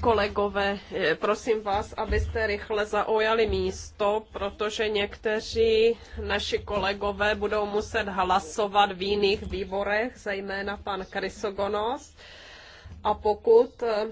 kolegové, eh, prosím vás, abyste rychle zaujali místo, protože někteří naši kolegové budou muset hlasovat v jiných výborech, zejména pan Krysogonos. A pokud eh,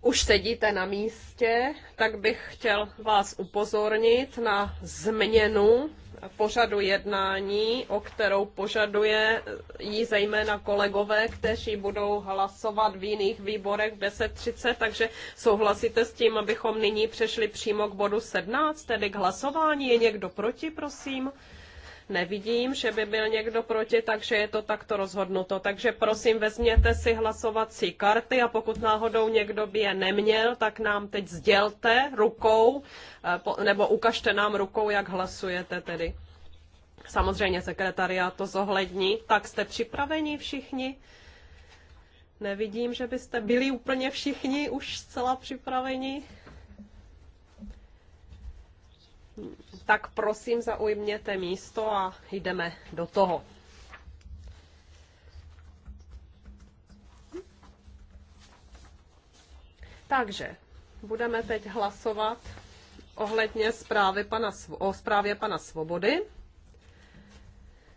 už sedíte na místě, tak bych chtěl vás upozornit na změnu pořadu jednání, o kterou požaduje jí zejména kolegové, kteří budou hlasovat v jiných výborech v 10.30, takže souhlasíte s tím, abychom nyní přešli přímo k bodu 17, tedy k hlasování. Je někdo proti, prosím? nevidím, že by byl někdo proti, takže je to takto rozhodnuto. Takže prosím, vezměte si hlasovací karty a pokud náhodou někdo by je neměl, tak nám teď sdělte rukou, eh, nebo ukažte nám rukou, jak hlasujete tedy. Samozřejmě sekretariát to zohlední. Tak jste připraveni všichni? Nevidím, že byste byli úplně všichni už zcela připraveni tak prosím zaujměte místo a jdeme do toho. Takže budeme teď hlasovat ohledně zprávy pana, o zprávě pana Svobody.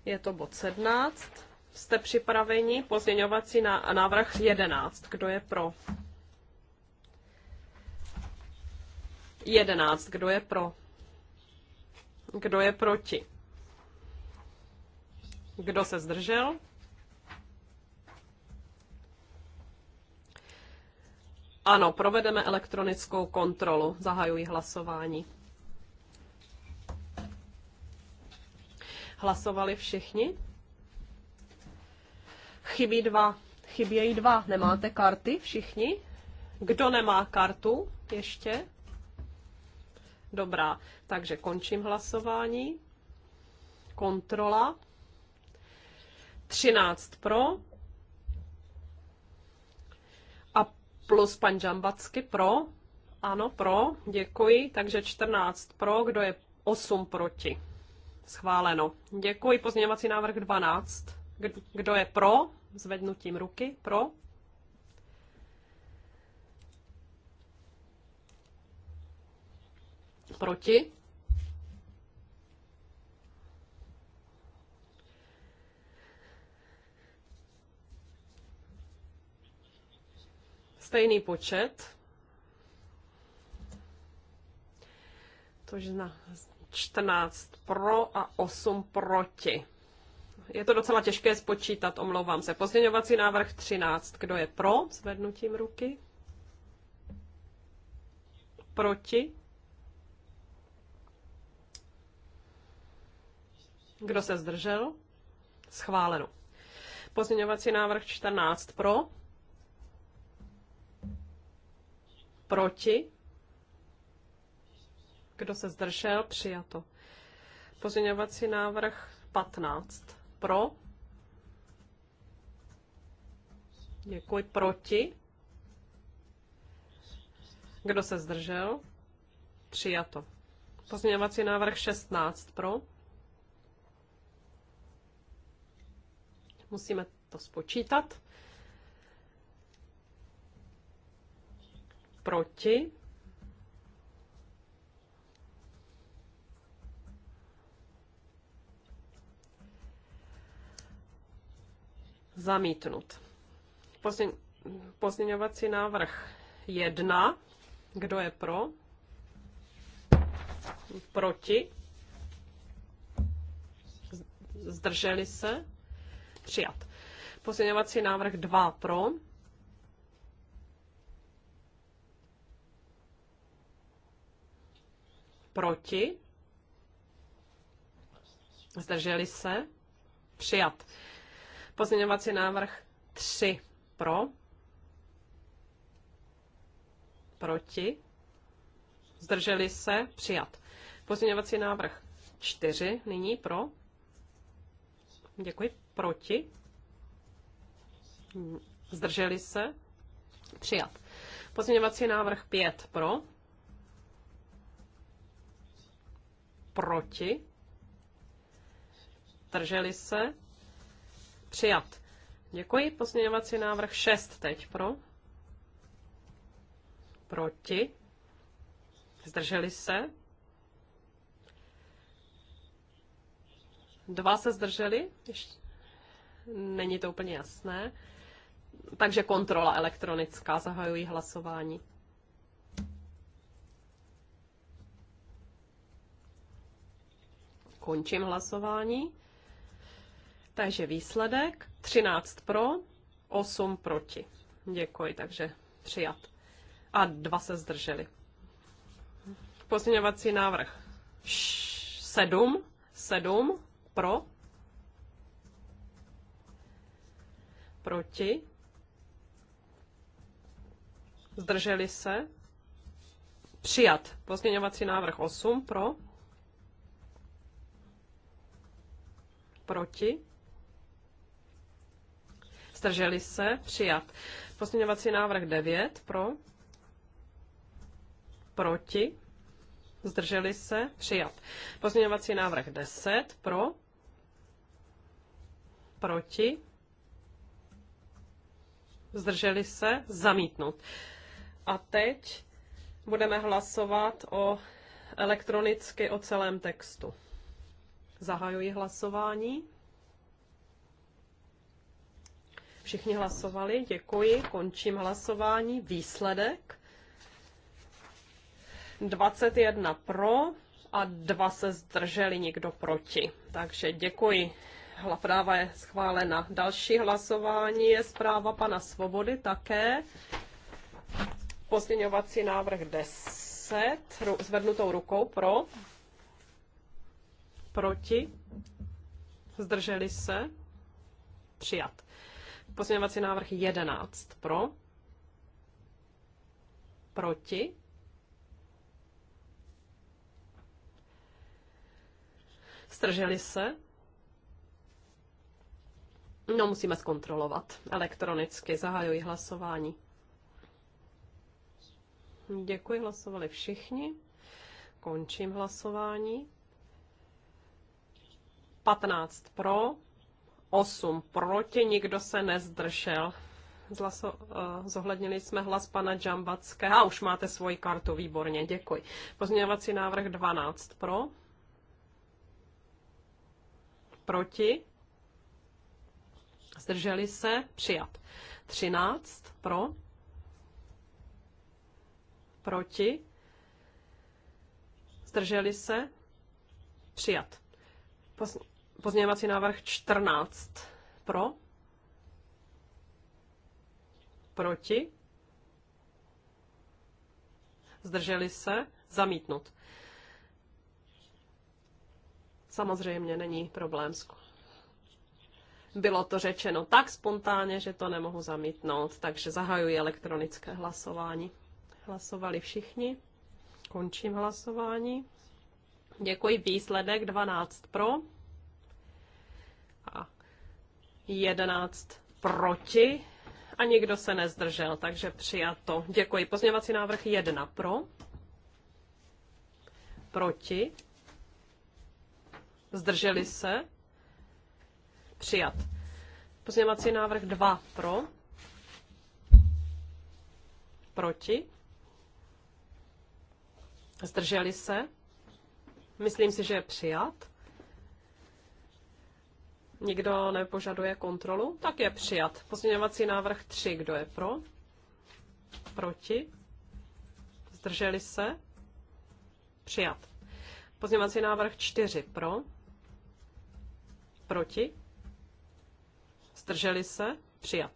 Je to bod 17. Jste připraveni? Pozměňovací návrh 11. Kdo je pro? 11. Kdo je pro? Kdo je proti? Kdo se zdržel? Ano, provedeme elektronickou kontrolu. Zahajuji hlasování. Hlasovali všichni? Chybí dva. Chybějí dva. Nemáte karty všichni? Kdo nemá kartu ještě? Dobrá, takže končím hlasování. Kontrola. 13 pro. A plus pan Džambacky pro. Ano, pro, děkuji. Takže 14 pro, kdo je 8 proti. Schváleno. Děkuji. Pozměňovací návrh 12. Kdo je pro? Zvednutím ruky. Pro. Proti? Stejný počet. To na 14 pro a 8 proti. Je to docela těžké spočítat, omlouvám se. Pozměňovací návrh 13. Kdo je pro? Zvednutím ruky. Proti? Kdo se zdržel? Schváleno. Pozměňovací návrh 14 pro. Proti. Kdo se zdržel? Přijato. Pozměňovací návrh 15 pro. Děkuji. Proti. Kdo se zdržel? Přijato. Pozměňovací návrh 16 pro. Musíme to spočítat. Proti. Zamítnut. pozměňovací návrh 1. Kdo je pro? Proti? Zdrželi se? Přijat. Pozměňovací návrh 2 pro. Proti. Zdrželi se. Přijat. Pozměňovací návrh 3 pro. Proti. Zdrželi se. Přijat. Pozměňovací návrh 4 nyní pro. Děkuji. Proti? Zdrželi se? Přijat. Pozměňovací návrh 5 pro. Proti? Zdrželi se? Přijat. Děkuji. Pozměňovací návrh 6 teď pro. Proti? Zdrželi se? Dva se zdrželi? Ještě. Není to úplně jasné. Takže kontrola elektronická, zahajují hlasování. Končím hlasování. Takže výsledek 13 pro, 8 proti. Děkuji, takže přijat. A dva se zdrželi. Pozměňovací návrh 7, 7 pro, Proti? Zdrželi se? Přijat. Pozměňovací návrh 8 pro. Proti? Zdrželi se? Přijat. Pozměňovací návrh 9 pro. Proti? Zdrželi se? Přijat. Pozměňovací návrh 10 pro. Proti? zdrželi se, zamítnut. A teď budeme hlasovat o elektronicky o celém textu. Zahajuji hlasování. Všichni hlasovali, děkuji, končím hlasování. Výsledek 21 pro a dva se zdrželi, nikdo proti. Takže děkuji. Práva je schválena. Další hlasování je zpráva pana Svobody také. Pozměňovací návrh 10. Zvednutou rukou pro. Proti. Zdrželi se. Přijat. Pozměňovací návrh 11. Pro. Proti. Zdrželi se. No, musíme zkontrolovat elektronicky. Zahajuji hlasování. Děkuji, hlasovali všichni. Končím hlasování. 15 pro, 8 proti, nikdo se nezdržel. Zlaso, uh, zohlednili jsme hlas pana Džambackého. A už máte svoji kartu, výborně, děkuji. Pozměňovací návrh 12 pro, proti, Zdrželi se? Přijat. 13 pro. Proti. Zdrželi se? Přijat. Pozměňovací návrh 14 pro. Proti. Zdrželi se? Zamítnut. Samozřejmě není problém bylo to řečeno tak spontánně, že to nemohu zamítnout, takže zahajuji elektronické hlasování. Hlasovali všichni. Končím hlasování. Děkuji. Výsledek 12 pro a 11 proti a nikdo se nezdržel, takže přijato. Děkuji. Pozměňovací návrh 1 pro, proti, zdrželi se, Přijat. Pozměňovací návrh 2 pro. Proti. Zdrželi se. Myslím si, že je přijat. Nikdo nepožaduje kontrolu, tak je přijat. Pozměňovací návrh 3, kdo je pro? Proti? Zdrželi se? Přijat. Pozměňovací návrh 4 pro? Proti? Zdrželi se? Přijat.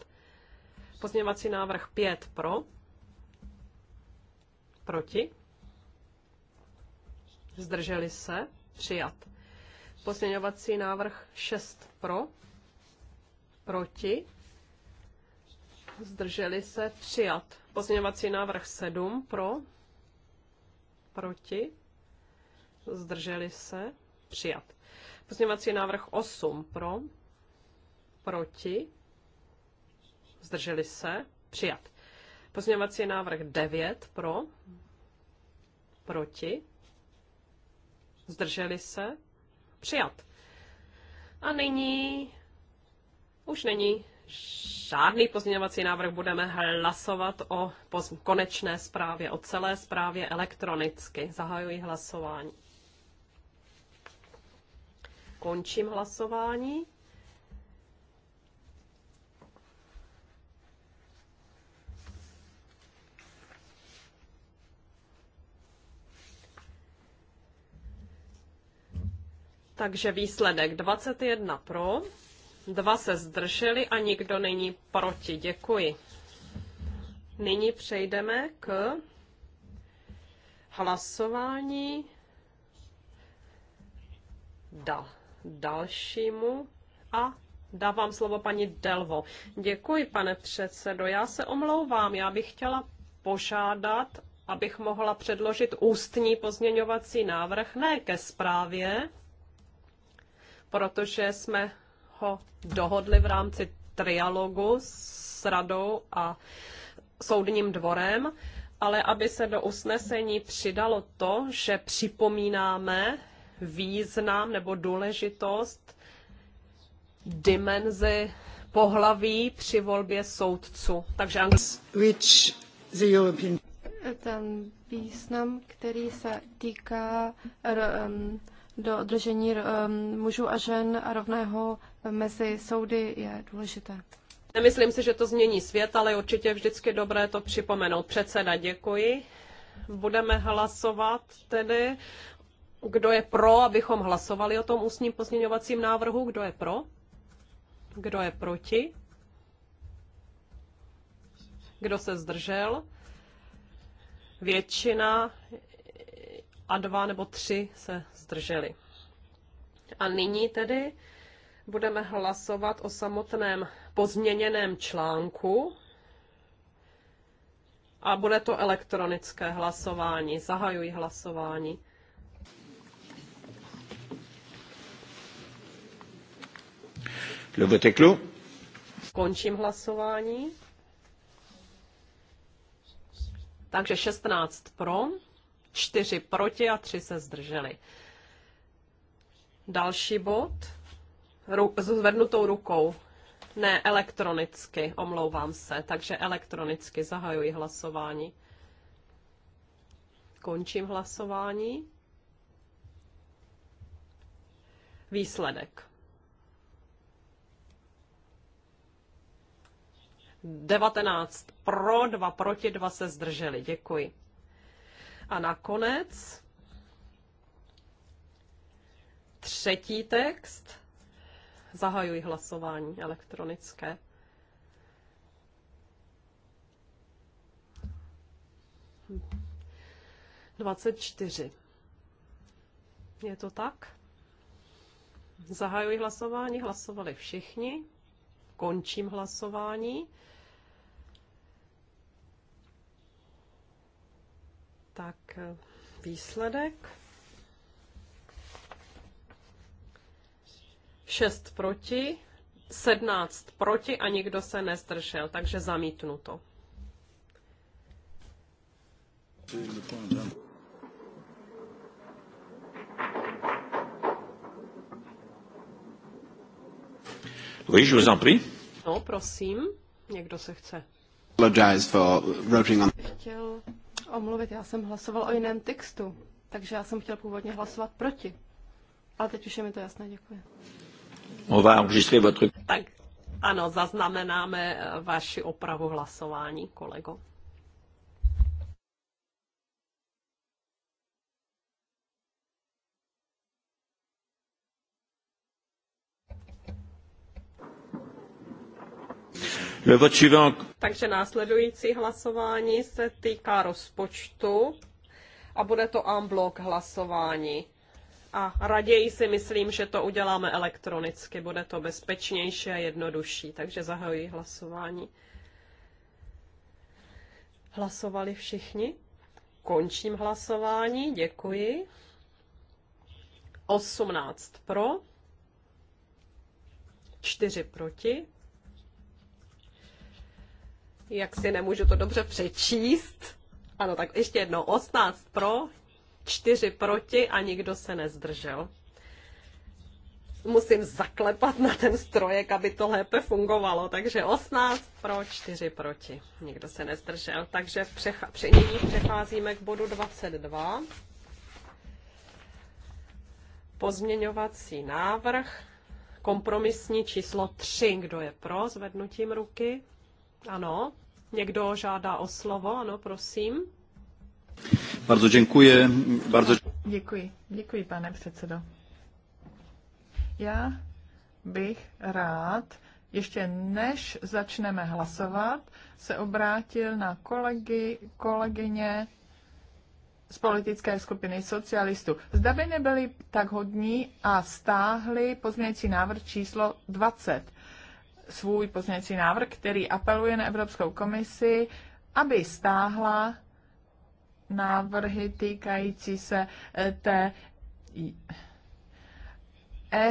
Pozměňovací návrh 5 pro. Proti. Zdrželi se? Přijat. Pozměňovací návrh 6 pro. Proti. Zdrželi se? Přijat. Pozměňovací návrh 7 pro. Proti. Zdrželi se? Přijat. Pozměňovací návrh 8 pro proti, zdrželi se, přijat. Pozměňovací návrh 9 pro, proti, zdrželi se, přijat. A nyní už není žádný pozměňovací návrh, budeme hlasovat o konečné zprávě, o celé zprávě elektronicky. Zahajuji hlasování. Končím hlasování. Takže výsledek 21 pro, dva se zdrželi a nikdo není proti. Děkuji. Nyní přejdeme k hlasování da, dalšímu a dávám slovo paní Delvo. Děkuji, pane předsedo. Já se omlouvám, já bych chtěla požádat, abych mohla předložit ústní pozměňovací návrh, ne ke zprávě, protože jsme ho dohodli v rámci trialogu s radou a soudním dvorem, ale aby se do usnesení přidalo to, že připomínáme význam nebo důležitost dimenzi pohlaví při volbě soudců. Takže Which the European... Ten význam, který se týká um, do držení eh, mužů a žen a rovného mezi soudy je důležité. Nemyslím si, že to změní svět, ale určitě je vždycky dobré to připomenout. Předseda, děkuji. Budeme hlasovat tedy. Kdo je pro, abychom hlasovali o tom ústním pozměňovacím návrhu? Kdo je pro? Kdo je proti? Kdo se zdržel? Většina a dva nebo tři se zdrželi. A nyní tedy budeme hlasovat o samotném pozměněném článku a bude to elektronické hlasování. Zahajuji hlasování. Končím hlasování. Takže 16 pro, čtyři proti a tři se zdrželi. Další bod. Ru- zvednutou rukou. Ne, elektronicky, omlouvám se. Takže elektronicky zahajuji hlasování. Končím hlasování. Výsledek. 19 pro, 2 proti, 2 se zdrželi. Děkuji. A nakonec třetí text. Zahajuji hlasování elektronické. Dvacet čtyři. Je to tak? Zahajuji hlasování, hlasovali všichni. Končím hlasování. Tak výsledek. 6 proti, 17 proti a nikdo se nezdržel, takže to. Oui, je vous en prie. No, prosím, někdo se chce. Chtěl omluvit, já jsem hlasoval o jiném textu, takže já jsem chtěl původně hlasovat proti. Ale teď už je mi to jasné, děkuji. Tak, ano, zaznamenáme eh, vaši opravu hlasování, kolego. Takže následující hlasování se týká rozpočtu a bude to en hlasování. A raději si myslím, že to uděláme elektronicky, bude to bezpečnější a jednodušší, takže zahajuji hlasování. Hlasovali všichni? Končím hlasování, děkuji. 18 pro, 4 proti jak si nemůžu to dobře přečíst. Ano, tak ještě jedno. 18 pro, 4 proti a nikdo se nezdržel. Musím zaklepat na ten strojek, aby to lépe fungovalo. Takže 18 pro, 4 proti. Nikdo se nezdržel. Takže přecha- při nyní přecházíme k bodu 22. Pozměňovací návrh. Kompromisní číslo 3. Kdo je pro zvednutím ruky? Ano, Někdo žádá o slovo, ano, prosím. Bardzo děkuji. Bardzo... Děkuji, děkuji, pane předsedo. Já bych rád, ještě než začneme hlasovat, se obrátil na kolegy, kolegyně z politické skupiny socialistů. Zda by nebyli tak hodní a stáhli pozměňující návrh číslo 20 svůj pozměňovací návrh, který apeluje na Evropskou komisi, aby stáhla návrhy týkající se eh, té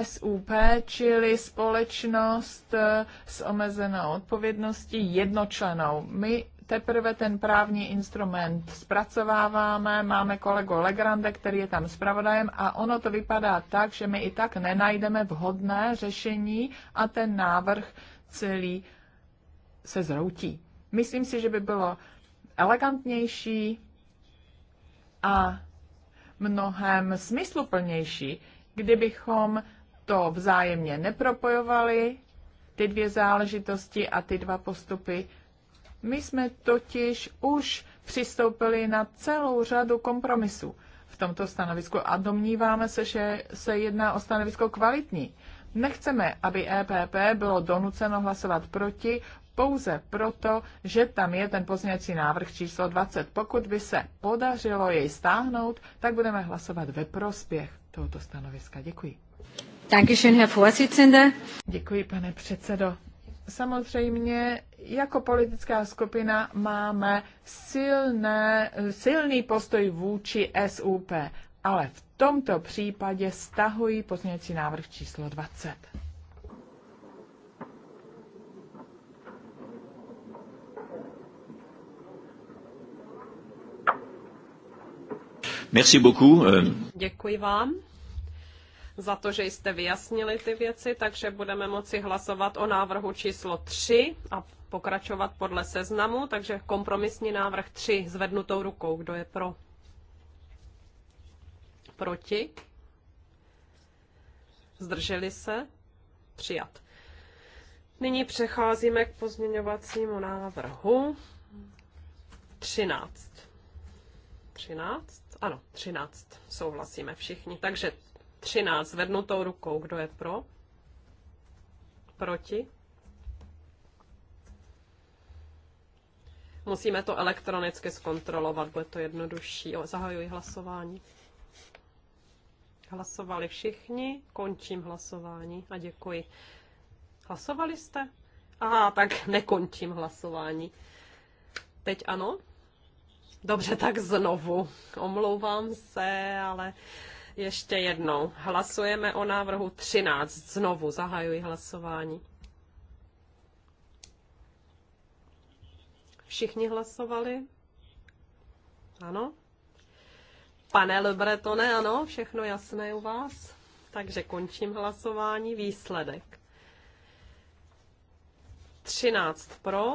SUP, čili společnost eh, s omezenou odpovědností jednočlenou. My Teprve ten právní instrument zpracováváme, máme kolego Legrande, který je tam zpravodajem a ono to vypadá tak, že my i tak nenajdeme vhodné řešení a ten návrh celý se zroutí. Myslím si, že by bylo elegantnější a mnohem smysluplnější, kdybychom to vzájemně nepropojovali, ty dvě záležitosti a ty dva postupy my jsme totiž už přistoupili na celou řadu kompromisů v tomto stanovisku a domníváme se, že se jedná o stanovisko kvalitní. Nechceme, aby EPP bylo donuceno hlasovat proti pouze proto, že tam je ten pozměňovací návrh číslo 20. Pokud by se podařilo jej stáhnout, tak budeme hlasovat ve prospěch tohoto stanoviska. Děkuji. Děkuji, pane předsedo samozřejmě jako politická skupina máme silné, silný postoj vůči SUP, ale v tomto případě stahuji pozměňovací návrh číslo 20. Merci beaucoup. Euh, Děkuji vám za to, že jste vyjasnili ty věci, takže budeme moci hlasovat o návrhu číslo 3 a pokračovat podle seznamu, takže kompromisní návrh 3 zvednutou rukou. Kdo je pro? Proti? Zdrželi se? Přijat. Nyní přecházíme k pozměňovacímu návrhu 13. 13? Ano, 13. Souhlasíme všichni. Takže 13 zvednutou rukou. Kdo je pro? Proti? Musíme to elektronicky zkontrolovat, bude to jednodušší. O, zahajuji hlasování. Hlasovali všichni, končím hlasování a děkuji. Hlasovali jste? Aha, tak nekončím hlasování. Teď ano? Dobře, tak znovu. Omlouvám se, ale ještě jednou. Hlasujeme o návrhu 13. Znovu zahajuji hlasování. Všichni hlasovali? Ano? Pane Lebretone, ano, všechno jasné u vás? Takže končím hlasování. Výsledek. 13 pro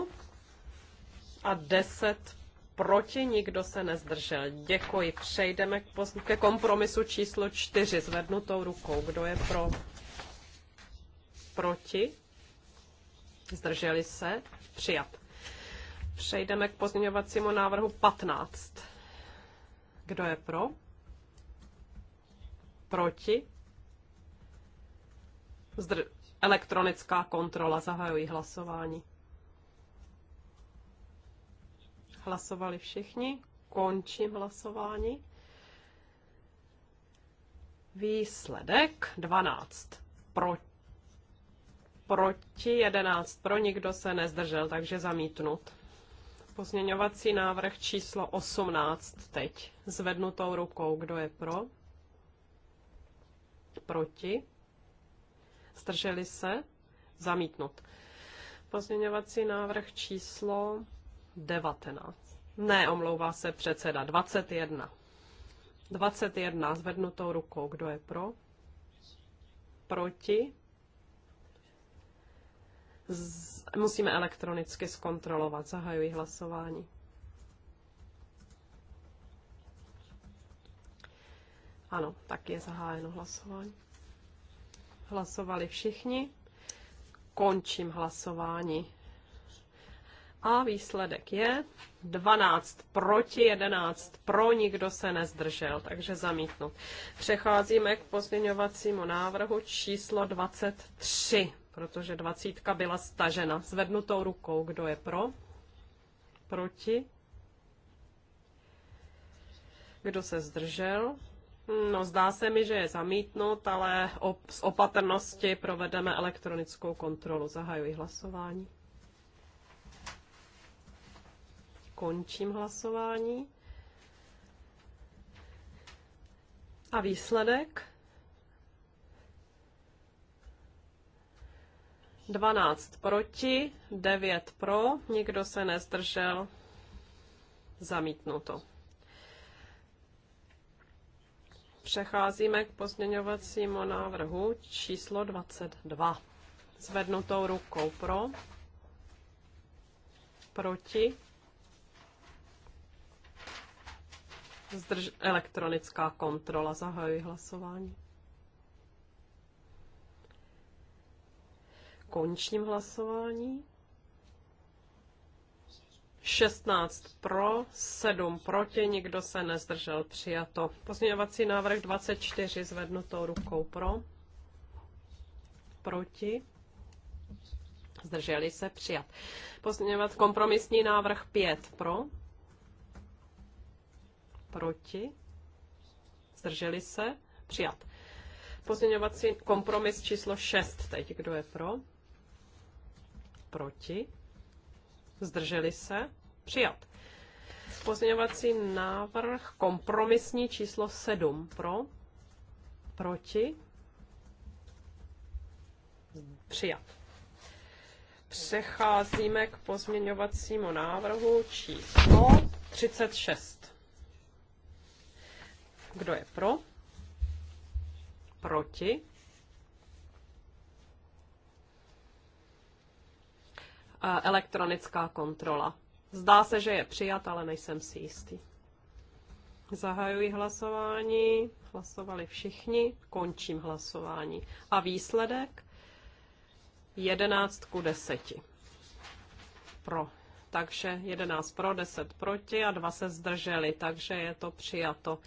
a 10 proti, nikdo se nezdržel. Děkuji. Přejdeme k pos- ke kompromisu číslo čtyři zvednutou rukou. Kdo je pro? Proti? Zdrželi se? Přijat. Přejdeme k pozměňovacímu návrhu 15. Kdo je pro? Proti? Zdr- elektronická kontrola. Zahajuji hlasování. Hlasovali všichni. Končím hlasování. Výsledek 12. Pro, proti 11. Pro nikdo se nezdržel, takže zamítnut. Pozměňovací návrh číslo 18 teď. Zvednutou rukou, kdo je pro? Proti? Zdrželi se? Zamítnut. Pozměňovací návrh číslo 19. Ne, omlouvá se předseda. 21. 21 zvednutou rukou. Kdo je pro? Proti? Z... Musíme elektronicky zkontrolovat. Zahajuji hlasování. Ano, tak je zahájeno hlasování. Hlasovali všichni. Končím hlasování. A výsledek je 12 proti 11 pro, nikdo se nezdržel, takže zamítnut. Přecházíme k pozměňovacímu návrhu číslo 23, protože 20 byla stažena. Zvednutou rukou, kdo je pro? Proti? Kdo se zdržel? No, zdá se mi, že je zamítnut, ale op- z opatrnosti provedeme elektronickou kontrolu. Zahajuji hlasování. Končím hlasování. A výsledek? 12 proti, 9 pro, nikdo se nezdržel, zamítnuto. Přecházíme k pozměňovacímu návrhu číslo 22. Zvednutou rukou pro, proti, Zdrž elektronická kontrola. Zahajuji hlasování. Končím hlasování. 16 pro, 7 proti, nikdo se nezdržel přijato. Pozměňovací návrh 24 zvednutou rukou pro, proti, zdrželi se přijat. Pozměňovat kompromisní návrh 5 pro, proti, zdrželi se, přijat. Pozměňovací kompromis číslo 6 teď, kdo je pro, proti, zdrželi se, přijat. Pozměňovací návrh kompromisní číslo 7 pro, proti, přijat. Přecházíme k pozměňovacímu návrhu číslo 36. Kdo je pro? Proti? E, elektronická kontrola. Zdá se, že je přijat, ale nejsem si jistý. Zahajuji hlasování. Hlasovali všichni. Končím hlasování. A výsledek? 11 ku 10. Pro. Takže 11 pro, 10 proti a 2 se zdrželi, takže je to přijato.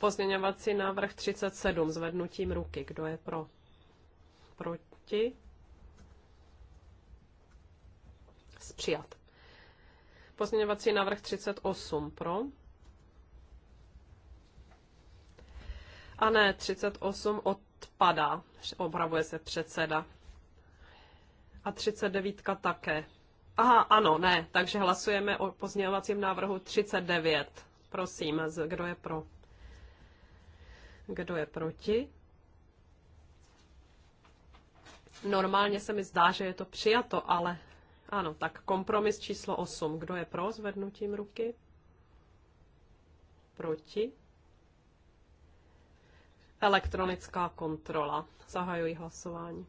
Pozměňovací návrh 37 zvednutím ruky. Kdo je pro? Proti? Přijat. Pozměňovací návrh 38 pro. A ne, 38 odpadá. Obravuje se předseda. A 39 také. Aha, ano, ne. Takže hlasujeme o pozměňovacím návrhu 39. Prosím, kdo je pro? Kdo je proti? Normálně se mi zdá, že je to přijato, ale ano, tak kompromis číslo 8. Kdo je pro zvednutím ruky? Proti? Elektronická kontrola. Zahajuji hlasování.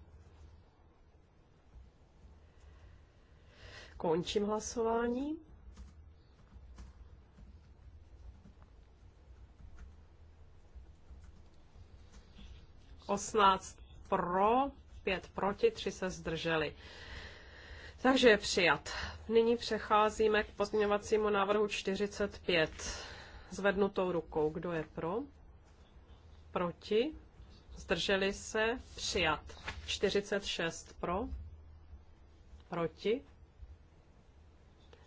Končím hlasování. 18 pro, 5 proti, 3 se zdrželi. Takže je přijat. Nyní přecházíme k pozměňovacímu návrhu 45. Zvednutou rukou. Kdo je pro? Proti? Zdrželi se? Přijat. 46 pro? Proti?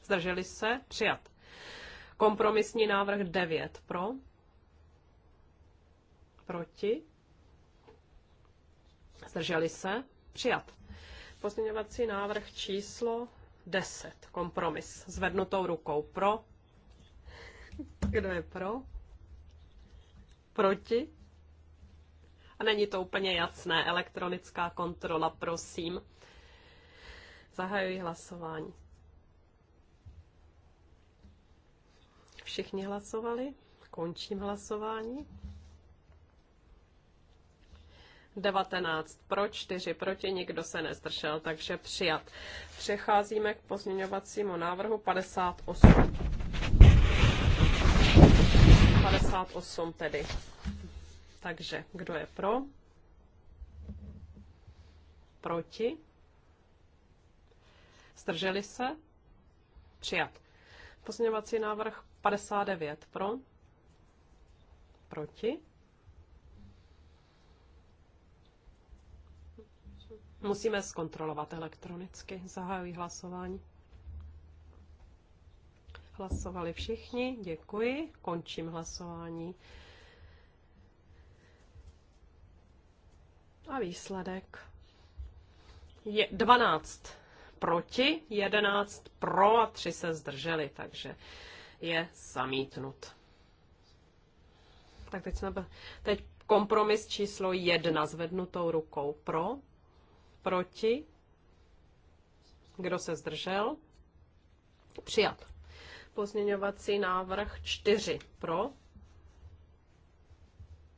Zdrželi se? Přijat. Kompromisní návrh 9 pro? Proti? zdrželi se, přijat. Pozměňovací návrh číslo 10, kompromis, zvednutou rukou pro. Kdo je pro? Proti? A není to úplně jasné, elektronická kontrola, prosím. Zahajuji hlasování. Všichni hlasovali? Končím hlasování. 19 pro, 4 proti, nikdo se nezdržel, takže přijat. Přecházíme k pozměňovacímu návrhu 58. 58 tedy. Takže kdo je pro? Proti? Zdrželi se? Přijat. Pozměňovací návrh 59 pro? Proti? Musíme zkontrolovat elektronicky. Zahajuji hlasování. Hlasovali všichni, děkuji. Končím hlasování. A výsledek je 12 proti, 11 pro a 3 se zdrželi, takže je zamítnut. Tak teď jsme teď kompromis číslo 1 zvednutou rukou pro, Proti? Kdo se zdržel? Přijat. Pozměňovací návrh 4 pro.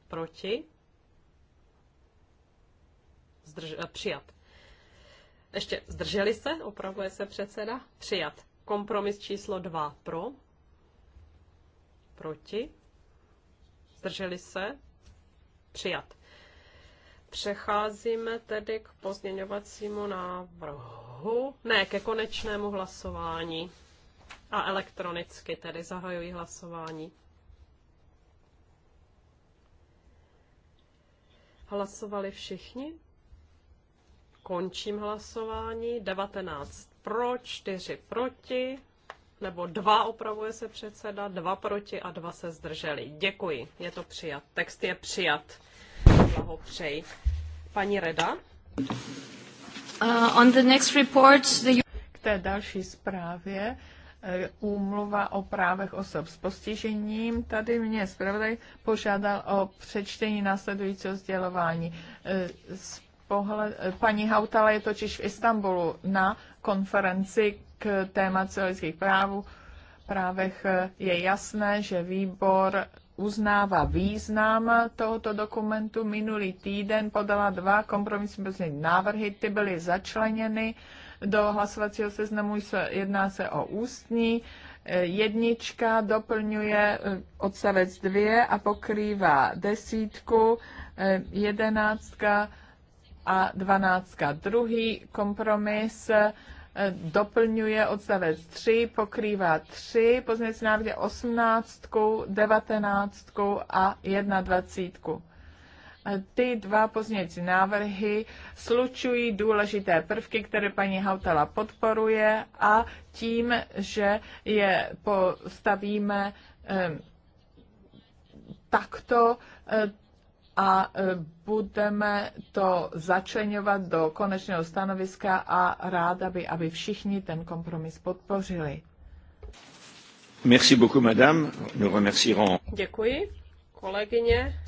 Proti? Zdrž- eh, přijat. Ještě zdrželi se, opravuje se předseda. Přijat. Kompromis číslo 2 pro. Proti? Zdrželi se? Přijat. Přecházíme tedy k pozměňovacímu návrhu, ne, ke konečnému hlasování a elektronicky tedy zahajují hlasování. Hlasovali všichni? Končím hlasování. 19 pro, 4 proti, nebo 2 opravuje se předseda, 2 proti a 2 se zdrželi. Děkuji, je to přijat. Text je přijat blahopřeji. Paní Reda? Uh, on the next report, the... K té další zprávě eh, úmluva o právech osob s postižením. Tady mě zpravodaj požádal o přečtení následujícího sdělování. Eh, z pohled, eh, paní Hautala je totiž v Istanbulu na konferenci k tématu lidských právů. Právech je jasné, že výbor uznává význam tohoto dokumentu. Minulý týden podala dva kompromisní návrhy, ty byly začleněny do hlasovacího seznamu, jedná se o ústní. Jednička doplňuje eh, odstavec dvě a pokrývá desítku, eh, jedenáctka a dvanáctka. Druhý kompromis eh, doplňuje odstavec 3, pokrývá 3 pozměňovací návrhy 18, 19 a 21. Ty dva pozměňovací návrhy slučují důležité prvky, které paní Hautala podporuje a tím, že je postavíme eh, takto, eh, a e, budeme to začlenovat do konečného stanoviska a ráda by, aby všichni ten kompromis podpořili. Merci beaucoup, madame. Nous remercierons. Děkuji, kolegyně.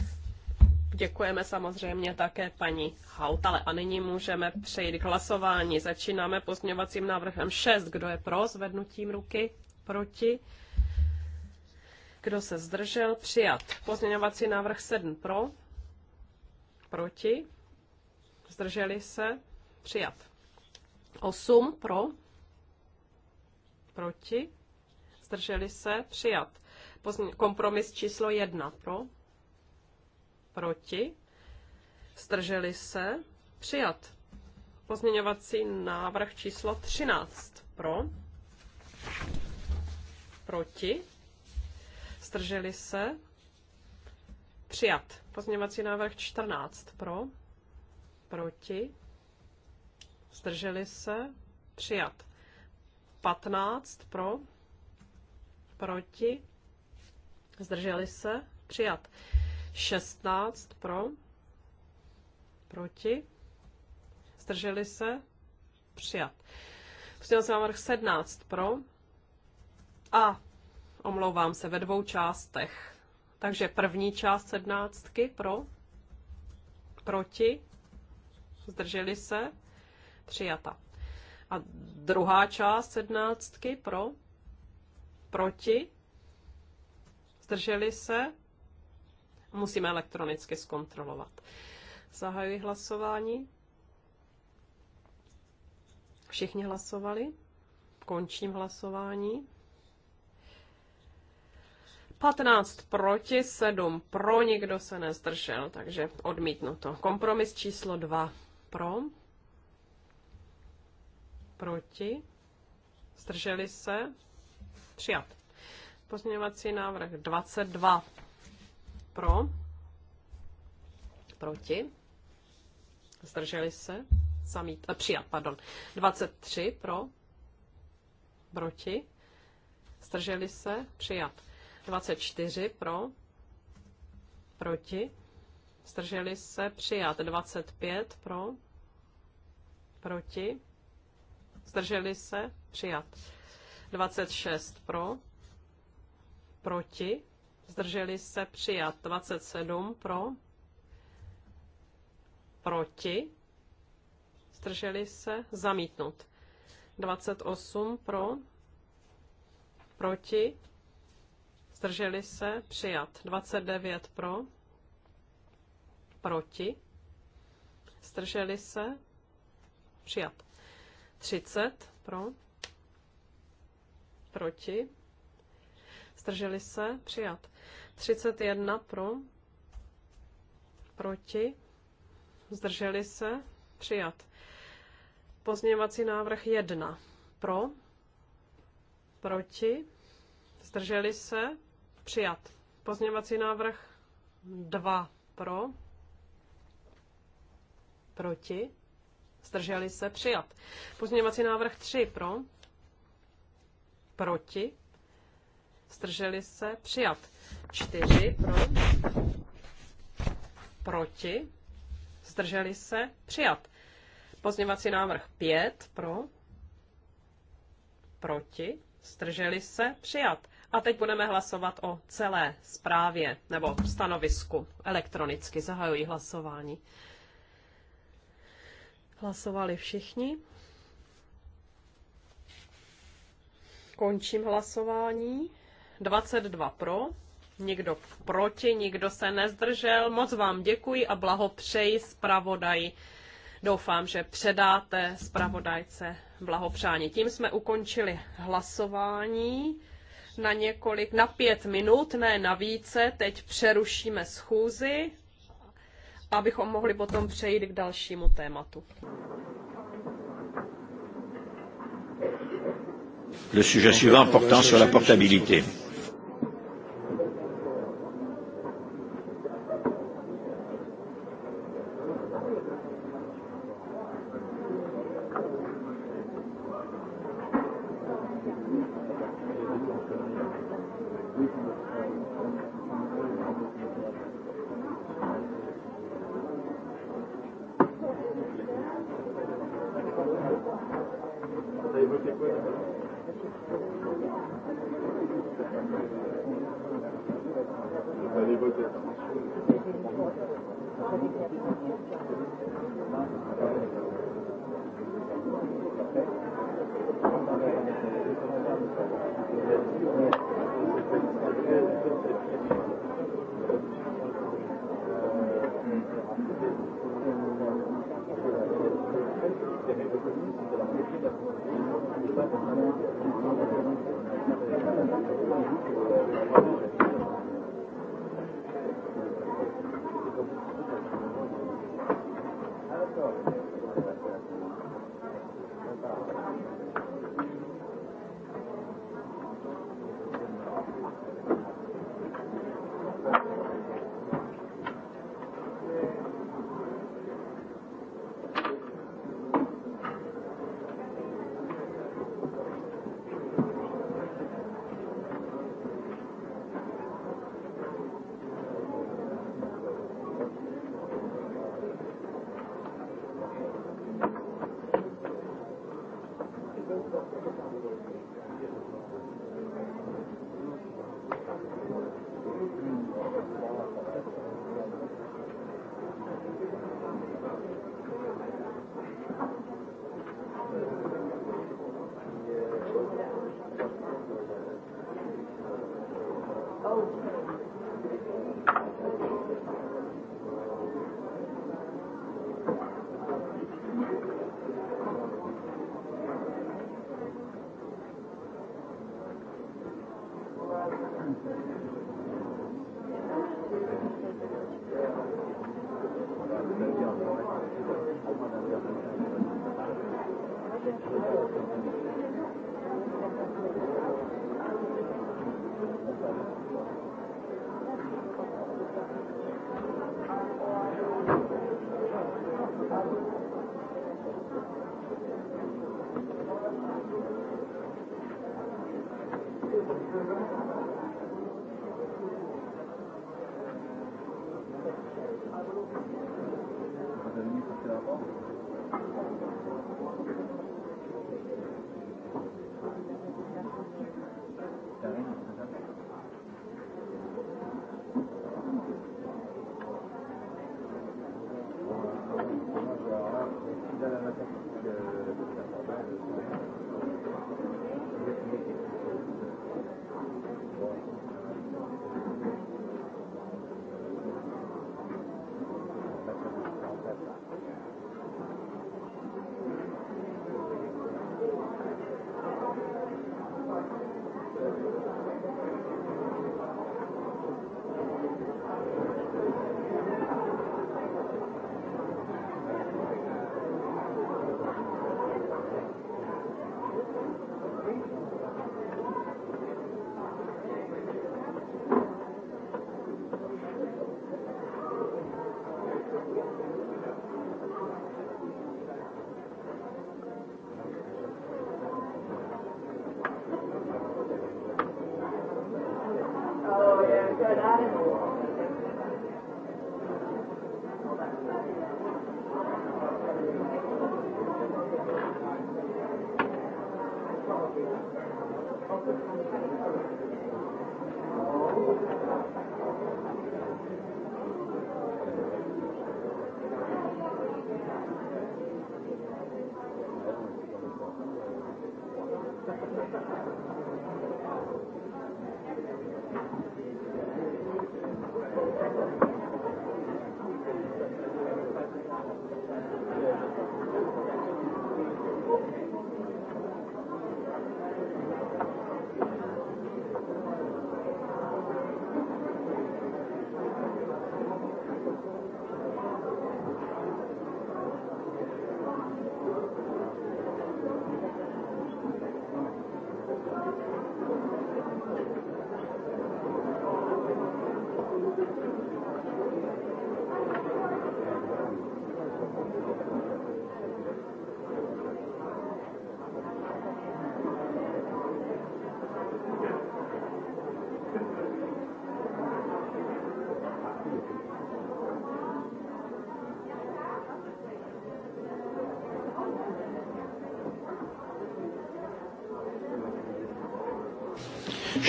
Děkujeme samozřejmě také paní Hautale. A nyní můžeme přejít k hlasování. Začínáme pozměňovacím návrhem 6. Kdo je pro zvednutím ruky? Proti? Kdo se zdržel? Přijat. Pozměňovací návrh 7 pro proti, zdrželi se, přijat. 8 pro, proti, zdrželi se, přijat. Kompromis číslo 1 pro, proti, zdrželi se, přijat. Pozměňovací návrh číslo 13 pro, proti, zdrželi se, Přijat. Pozměňovací návrh 14 pro, proti, zdrželi se, přijat. 15 pro, proti, zdrželi se, přijat. 16 pro, proti, zdrželi se, přijat. Pozměňovací návrh 17 pro a omlouvám se ve dvou částech. Takže první část sedmnáctky pro, proti, zdrželi se, přijata. A druhá část sedmnáctky pro, proti, zdrželi se, musíme elektronicky zkontrolovat. Zahajuji hlasování. Všichni hlasovali. Končím hlasování. 15 proti, 7 pro, nikdo se nezdržel, takže odmítnu to. Kompromis číslo 2 pro, proti, zdrželi se, přijat. Pozměňovací návrh 22 pro, proti, zdrželi se, zamít, a eh, přijat, pardon. 23 pro, proti, zdrželi se, přijat. 24 pro, proti, zdrželi se přijat 25 pro, proti, zdrželi se přijat 26 pro, proti, zdrželi se přijat 27 pro, proti, zdrželi se zamítnut 28 pro, proti, Zdrželi se? Přijat. 29 pro. Proti. Zdrželi se? Přijat. 30 pro. Proti. Zdrželi se? Přijat. 31 pro. Proti. Zdrželi se? Přijat. Pozměňovací návrh 1 pro. Proti. Zdrželi se? Přijat. Pozměňovací návrh 2 pro. Proti. Zdrželi se. Přijat. Pozměňovací návrh 3 pro. Proti. Zdrželi se. Přijat. 4 pro. Proti. Zdrželi se. Přijat. Pozměňovací návrh 5 pro. Proti. Zdrželi se. Přijat. A teď budeme hlasovat o celé zprávě nebo stanovisku elektronicky. Zahajuji hlasování. Hlasovali všichni. Končím hlasování. 22 pro, nikdo proti, nikdo se nezdržel. Moc vám děkuji a blahopřeji zpravodaji. Doufám, že předáte zpravodajce blahopřání. Tím jsme ukončili hlasování na několik, na pět minut, ne na více. Teď přerušíme schůzi, abychom mohli potom přejít k dalšímu tématu. Le sujet suivant portant sur la portabilité.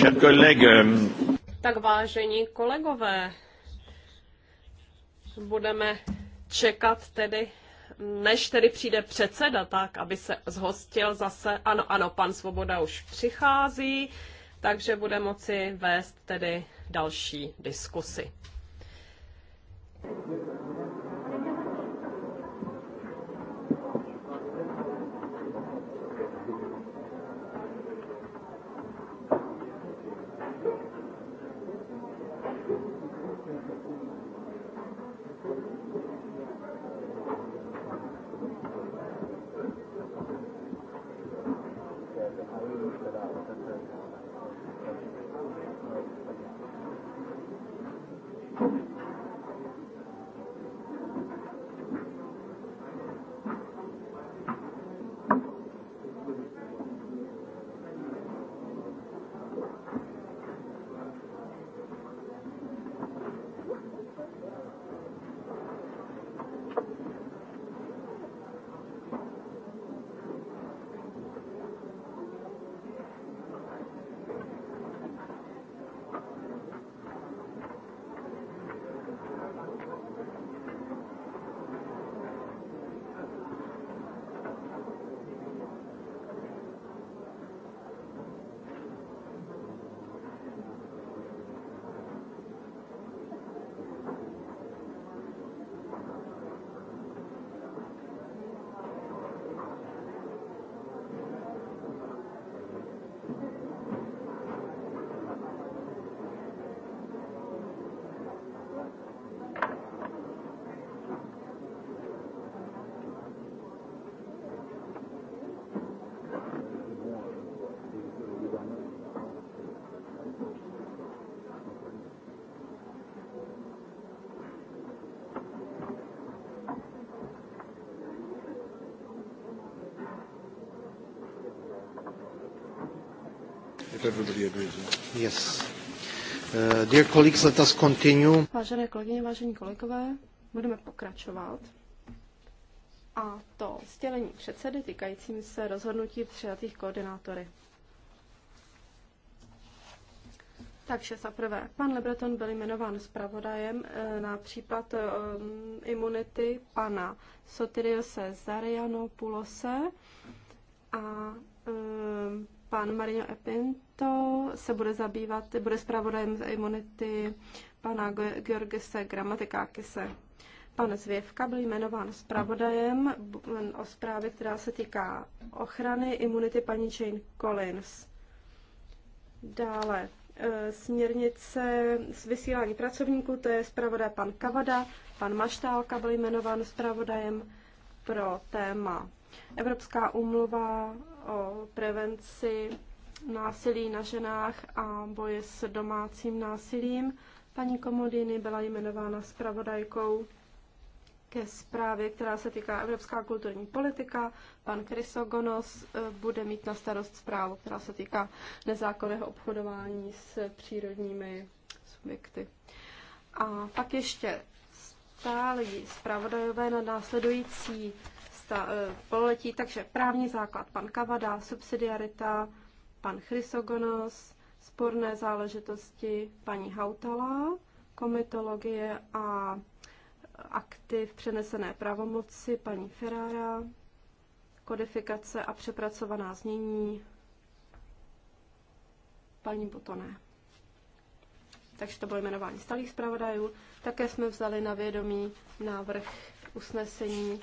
Euh, tak vážení kolegové, budeme čekat tedy, než tedy přijde předseda, tak aby se zhostil zase. Ano, ano, pan Svoboda už přichází, takže bude moci vést tedy další diskusy. everybody agrees. Yes. Uh, dear colleagues, let us continue. Vážené kolegyně, vážení kolegové, budeme pokračovat. A to sdělení předsedy týkajícím se rozhodnutí přijatých koordinátory. Takže za prvé, pan Lebreton byl jmenován zpravodajem eh, na případ um, imunity pana Sotiriose Zarianopulose a pan Marino Epinto se bude zabývat, bude zpravodajem za imunity pana Georgise Gramatikákise. Pan Zvěvka byl jmenován zpravodajem o zprávě, která se týká ochrany imunity paní Jane Collins. Dále e, směrnice s vysílání pracovníků, to je zpravodaj pan Kavada, pan Maštálka byl jmenován zpravodajem pro téma Evropská úmluva o prevenci násilí na ženách a boje s domácím násilím. Paní Komodiny byla jmenována zpravodajkou ke zprávě, která se týká Evropská kulturní politika. Pan Krysogonos eh, bude mít na starost zprávu, která se týká nezákonného obchodování s přírodními subjekty. A pak ještě stálí zpravodajové na následující sta, e, pololetí, takže právní základ pan Kavada, subsidiarita, pan Chrysogonos, sporné záležitosti paní Hautala, komitologie a aktiv přenesené pravomoci paní Ferrara, kodifikace a přepracovaná znění paní Botoné. Takže to bylo jmenování stálých zpravodajů. Také jsme vzali na vědomí návrh usnesení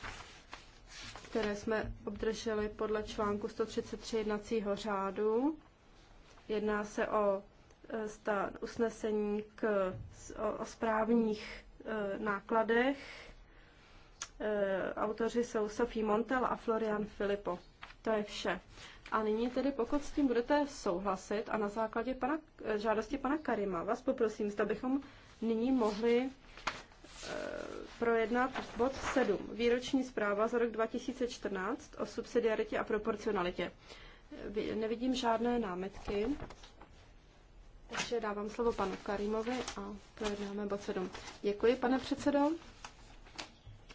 které jsme obdrželi podle článku 133 jednacího řádu. Jedná se o e, usnesení k, o, o správních e, nákladech. E, autoři jsou Sofie Montel a Florian Filipo. To je vše. A nyní tedy, pokud s tím budete souhlasit a na základě pana, žádosti pana Karima, vás poprosím, zda bychom nyní mohli Eh, projednat bod 7, výroční zpráva za rok 2014 o subsidiaritě a proporcionalitě. Nevidím žádné námitky, takže dávám slovo panu Karimovi a projednáme bod 7. Děkuji, pane předsedo.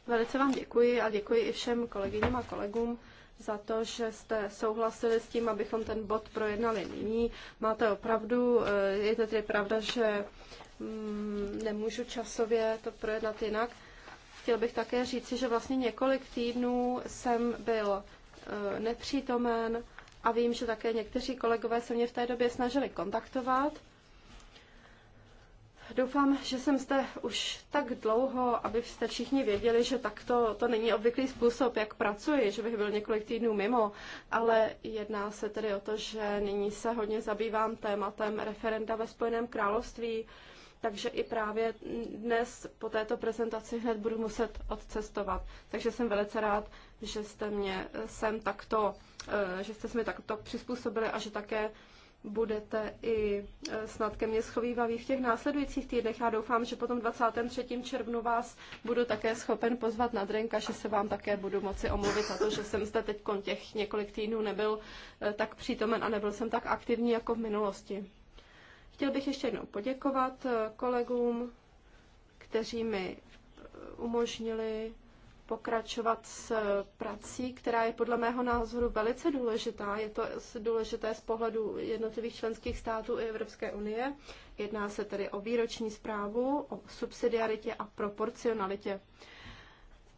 Velice vám děkuji a děkuji i všem kolegyním a kolegům za to, že jste souhlasili s tím, abychom ten bod projednali nyní. Máte opravdu, eh, je to tedy pravda, že Mm, nemůžu časově to projednat jinak. Chtěl bych také říci, že vlastně několik týdnů jsem byl e, nepřítomen a vím, že také někteří kolegové se mě v té době snažili kontaktovat. Doufám, že jsem zde už tak dlouho, jste všichni věděli, že takto to není obvyklý způsob, jak pracuji, že bych byl několik týdnů mimo, ale jedná se tedy o to, že nyní se hodně zabývám tématem referenda ve Spojeném království takže i právě dnes po této prezentaci hned budu muset odcestovat. Takže jsem velice rád, že jste mě sem takto, eh, že jste se mi takto přizpůsobili a že také budete i eh, snad ke mně schovývaví v těch následujících týdnech. Já doufám, že potom 23. červnu vás budu také schopen pozvat na drenka, že se vám také budu moci omluvit za to, že jsem zde teď těch několik týdnů nebyl eh, tak přítomen a nebyl jsem tak aktivní jako v minulosti. Chtěl bych ještě jednou poděkovat eh, kolegům, kteří mi eh, umožnili pokračovat s prací, která je podle mého názoru velice důležitá. Je to důležité z pohledu jednotlivých členských států i Evropské unie. Jedná se tedy o výroční zprávu, o subsidiaritě a proporcionalitě.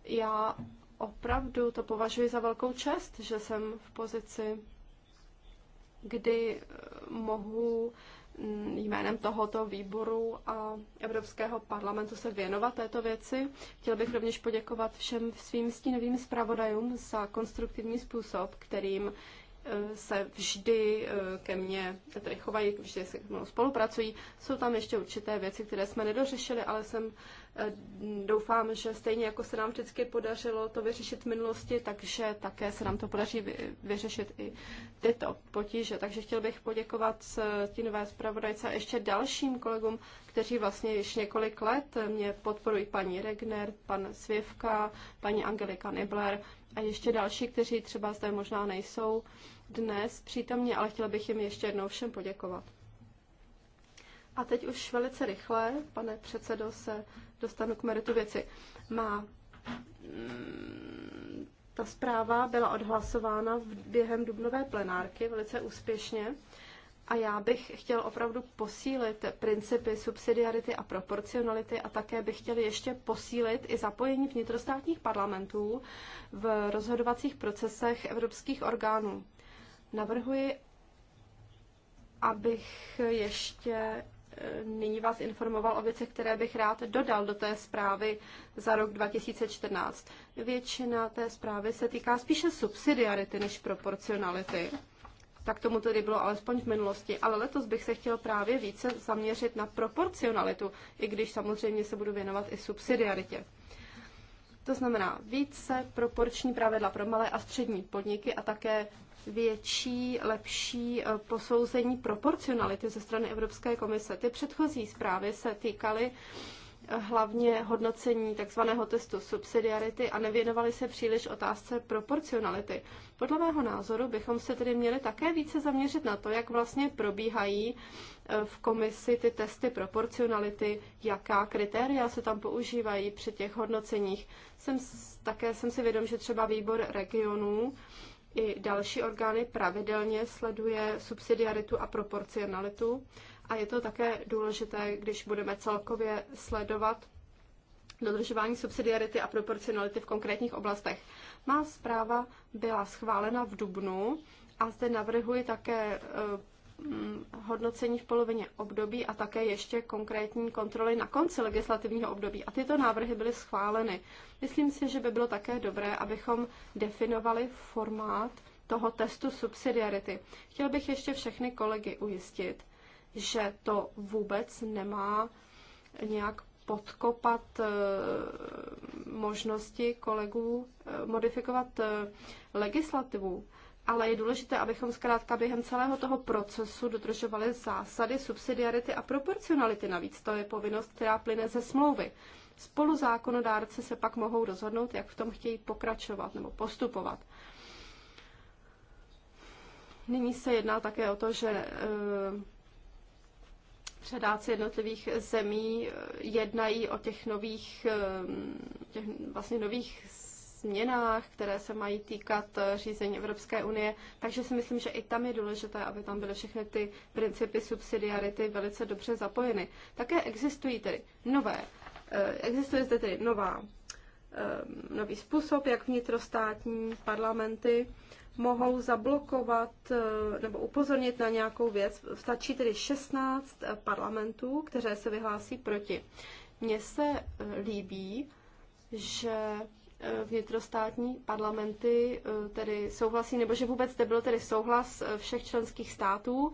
Já opravdu to považuji za velkou čest, že jsem v pozici, kdy eh, mohu jménem tohoto výboru a Evropského parlamentu se věnovat této věci. Chtěl bych rovněž poděkovat všem svým stínovým zpravodajům za konstruktivní způsob, kterým eh, se vždy eh, ke mně tedy chovají, vždy se mnou spolupracují. Jsou tam ještě určité věci, které jsme nedořešili, ale jsem Eh, doufám, že stejně jako se nám vždycky podařilo to vyřešit v minulosti, takže také se nám to podaří vyřešit i tyto potíže. Takže chtěl bych poděkovat nové zpravodajce a ještě dalším kolegům, kteří vlastně již několik let mě podporují paní Regner, pan Svěvka, paní Angelika Nibler a ještě další, kteří třeba zde možná nejsou dnes přítomně, ale chtěl bych jim ještě jednou všem poděkovat. A teď už velice rychle, pane předsedo, se dostanu k meritu věci. Má mm, ta zpráva byla odhlasována v během dubnové plenárky velice úspěšně a já bych chtěl opravdu posílit principy subsidiarity a proporcionality a také bych chtěl ještě posílit i zapojení vnitrostátních parlamentů v rozhodovacích procesech evropských orgánů. Navrhuji, abych ještě Eh, nyní vás informoval o věcech, které bych rád dodal do té zprávy za rok 2014. Většina té zprávy se týká spíše subsidiarity než proporcionality. Tak tomu tedy bylo alespoň v minulosti, ale letos bych se chtěl právě více zaměřit na proporcionalitu, i když samozřejmě se budu věnovat i subsidiaritě. To znamená více proporční pravidla pro malé a střední podniky a také větší, lepší eh, posouzení proporcionality ze strany Evropské komise. Ty předchozí zprávy se týkaly eh, hlavně hodnocení takzvaného testu subsidiarity a nevěnovali se příliš otázce proporcionality. Podle mého názoru bychom se tedy měli také více zaměřit na to, jak vlastně probíhají eh, v komisi ty testy proporcionality, jaká kritéria se tam používají při těch hodnoceních. Jsem, také jsem si vědom, že třeba výbor regionů i další orgány pravidelně sleduje subsidiaritu a proporcionalitu a je to také důležité, když budeme celkově sledovat dodržování subsidiarity a proporcionality v konkrétních oblastech. Má zpráva byla schválena v Dubnu a zde navrhuji také eh, Mm, hodnocení v polovině období a také ještě konkrétní kontroly na konci legislativního období. A tyto návrhy byly schváleny. Myslím si, že by bylo také dobré, abychom definovali formát toho testu subsidiarity. Chtěl bych ještě všechny kolegy ujistit, že to vůbec nemá nějak podkopat eh, možnosti kolegů eh, modifikovat eh, legislativu ale je důležité, abychom zkrátka během celého toho procesu dodržovali zásady subsidiarity a proporcionality. Navíc to je povinnost, která plyne ze smlouvy. Spoluzákonodárci se pak mohou rozhodnout, jak v tom chtějí pokračovat nebo postupovat. Nyní se jedná také o to, že eh, předáci jednotlivých zemí eh, jednají o těch nových, eh, těch vlastně nových změnách, které se mají týkat eh, řízení Evropské unie. Takže si myslím, že i tam je důležité, aby tam byly všechny ty principy subsidiarity velice dobře zapojeny. Také existují tedy nové, eh, existuje zde tedy nová, eh, nový způsob, jak vnitrostátní parlamenty mohou zablokovat nebo upozornit na nějakou věc. Stačí tedy 16 parlamentů, které se vyhlásí proti. Mně se líbí, že Eh, vnitrostátní parlamenty eh, tedy souhlasí, nebo že vůbec to byl tedy souhlas eh, všech členských států,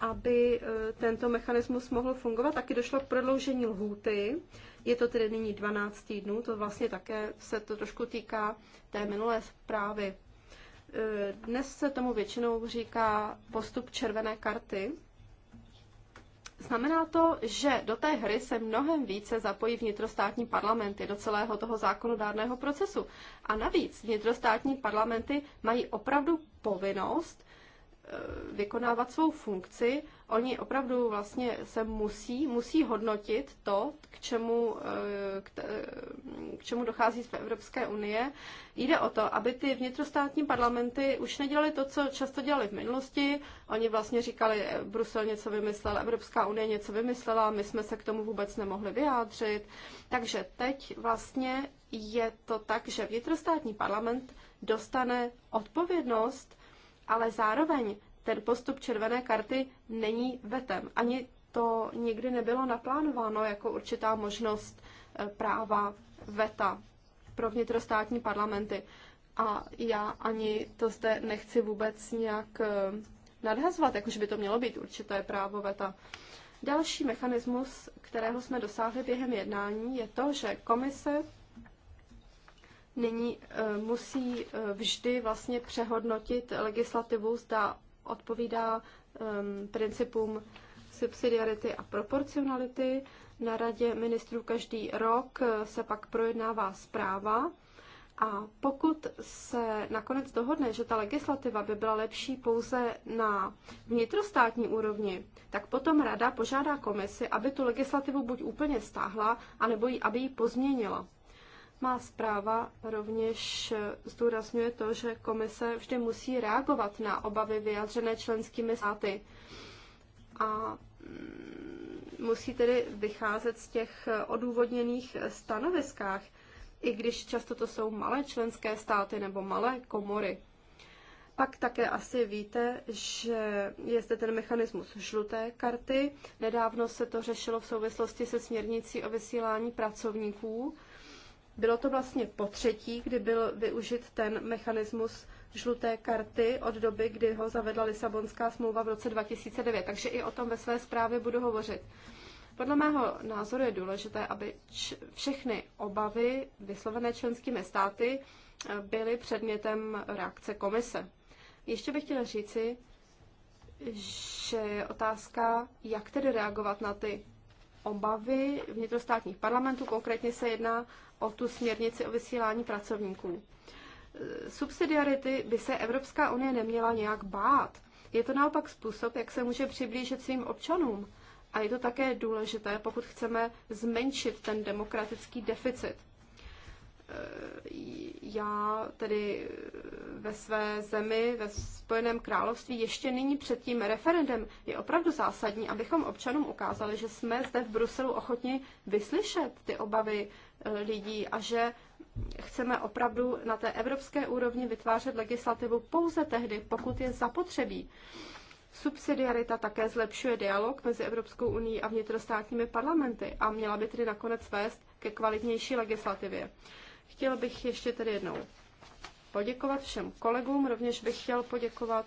aby tento mechanismus mohl fungovat. Taky došlo k prodloužení lhůty. Je to tedy nyní 12 týdnů, to vlastně také se to trošku týká té minulé zprávy. Dnes se tomu většinou říká postup červené karty, Znamená to, že do té hry se mnohem více zapojí vnitrostátní parlamenty do celého toho zákonodárného procesu. A navíc vnitrostátní parlamenty mají opravdu povinnost Eh, vykonávat svou funkci, oni opravdu vlastně se musí, musí hodnotit to, k čemu, eh, k, eh, k čemu dochází v Evropské unie. Jde o to, aby ty vnitrostátní parlamenty už nedělali to, co často dělali v minulosti. Oni vlastně říkali, Brusel něco vymyslel, Evropská unie něco vymyslela, my jsme se k tomu vůbec nemohli vyjádřit. Takže teď vlastně je to tak, že vnitrostátní parlament dostane odpovědnost ale zároveň ten postup červené karty není vetem. Ani to nikdy nebylo naplánováno jako určitá možnost eh, práva veta pro vnitrostátní parlamenty. A já ani to zde nechci vůbec nějak eh, nadhazovat, jakož by to mělo být určité právo veta. Další mechanismus, kterého jsme dosáhli během jednání, je to, že komise nyní eh, musí eh, vždy vlastně přehodnotit legislativu, zda odpovídá ehm, principům subsidiarity a proporcionality. Na radě ministrů každý rok eh, se pak projednává zpráva a pokud se nakonec dohodne, že ta legislativa by byla lepší pouze na vnitrostátní úrovni, tak potom rada požádá komisi, aby tu legislativu buď úplně stáhla, anebo ji, aby ji pozměnila. Má zpráva rovněž zdůrazňuje to, že komise vždy musí reagovat na obavy vyjádřené členskými státy a mm, musí tedy vycházet z těch odůvodněných stanoviskách, i když často to jsou malé členské státy nebo malé komory. Pak také asi víte, že je zde ten mechanismus žluté karty. Nedávno se to řešilo v souvislosti se směrnicí o vysílání pracovníků. Bylo to vlastně po třetí, kdy byl využit ten mechanismus žluté karty od doby, kdy ho zavedla Lisabonská smlouva v roce 2009, takže i o tom ve své zprávě budu hovořit. Podle mého názoru je důležité, aby všechny obavy vyslovené členskými státy eh, byly předmětem reakce komise. Ještě bych chtěla říci, že je otázka, jak tedy reagovat na ty obavy vnitrostátních parlamentů, konkrétně se jedná o tu směrnici o vysílání pracovníků. Subsidiarity by se Evropská unie neměla nějak bát. Je to naopak způsob, jak se může přiblížit svým občanům. A je to také důležité, pokud chceme zmenšit ten demokratický deficit. Eh, já tedy eh, ve své zemi, ve Spojeném království, ještě nyní před tím referendem, je opravdu zásadní, abychom občanům ukázali, že jsme zde v Bruselu ochotni vyslyšet ty obavy eh, lidí a že chceme opravdu na té evropské úrovni vytvářet legislativu pouze tehdy, pokud je zapotřebí. Subsidiarita také zlepšuje dialog mezi Evropskou unii a vnitrostátními parlamenty a měla by tedy nakonec vést ke kvalitnější legislativě. Chtěl bych ještě tedy jednou poděkovat všem kolegům, rovněž bych chtěl poděkovat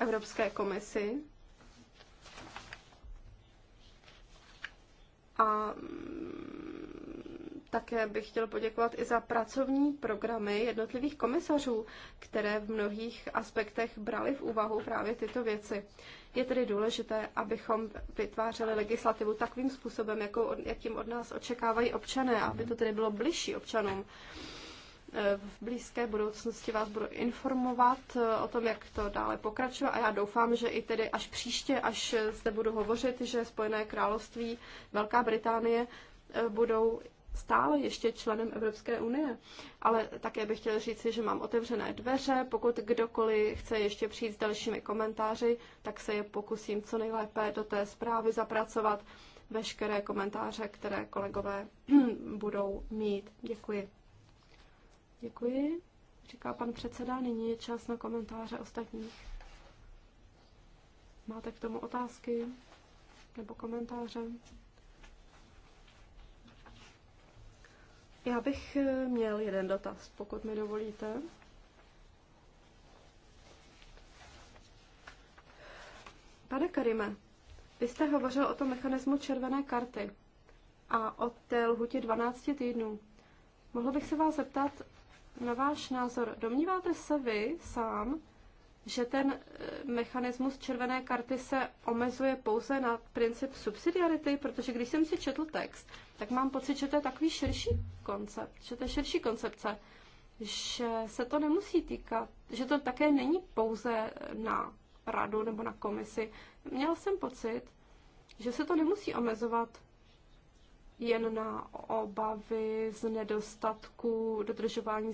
Evropské komisi a také bych chtěl poděkovat i za pracovní programy jednotlivých komisařů, které v mnohých aspektech brali v úvahu právě tyto věci. Je tedy důležité, abychom vytvářeli legislativu takovým způsobem, jakou, jakým od nás očekávají občané, aby to tedy bylo bližší občanům. E, v blízké budoucnosti vás budu informovat e, o tom, jak to dále pokračuje a já doufám, že i tedy až příště, až zde budu hovořit, že Spojené království, Velká Británie e, budou stále ještě členem Evropské unie. Ale také bych chtěl říci, že mám otevřené dveře. Pokud kdokoliv chce ještě přijít s dalšími komentáři, tak se je pokusím co nejlépe do té zprávy zapracovat veškeré komentáře, které kolegové budou mít. Děkuji. Děkuji, říká pan předseda. Nyní je čas na komentáře ostatních. Máte k tomu otázky nebo komentáře? Já bych eh, měl jeden dotaz, pokud mi dovolíte. Pane Karime, vy jste hovořil o tom mechanismu červené karty a o té lhutě 12 týdnů. Mohl bych se vás zeptat na váš názor. Domníváte se vy sám, že ten e, mechanismus červené karty se omezuje pouze na princip subsidiarity, protože když jsem si četl text, tak mám pocit, že to je takový širší koncept, že to je širší koncepce, že se to nemusí týkat, že to také není pouze na radu nebo na komisi. Měl jsem pocit, že se to nemusí omezovat jen na obavy z nedostatku dodržování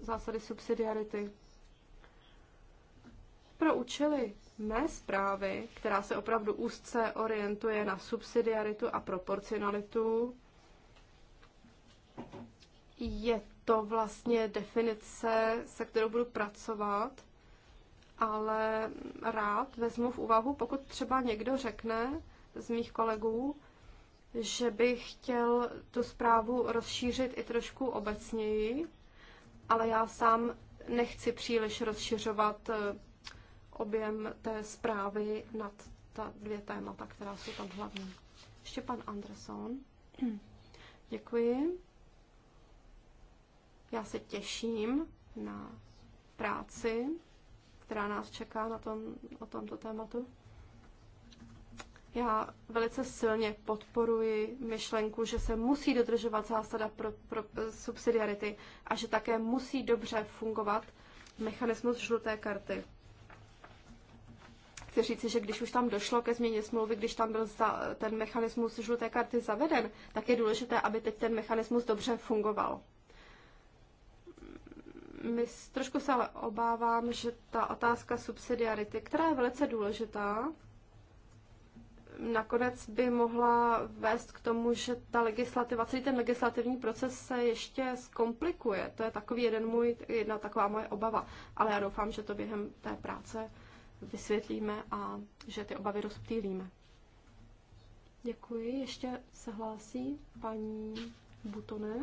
zásady subsidiarity. Pro účely mé zprávy, která se opravdu úzce orientuje na subsidiaritu a proporcionalitu, je to vlastně definice, se kterou budu pracovat, ale rád vezmu v úvahu, pokud třeba někdo řekne z mých kolegů, že bych chtěl tu zprávu rozšířit i trošku obecněji, ale já sám nechci příliš rozšiřovat eh, objem té zprávy nad ta dvě témata, která jsou tam hlavní. Ještě pan Anderson. Děkuji. Já se těším na práci, která nás čeká na tom, o tomto tématu. Já velice silně podporuji myšlenku, že se musí dodržovat zásada pro, pro subsidiarity a že také musí dobře fungovat mechanismus žluté karty. Chci říci, že když už tam došlo ke změně smlouvy, když tam byl za, ten mechanismus žluté karty zaveden, tak je důležité, aby teď ten mechanismus dobře fungoval. My trošku se ale obávám, že ta otázka subsidiarity, která je velice důležitá, nakonec by mohla vést k tomu, že ta legislativa, celý ten legislativní proces se ještě zkomplikuje. To je takový jeden můj, jedna taková moje obava. Ale já doufám, že to během té práce vysvětlíme a že ty obavy rozptýlíme. Děkuji. Ještě se hlásí paní Butone.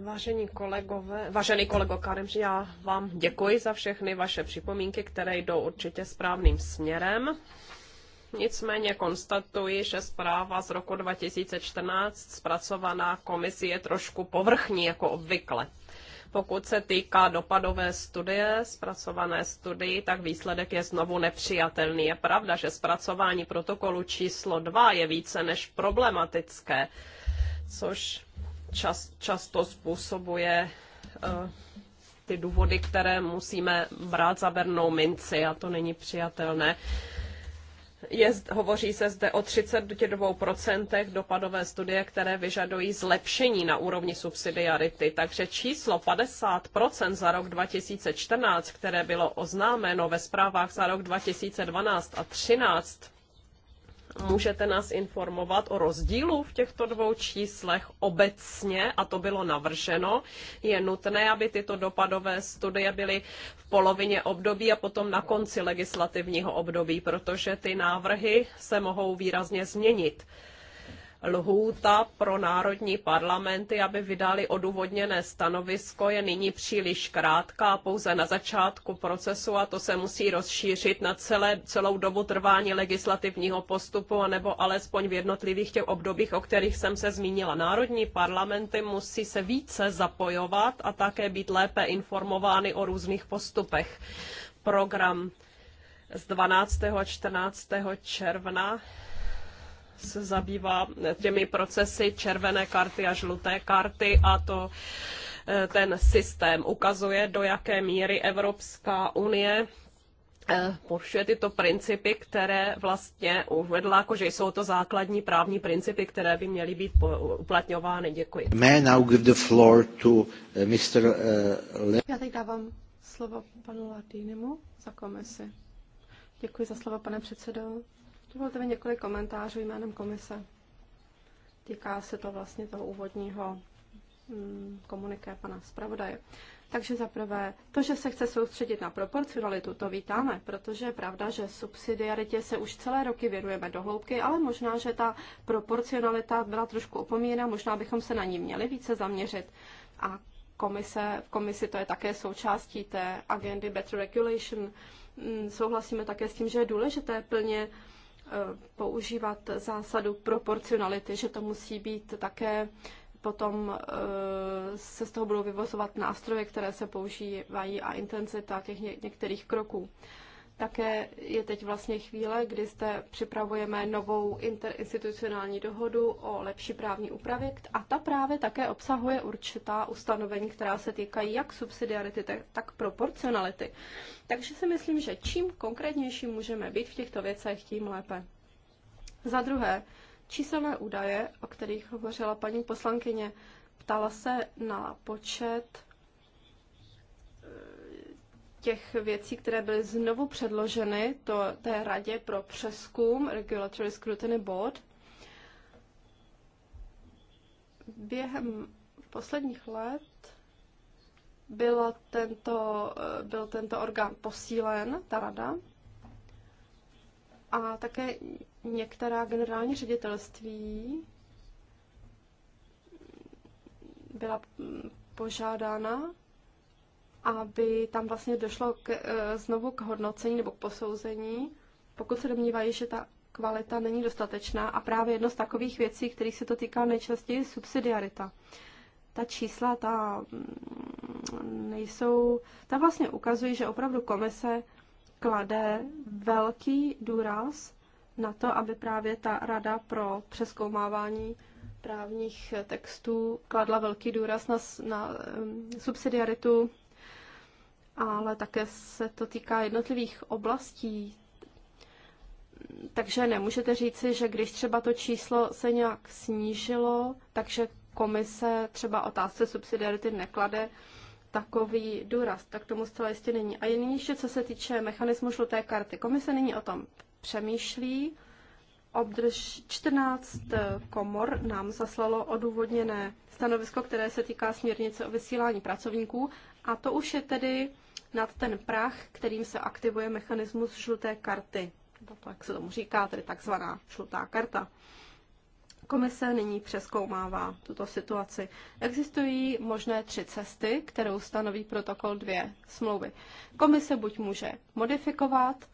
Vážení kolegové, vážený kolego Karim, já vám děkuji za všechny vaše připomínky, které jdou určitě správným směrem. Nicméně konstatuji, že zpráva z roku 2014 zpracovaná komisí je trošku povrchní, jako obvykle. Pokud se týká dopadové studie, zpracované studii, tak výsledek je znovu nepřijatelný. Je pravda, že zpracování protokolu číslo 2 je více než problematické, což čas, často způsobuje uh, ty důvody, které musíme brát za bernou minci a to není přijatelné. Uh, je, hovoří se zde o 32% dopadové studie, které vyžadují zlepšení na úrovni subsidiarity. Takže číslo 50% za rok 2014, které bylo oznámeno ve zprávách za rok 2012 a 2013, No. Můžete nás informovat o rozdílu v těchto dvou číslech obecně, a to bylo navrženo. Je nutné, aby tyto dopadové studie byly v polovině období a potom na konci legislativního období, protože ty návrhy se mohou výrazně změnit lhůta pro národní parlamenty, aby vydali odůvodněné stanovisko, je nyní příliš krátká pouze na začátku procesu a to se musí rozšířit na celé, celou dobu trvání legislativního postupu nebo alespoň v jednotlivých těch obdobích, o kterých jsem se zmínila. Národní parlamenty musí se více zapojovat a také být lépe informovány o různých postupech. Program z 12. a 14. června se zabývá těmi procesy červené karty a žluté karty a to eh, ten systém ukazuje, do jaké míry Evropská unie eh, porušuje tyto principy, které vlastně uvedla, jako že jsou to základní právní principy, které by měly být uplatňovány. Děkuji. May now give the floor to eh, Mr. Le- Já teď dávám slovo panu Latýnemu za komisi. Děkuji za slovo, pane předsedo. Dovolte mi několik komentářů jménem komise. Týká se to vlastně toho úvodního mm, komuniké pana zpravodaje. Takže zaprvé, to, že se chce soustředit na proporcionalitu, to vítáme, protože je pravda, že subsidiaritě se už celé roky věnujeme do hloubky, ale možná, že ta proporcionalita byla trošku opomíjena, možná bychom se na ní měli více zaměřit. A komise, v komisi to je také součástí té agendy Better Regulation. Mm, souhlasíme také s tím, že je důležité plně Eh, používat zásadu proporcionality, že to musí být také potom eh, se z toho budou vyvozovat nástroje, které se používají a intenzita těch některých kroků. Také je teď vlastně chvíle, kdy zde připravujeme novou interinstitucionální dohodu o lepší právní úpravě a ta právě také obsahuje určitá ustanovení, která se týkají jak subsidiarity, tak proporcionality. Takže si myslím, že čím konkrétnější můžeme být v těchto věcech, tím lépe. Za druhé, číselné údaje, o kterých hovořila paní poslankyně, ptala se na počet těch věcí, které byly znovu předloženy to, té radě pro přeskum Regulatory Scrutiny Board. Během posledních let bylo tento, byl tento orgán posílen, ta rada, a také některá generální ředitelství byla požádána aby tam vlastně došlo k, e, znovu k hodnocení nebo k posouzení, pokud se domnívají, že ta kvalita není dostatečná. A právě jedno z takových věcí, kterých se to týká nejčastěji, je subsidiarita. Ta čísla, ta mm, nejsou, ta vlastně ukazují, že opravdu komise klade velký důraz na to, aby právě ta rada pro přeskoumávání právních textů kladla velký důraz na, na um, subsidiaritu ale také se to týká jednotlivých oblastí. Takže nemůžete říci, že když třeba to číslo se nějak snížilo, takže komise třeba otázce subsidiarity neklade takový důraz, tak tomu zcela jistě není. A nyní ještě, co se týče mechanismu žluté karty. Komise není o tom přemýšlí. Obdrž 14 komor nám zaslalo odůvodněné stanovisko, které se týká směrnice o vysílání pracovníků. A to už je tedy nad ten prach, kterým se aktivuje mechanismus žluté karty. To, jak se tomu říká, tedy takzvaná žlutá karta. Komise nyní přeskoumává tuto situaci. Existují možné tři cesty, kterou stanoví protokol dvě smlouvy. Komise buď může modifikovat,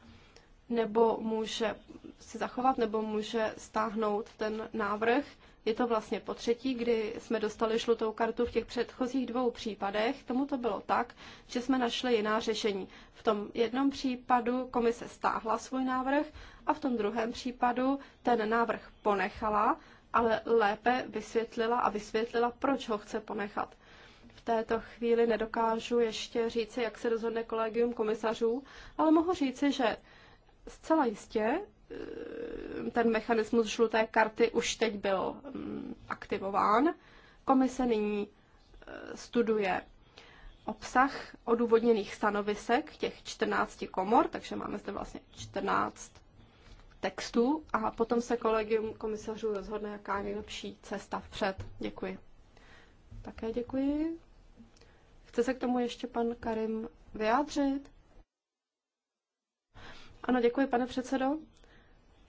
nebo může si zachovat, nebo může stáhnout ten návrh je to vlastně po třetí, kdy jsme dostali žlutou kartu v těch předchozích dvou případech. Tomu to bylo tak, že jsme našli jiná řešení. V tom jednom případu komise stáhla svůj návrh a v tom druhém případu ten návrh ponechala, ale lépe vysvětlila a vysvětlila, proč ho chce ponechat. V této chvíli nedokážu ještě říci, jak se rozhodne kolegium komisařů, ale mohu říci, že zcela jistě ten mechanismus žluté karty už teď byl mm, aktivován. Komise nyní e, studuje obsah odůvodněných stanovisek těch 14 komor, takže máme zde vlastně 14 textů a potom se kolegium komisařů rozhodne, jaká je nejlepší cesta vpřed. Děkuji. Také děkuji. Chce se k tomu ještě pan Karim vyjádřit? Ano, děkuji, pane předsedo.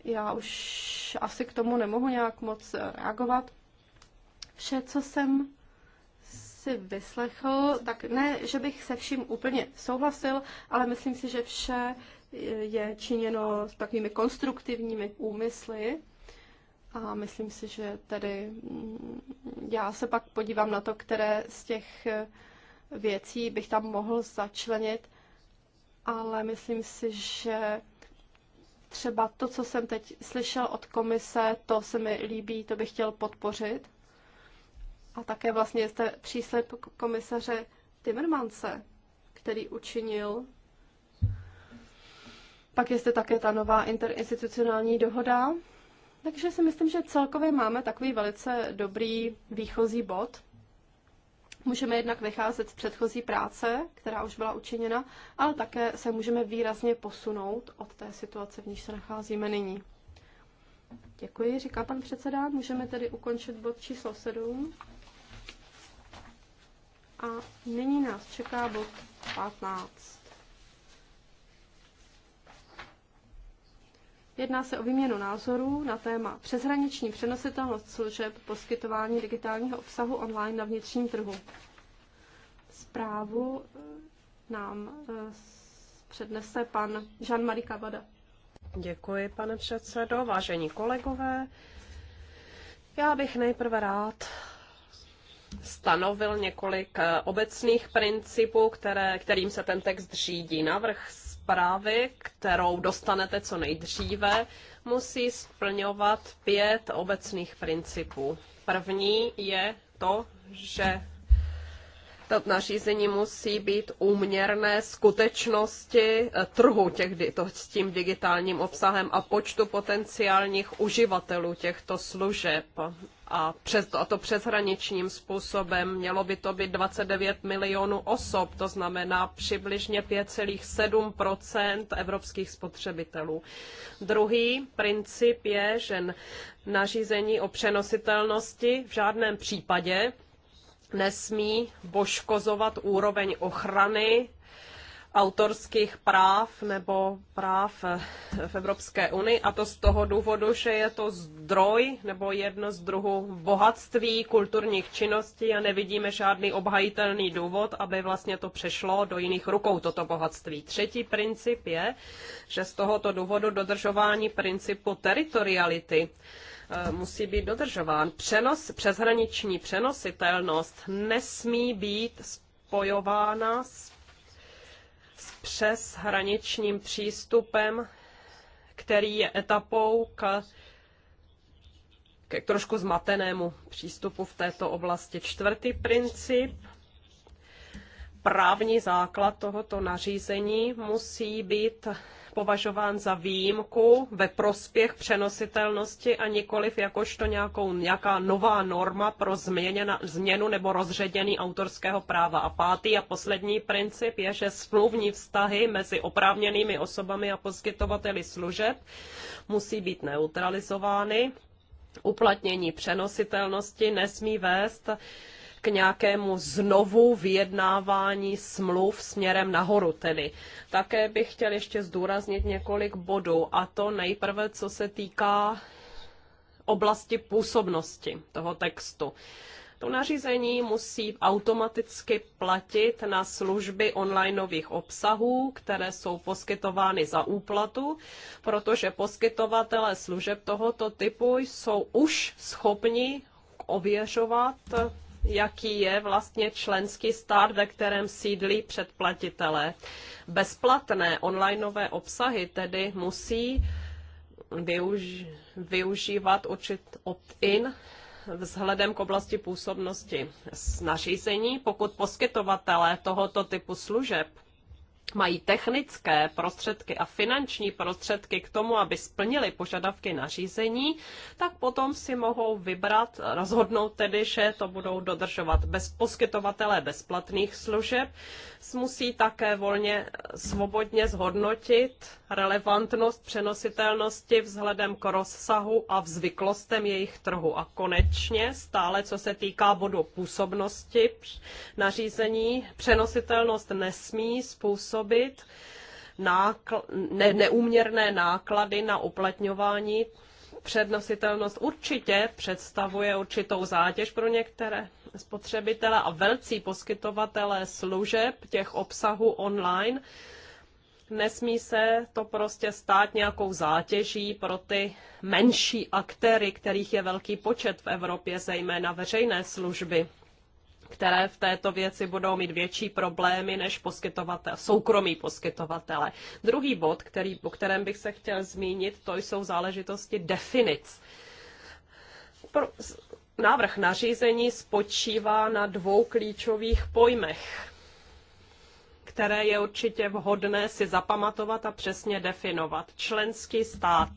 Já už asi k tomu nemohu nějak moc eh, reagovat. Vše, co jsem si vyslechl, tak ne, že bych se vším úplně souhlasil, ale myslím si, že vše je činěno s takovými konstruktivními úmysly. A myslím si, že tedy mm, já se pak podívám na to, které z těch eh, věcí bych tam mohl začlenit, ale myslím si, že třeba to, co jsem teď slyšel od komise, to se mi líbí, to bych chtěl podpořit. A také vlastně jste příslip komisaře Timmermanse, který učinil. Pak jste také ta nová interinstitucionální dohoda. Takže si myslím, že celkově máme takový velice dobrý výchozí bod. Můžeme jednak vycházet z předchozí práce, která už byla učiněna, ale také se můžeme výrazně posunout od té situace, v níž se nacházíme nyní. Děkuji, říká pan předseda. Můžeme tedy ukončit bod číslo 7. A nyní nás čeká bod 15. Jedná se o výměnu názorů na téma přeshraniční přenositelnost služeb poskytování digitálního obsahu online na vnitřním trhu. Zprávu eh, nám eh, přednese pan Jean-Marie Kavada. Děkuji, pane předsedo, vážení kolegové. Já bych nejprve rád stanovil několik eh, obecných principů, které, kterým se ten text řídí. Navrh zprávy, kterou dostanete co nejdříve, musí splňovat pět obecných principů. První je to, že to nařízení musí být úměrné skutečnosti eh, trhu těch, to, s tím digitálním obsahem a počtu potenciálních uživatelů těchto služeb a, přes, a to přeshraničním způsobem. Mělo by to být 29 milionů osob, to znamená přibližně 5,7 evropských spotřebitelů. Druhý princip je, že nařízení o přenositelnosti v žádném případě nesmí poškozovat úroveň ochrany autorských práv nebo práv eh, v Evropské unii a to z toho důvodu, že je to zdroj nebo jedno z druhů bohatství kulturních činností a nevidíme žádný obhajitelný důvod, aby vlastně to přešlo do jiných rukou, toto bohatství. Třetí princip je, že z tohoto důvodu dodržování principu teritoriality eh, musí být dodržován. Přenos, přeshraniční přenositelnost nesmí být spojována s s přeshraničním přístupem, který je etapou k, k trošku zmatenému přístupu v této oblasti. Čtvrtý princip právní základ tohoto nařízení musí být považován za výjimku ve prospěch přenositelnosti a nikoliv jakožto nějakou, nějaká nová norma pro změněna, změnu nebo rozředění autorského práva. A pátý a poslední princip je, že smluvní vztahy mezi oprávněnými osobami a poskytovateli služeb musí být neutralizovány. Uplatnění přenositelnosti nesmí vést k nějakému znovu vyjednávání smluv směrem nahoru tedy. Také bych chtěl ještě zdůraznit několik bodů a to nejprve, co se týká oblasti působnosti toho textu. To nařízení musí automaticky platit na služby onlineových obsahů, které jsou poskytovány za úplatu, protože poskytovatelé služeb tohoto typu jsou už schopni ověřovat jaký je vlastně členský stát, ve kterém sídlí předplatitelé. Bezplatné onlineové obsahy tedy musí využ- využívat určit opt-in vzhledem k oblasti působnosti nařízení, pokud poskytovatelé tohoto typu služeb mají technické prostředky a finanční prostředky k tomu, aby splnili požadavky nařízení, tak potom si mohou vybrat, rozhodnout tedy, že to budou dodržovat bez poskytovatele bezplatných služeb. Musí také volně, svobodně zhodnotit relevantnost přenositelnosti vzhledem k rozsahu a vzvyklostem jejich trhu. A konečně stále, co se týká bodu působnosti nařízení, přenositelnost nesmí způsobit způsobit nákl- ne- neúměrné náklady na uplatňování přednositelnost určitě představuje určitou zátěž pro některé spotřebitele a velcí poskytovatelé služeb těch obsahů online. Nesmí se to prostě stát nějakou zátěží pro ty menší aktéry, kterých je velký počet v Evropě, zejména veřejné služby které v této věci budou mít větší problémy než poskytovatel, soukromí poskytovatele. Druhý bod, který, o kterém bych se chtěl zmínit, to jsou záležitosti definic. Pro, návrh nařízení spočívá na dvou klíčových pojmech které je určitě vhodné si zapamatovat a přesně definovat. Členský stát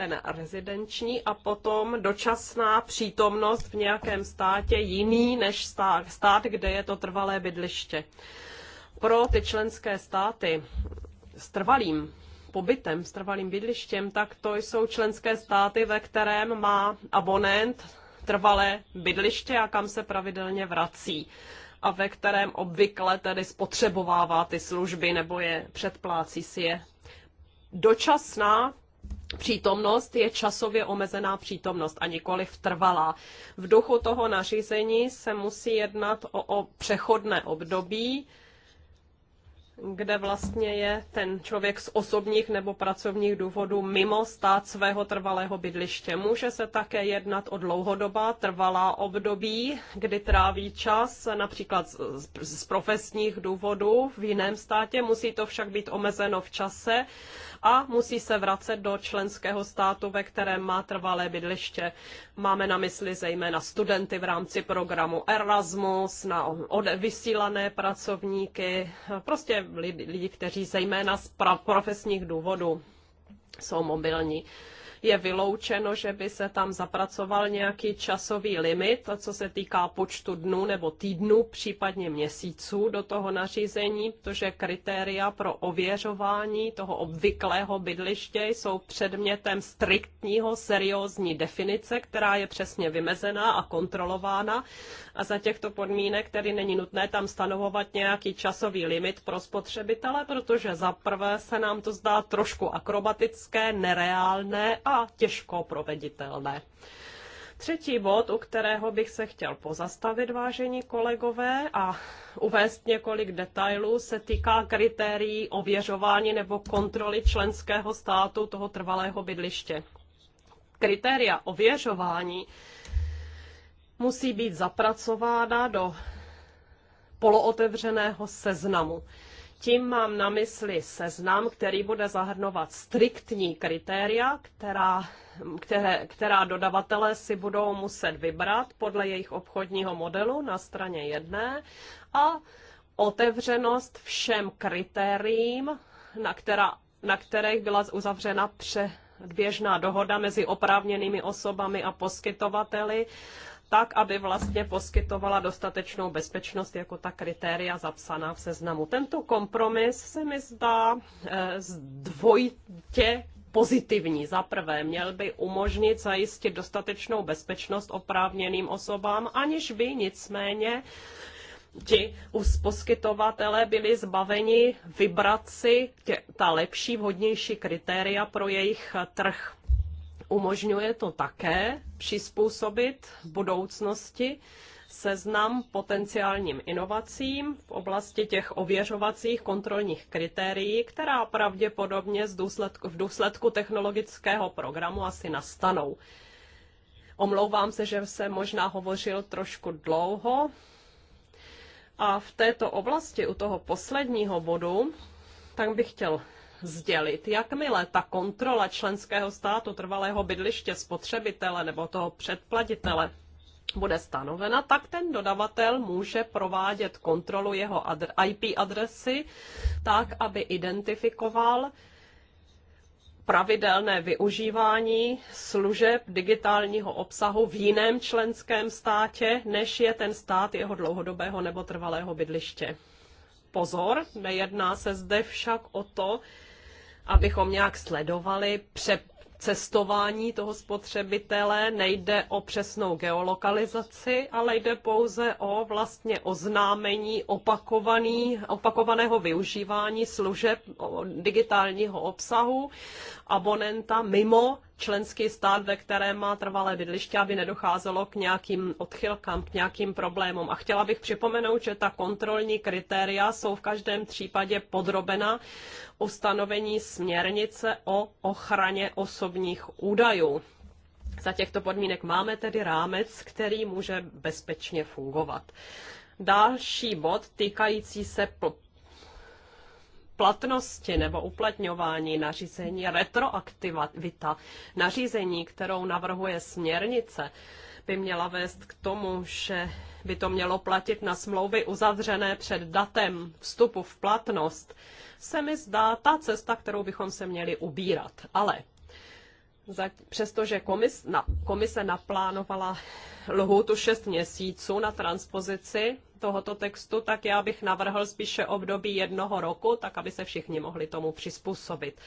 ten rezidenční a potom dočasná přítomnost v nějakém státě jiný než stát, stát kde je to trvalé bydliště. Pro ty členské státy s trvalým pobytem, s trvalým bydlištěm, tak to jsou členské státy, ve kterém má abonent trvalé bydliště a kam se pravidelně vrací a ve kterém obvykle tedy spotřebovává ty služby nebo je předplácí si je. Dočasná Přítomnost je časově omezená přítomnost a nikoli trvalá. V duchu toho nařízení se musí jednat o, o přechodné období, kde vlastně je ten člověk z osobních nebo pracovních důvodů mimo stát svého trvalého bydliště. Může se také jednat o dlouhodobá trvalá období, kdy tráví čas například z, z, z profesních důvodů v jiném státě. Musí to však být omezeno v čase a musí se vracet do členského státu, ve kterém má trvalé bydliště. Máme na mysli zejména studenty v rámci programu Erasmus, na vysílané pracovníky, prostě lidi, kteří zejména z profesních důvodů jsou mobilní je vyloučeno, že by se tam zapracoval nějaký časový limit, co se týká počtu dnů nebo týdnů, případně měsíců do toho nařízení, protože kritéria pro ověřování toho obvyklého bydliště jsou předmětem striktního, seriózní definice, která je přesně vymezená a kontrolována. A za těchto podmínek tedy není nutné tam stanovovat nějaký časový limit pro spotřebitele, protože za prvé se nám to zdá trošku akrobatické, nereálné a a těžko proveditelné. Třetí bod, u kterého bych se chtěl pozastavit, vážení kolegové, a uvést několik detailů, se týká kritérií ověřování nebo kontroly členského státu toho trvalého bydliště. Kritéria ověřování musí být zapracována do polootevřeného seznamu. Tím mám na mysli seznam, který bude zahrnovat striktní kritéria, která, které, která dodavatelé si budou muset vybrat podle jejich obchodního modelu na straně jedné a otevřenost všem kritériím, na, která, na kterých byla uzavřena pře, běžná dohoda mezi oprávněnými osobami a poskytovateli tak, aby vlastně poskytovala dostatečnou bezpečnost jako ta kritéria zapsaná v seznamu. Tento kompromis se mi zdá eh, dvojitě pozitivní. Za prvé, měl by umožnit zajistit dostatečnou bezpečnost oprávněným osobám, aniž by nicméně ti poskytovatele byli zbaveni vybrat si tě, ta lepší, vhodnější kritéria pro jejich trh umožňuje to také přizpůsobit v budoucnosti seznam potenciálním inovacím v oblasti těch ověřovacích kontrolních kritérií, která pravděpodobně z důsledku, v důsledku technologického programu asi nastanou. Omlouvám se, že jsem možná hovořil trošku dlouho. A v této oblasti, u toho posledního bodu, tak bych chtěl sdělit. Jakmile ta kontrola členského státu trvalého bydliště spotřebitele nebo toho předplatitele bude stanovena, tak ten dodavatel může provádět kontrolu jeho IP adresy tak, aby identifikoval pravidelné využívání služeb digitálního obsahu v jiném členském státě, než je ten stát jeho dlouhodobého nebo trvalého bydliště. Pozor, nejedná se zde však o to, abychom nějak sledovali pře- cestování toho spotřebitele, nejde o přesnou geolokalizaci, ale jde pouze o vlastně oznámení opakovaný, opakovaného využívání služeb digitálního obsahu abonenta mimo členský stát, ve kterém má trvalé bydliště, aby nedocházelo k nějakým odchylkám, k nějakým problémům. A chtěla bych připomenout, že ta kontrolní kritéria jsou v každém případě podrobena ustanovení směrnice o ochraně osobních údajů. Za těchto podmínek máme tedy rámec, který může bezpečně fungovat. Další bod týkající se platnosti nebo uplatňování nařízení, retroaktivita nařízení, kterou navrhuje směrnice, by měla vést k tomu, že by to mělo platit na smlouvy uzavřené před datem vstupu v platnost, se mi zdá ta cesta, kterou bychom se měli ubírat. Ale Přestože komis, na, komise naplánovala lhůtu 6 měsíců na transpozici tohoto textu, tak já bych navrhl spíše období jednoho roku, tak aby se všichni mohli tomu přizpůsobit.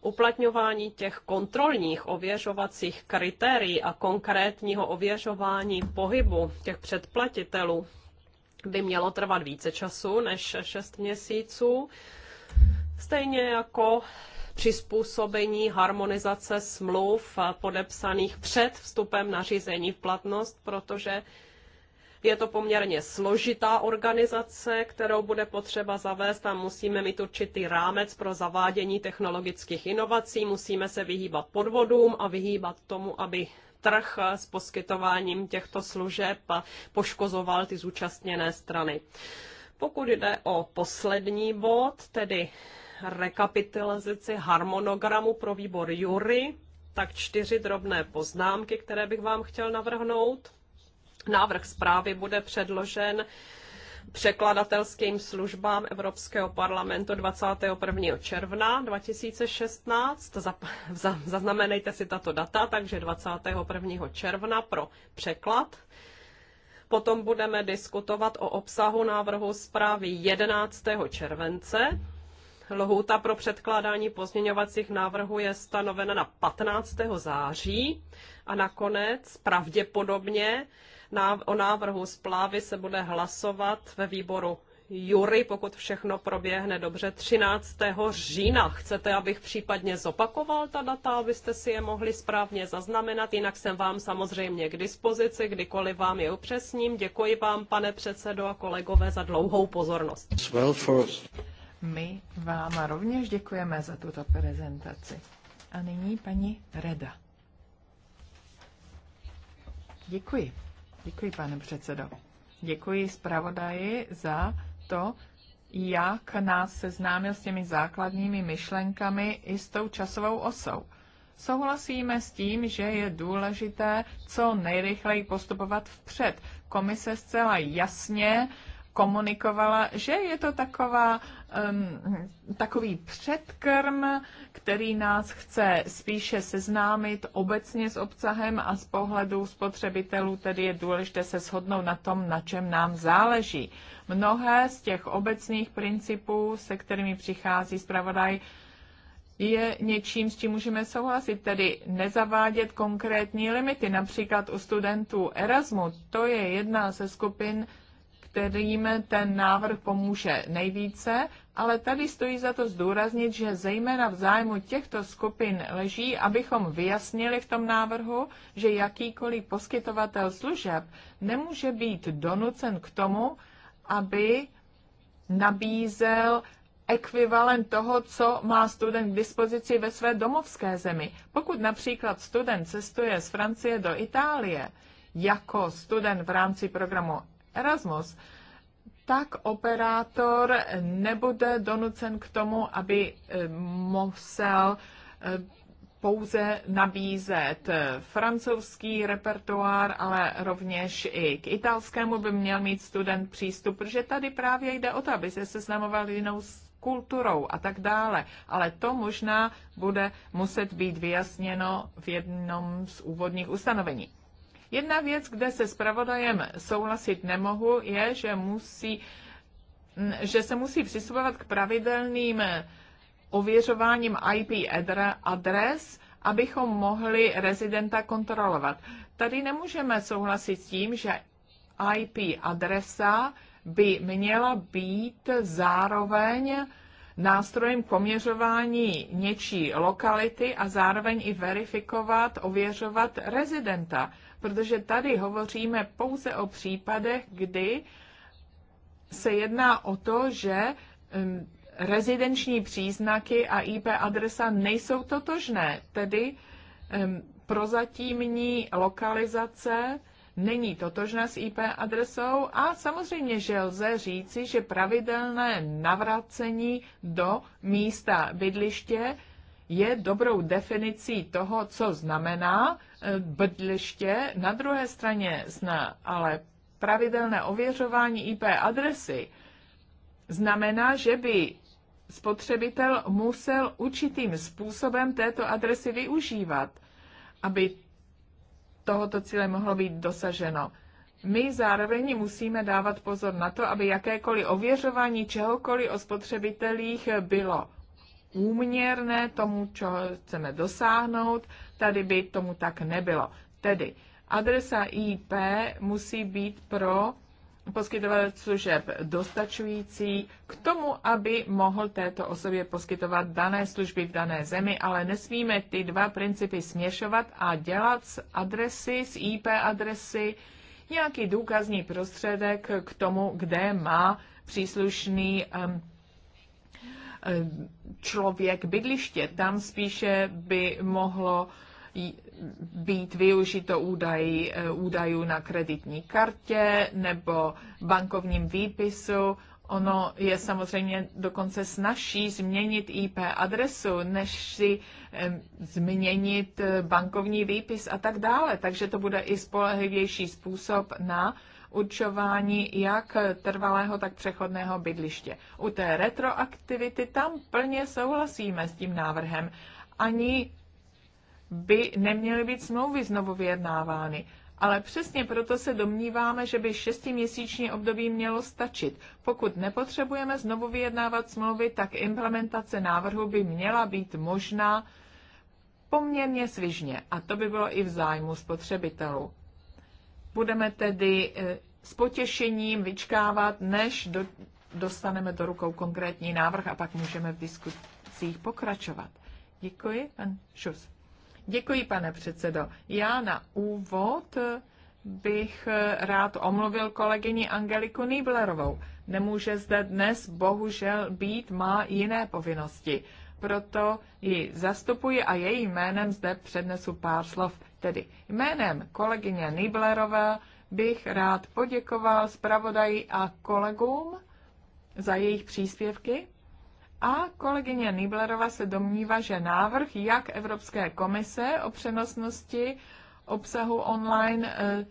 Uplatňování těch kontrolních ověřovacích kritérií a konkrétního ověřování pohybu těch předplatitelů by mělo trvat více času než 6 měsíců. Stejně jako přizpůsobení harmonizace smluv podepsaných před vstupem nařízení v platnost, protože je to poměrně složitá organizace, kterou bude potřeba zavést a musíme mít určitý rámec pro zavádění technologických inovací, musíme se vyhýbat podvodům a vyhýbat tomu, aby trh s poskytováním těchto služeb poškozoval ty zúčastněné strany. Pokud jde o poslední bod, tedy rekapitulaci harmonogramu pro výbor Jury, tak čtyři drobné poznámky, které bych vám chtěl navrhnout. Návrh zprávy bude předložen překladatelským službám Evropského parlamentu 21. června 2016. Zaznamenejte si tato data, takže 21. června pro překlad. Potom budeme diskutovat o obsahu návrhu zprávy 11. července Lhůta pro předkládání pozměňovacích návrhů je stanovena na 15. září a nakonec pravděpodobně o návrhu splávy se bude hlasovat ve výboru Jury, pokud všechno proběhne dobře, 13. října. Chcete, abych případně zopakoval ta data, abyste si je mohli správně zaznamenat? Jinak jsem vám samozřejmě k dispozici, kdykoliv vám je upřesním. Děkuji vám, pane předsedo a kolegové, za dlouhou pozornost. My vám a rovněž děkujeme za tuto prezentaci. A nyní paní Reda. Děkuji. Děkuji, pane předsedo. Děkuji zpravodaji za to, jak nás seznámil s těmi základními myšlenkami i s tou časovou osou. Souhlasíme s tím, že je důležité co nejrychleji postupovat vpřed. Komise zcela jasně komunikovala, že je to taková, um, takový předkrm, který nás chce spíše seznámit obecně s obsahem a z pohledu spotřebitelů tedy je důležité se shodnout na tom, na čem nám záleží. Mnohé z těch obecných principů, se kterými přichází zpravodaj, je něčím, s čím můžeme souhlasit, tedy nezavádět konkrétní limity. Například u studentů Erasmus, to je jedna ze skupin, kterým ten návrh pomůže nejvíce, ale tady stojí za to zdůraznit, že zejména v zájmu těchto skupin leží, abychom vyjasnili v tom návrhu, že jakýkoliv poskytovatel služeb nemůže být donucen k tomu, aby nabízel ekvivalent toho, co má student k dispozici ve své domovské zemi. Pokud například student cestuje z Francie do Itálie jako student v rámci programu Erasmus, tak operátor nebude donucen k tomu, aby eh, musel eh, pouze nabízet eh, francouzský repertoár, ale rovněž i k italskému by měl mít student přístup, protože tady právě jde o to, aby se seznamoval jinou kulturou a tak dále. Ale to možná bude muset být vyjasněno v jednom z úvodních ustanovení. Jedna věc, kde se zpravodajem souhlasit nemohu, je, že, musí, že se musí přistupovat k pravidelným ověřováním IP adres, abychom mohli rezidenta kontrolovat. Tady nemůžeme souhlasit s tím, že IP adresa by měla být zároveň nástrojem poměřování něčí lokality a zároveň i verifikovat, ověřovat rezidenta protože tady hovoříme pouze o případech, kdy se jedná o to, že rezidenční příznaky a IP adresa nejsou totožné, tedy prozatímní lokalizace není totožná s IP adresou a samozřejmě, že lze říci, že pravidelné navracení do místa bydliště je dobrou definicí toho, co znamená eh, bydliště. Na druhé straně zna, ale pravidelné ověřování IP adresy znamená, že by spotřebitel musel určitým způsobem této adresy využívat, aby tohoto cíle mohlo být dosaženo. My zároveň musíme dávat pozor na to, aby jakékoliv ověřování čehokoliv o spotřebitelích bylo úměrné tomu, co chceme dosáhnout. Tady by tomu tak nebylo. Tedy adresa IP musí být pro poskytovat služeb dostačující k tomu, aby mohl této osobě poskytovat dané služby v dané zemi, ale nesmíme ty dva principy směšovat a dělat z adresy, z IP adresy, nějaký důkazní prostředek k tomu, kde má příslušný um, Eh, člověk bydliště. Tam spíše by mohlo být využito údaj, eh, údajů na kreditní kartě nebo bankovním výpisu. Ono je samozřejmě dokonce snažší změnit IP adresu, než si eh, změnit bankovní výpis a tak dále. Takže to bude i spolehlivější způsob na určování jak trvalého, tak přechodného bydliště. U té retroaktivity tam plně souhlasíme s tím návrhem. Ani by neměly být smlouvy znovu vyjednávány. Ale přesně proto se domníváme, že by šestiměsíční období mělo stačit. Pokud nepotřebujeme znovu vyjednávat smlouvy, tak implementace návrhu by měla být možná poměrně svižně a to by bylo i v zájmu spotřebitelů. Budeme tedy eh, s potěšením vyčkávat, než do, dostaneme do rukou konkrétní návrh a pak můžeme v diskusích pokračovat. Děkuji, pan Šus. Děkuji, pane předsedo. Já na úvod bych eh, rád omluvil kolegyni Angeliku Nýblerovou. Nemůže zde dnes bohužel být, má jiné povinnosti. Proto ji zastupuji a jejím jménem zde přednesu pár slov. Tedy jménem kolegyně Niblerové bych rád poděkoval zpravodaji a kolegům za jejich příspěvky. A kolegyně Niblerová se domnívá, že návrh, jak Evropské komise o přenosnosti obsahu online eh,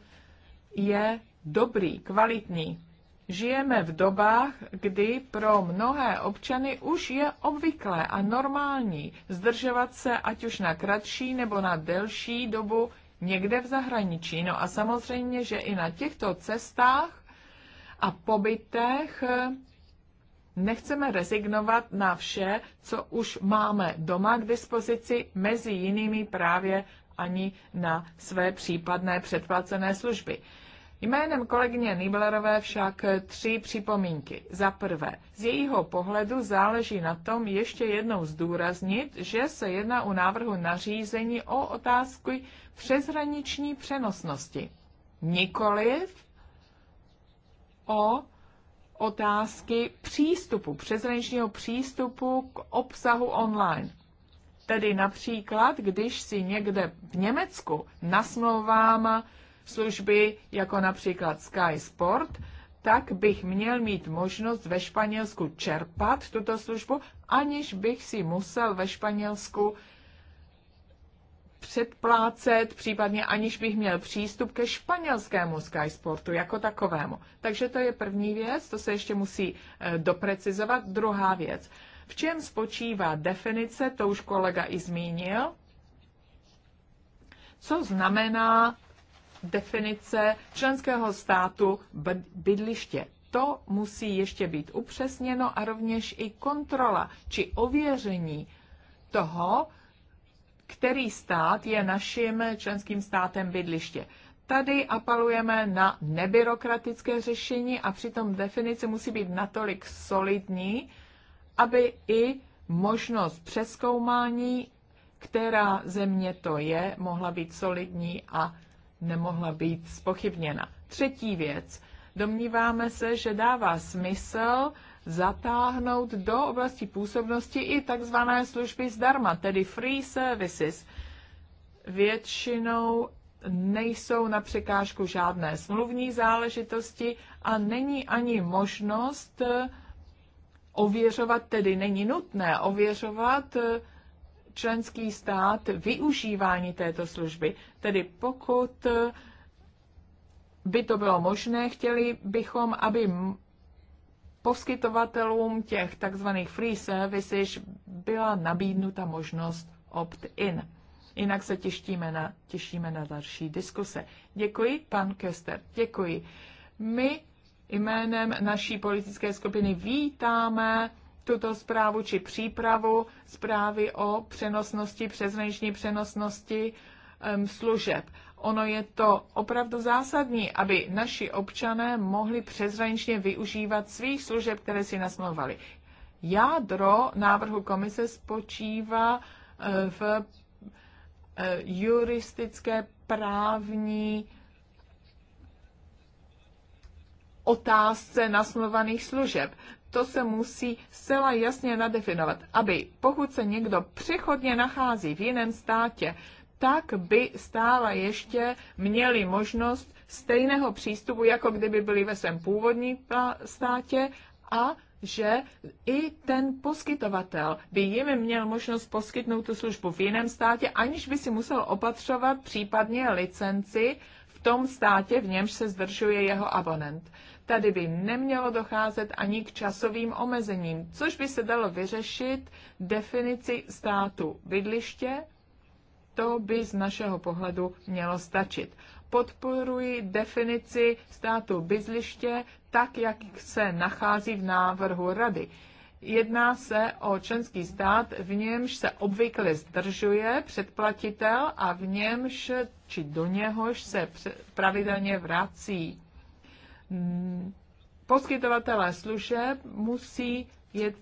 je dobrý, kvalitní. Žijeme v dobách, kdy pro mnohé občany už je obvyklé a normální zdržovat se ať už na kratší nebo na delší dobu někde v zahraničí. No a samozřejmě, že i na těchto cestách a pobytech eh, nechceme rezignovat na vše, co už máme doma k dispozici, mezi jinými právě ani na své případné předplacené služby. Jménem kolegyně Niblerové však tři připomínky. Za prvé, z jejího pohledu záleží na tom ještě jednou zdůraznit, že se jedná u návrhu nařízení o otázku přeshraniční přenosnosti. Nikoliv o otázky přístupu, přeshraničního přístupu k obsahu online. Tedy například, když si někde v Německu nasmlouvám služby, jako například Sky Sport, tak bych měl mít možnost ve Španělsku čerpat tuto službu, aniž bych si musel ve Španělsku předplácet, případně aniž bych měl přístup ke španělskému Sky Sportu jako takovému. Takže to je první věc, to se ještě musí eh, doprecizovat. Druhá věc, v čem spočívá definice, to už kolega i zmínil, co znamená definice členského státu bydliště. To musí ještě být upřesněno a rovněž i kontrola či ověření toho, který stát je naším členským státem bydliště. Tady apelujeme na nebyrokratické řešení a přitom definice musí být natolik solidní, aby i možnost přeskoumání, která země to je, mohla být solidní a nemohla být spochybněna. Třetí věc. Domníváme se, že dává smysl zatáhnout do oblasti působnosti i takzvané služby zdarma, tedy free services. Většinou nejsou na překážku žádné smluvní záležitosti a není ani možnost ověřovat, tedy není nutné ověřovat členský stát využívání této služby. Tedy pokud by to bylo možné, chtěli bychom, aby poskytovatelům těch takzvaných free services byla nabídnuta možnost opt-in. Jinak se těšíme na, těšíme na další diskuse. Děkuji, pan Kester. Děkuji. My jménem naší politické skupiny vítáme tuto zprávu či přípravu zprávy o přenosnosti, přeshraniční přenosnosti um, služeb. Ono je to opravdu zásadní, aby naši občané mohli přeshraničně využívat svých služeb, které si nasmluvali. Jádro návrhu komise spočívá e, v e, juristické právní otázce nasmluvaných služeb to se musí zcela jasně nadefinovat, aby pokud se někdo přechodně nachází v jiném státě, tak by stále ještě měli možnost stejného přístupu, jako kdyby byli ve svém původním státě a že i ten poskytovatel by jim měl možnost poskytnout tu službu v jiném státě, aniž by si musel opatřovat případně licenci v tom státě, v němž se zdržuje jeho abonent. Tady by nemělo docházet ani k časovým omezením, což by se dalo vyřešit definici státu bydliště. To by z našeho pohledu mělo stačit. Podporuji definici státu bydliště tak, jak se nachází v návrhu Rady. Jedná se o členský stát, v němž se obvykle zdržuje předplatitel a v němž či do něhož se pravidelně vrací Mm, poskytovatelé služeb musí je,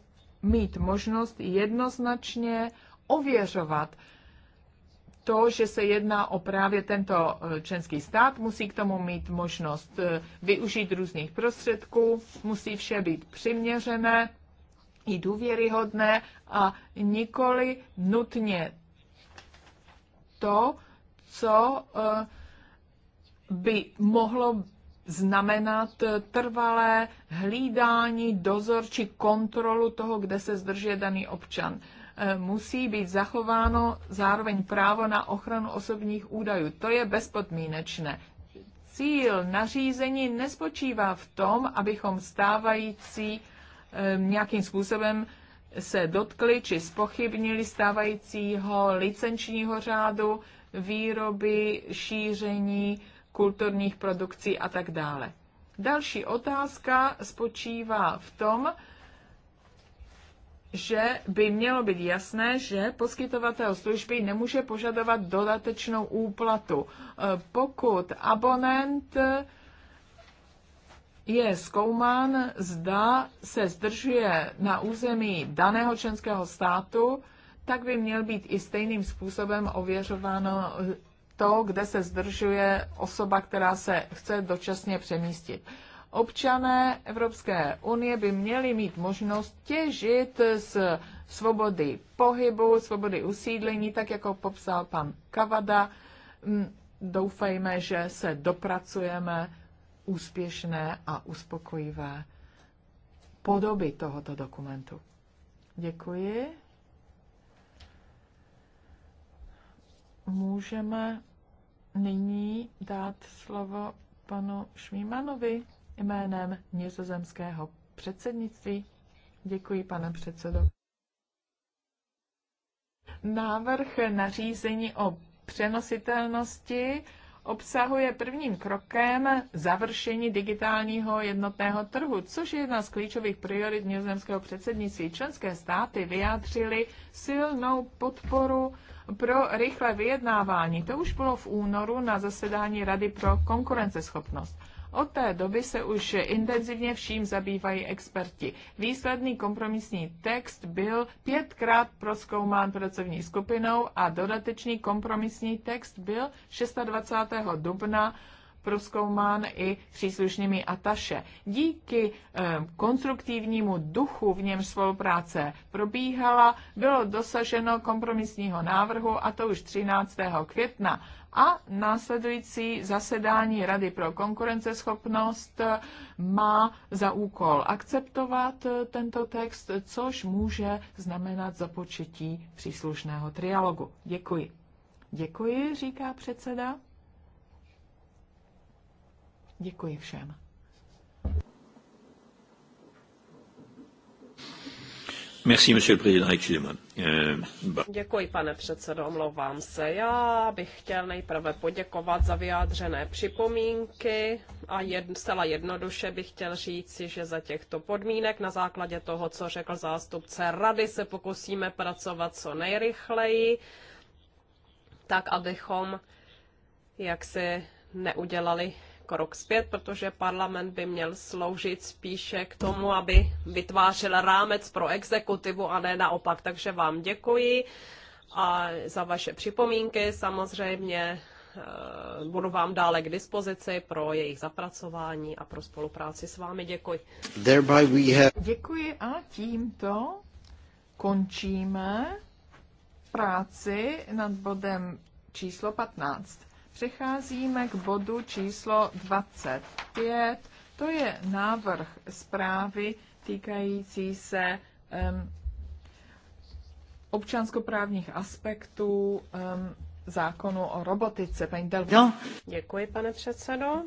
mít možnost jednoznačně ověřovat to, že se jedná o právě tento eh, členský stát, musí k tomu mít možnost eh, využít různých prostředků, musí vše být přiměřené i důvěryhodné a nikoli nutně to, co eh, by mohlo znamenat trvalé hlídání, dozor či kontrolu toho, kde se zdržuje daný občan. E, musí být zachováno zároveň právo na ochranu osobních údajů. To je bezpodmínečné. Cíl nařízení nespočívá v tom, abychom stávající e, nějakým způsobem se dotkli či spochybnili stávajícího licenčního řádu výroby, šíření, kulturních produkcí a tak dále. Další otázka spočívá v tom, že by mělo být jasné, že poskytovatel služby nemůže požadovat dodatečnou úplatu. E, pokud abonent je zkoumán, zda se zdržuje na území daného členského státu, tak by měl být i stejným způsobem ověřováno to, kde se zdržuje osoba, která se chce dočasně přemístit. Občané Evropské unie by měli mít možnost těžit z svobody pohybu, svobody usídlení, tak jako popsal pan Kavada. Mm, doufejme, že se dopracujeme úspěšné a uspokojivé podoby tohoto dokumentu. Děkuji. Můžeme nyní dát slovo panu Šmímanovi jménem nizozemského předsednictví. Děkuji, pane předsedo. Návrh nařízení o přenositelnosti obsahuje prvním krokem završení digitálního jednotného trhu, což je jedna z klíčových priorit nizozemského předsednictví. Členské státy vyjádřily silnou podporu pro rychlé vyjednávání. To už bylo v únoru na zasedání Rady pro konkurenceschopnost. Od té doby se už intenzivně vším zabývají experti. Výsledný kompromisní text byl pětkrát proskoumán pracovní skupinou a dodatečný kompromisní text byl 26. dubna proskoumán i příslušnými ataše. Díky eh, konstruktivnímu duchu, v němž spolupráce probíhala, bylo dosaženo kompromisního návrhu a to už 13. května. A následující zasedání Rady pro konkurenceschopnost eh, má za úkol akceptovat eh, tento text, což může znamenat započetí příslušného trialogu. Děkuji. Děkuji, říká předseda. Děkuji všem. Euh, Děkuji, pane předsedo, omlouvám se. Já bych chtěl nejprve poděkovat za vyjádřené připomínky a jed, zcela jednoduše bych chtěl říci, že za těchto podmínek na základě toho, co řekl zástupce rady, se pokusíme pracovat co nejrychleji, tak abychom jak neudělali krok zpět, protože parlament by měl sloužit spíše k tomu, aby vytvářel rámec pro exekutivu a ne naopak. Takže vám děkuji a za vaše připomínky samozřejmě eh, budu vám dále k dispozici pro jejich zapracování a pro spolupráci s vámi. Děkuji. Děkuji a tímto končíme práci nad bodem číslo 15. Přecházíme k bodu číslo 25. To je návrh zprávy týkající se um, občanskoprávních aspektů um, zákonu o robotice. Paní Delvo. No. Děkuji, pane předsedo.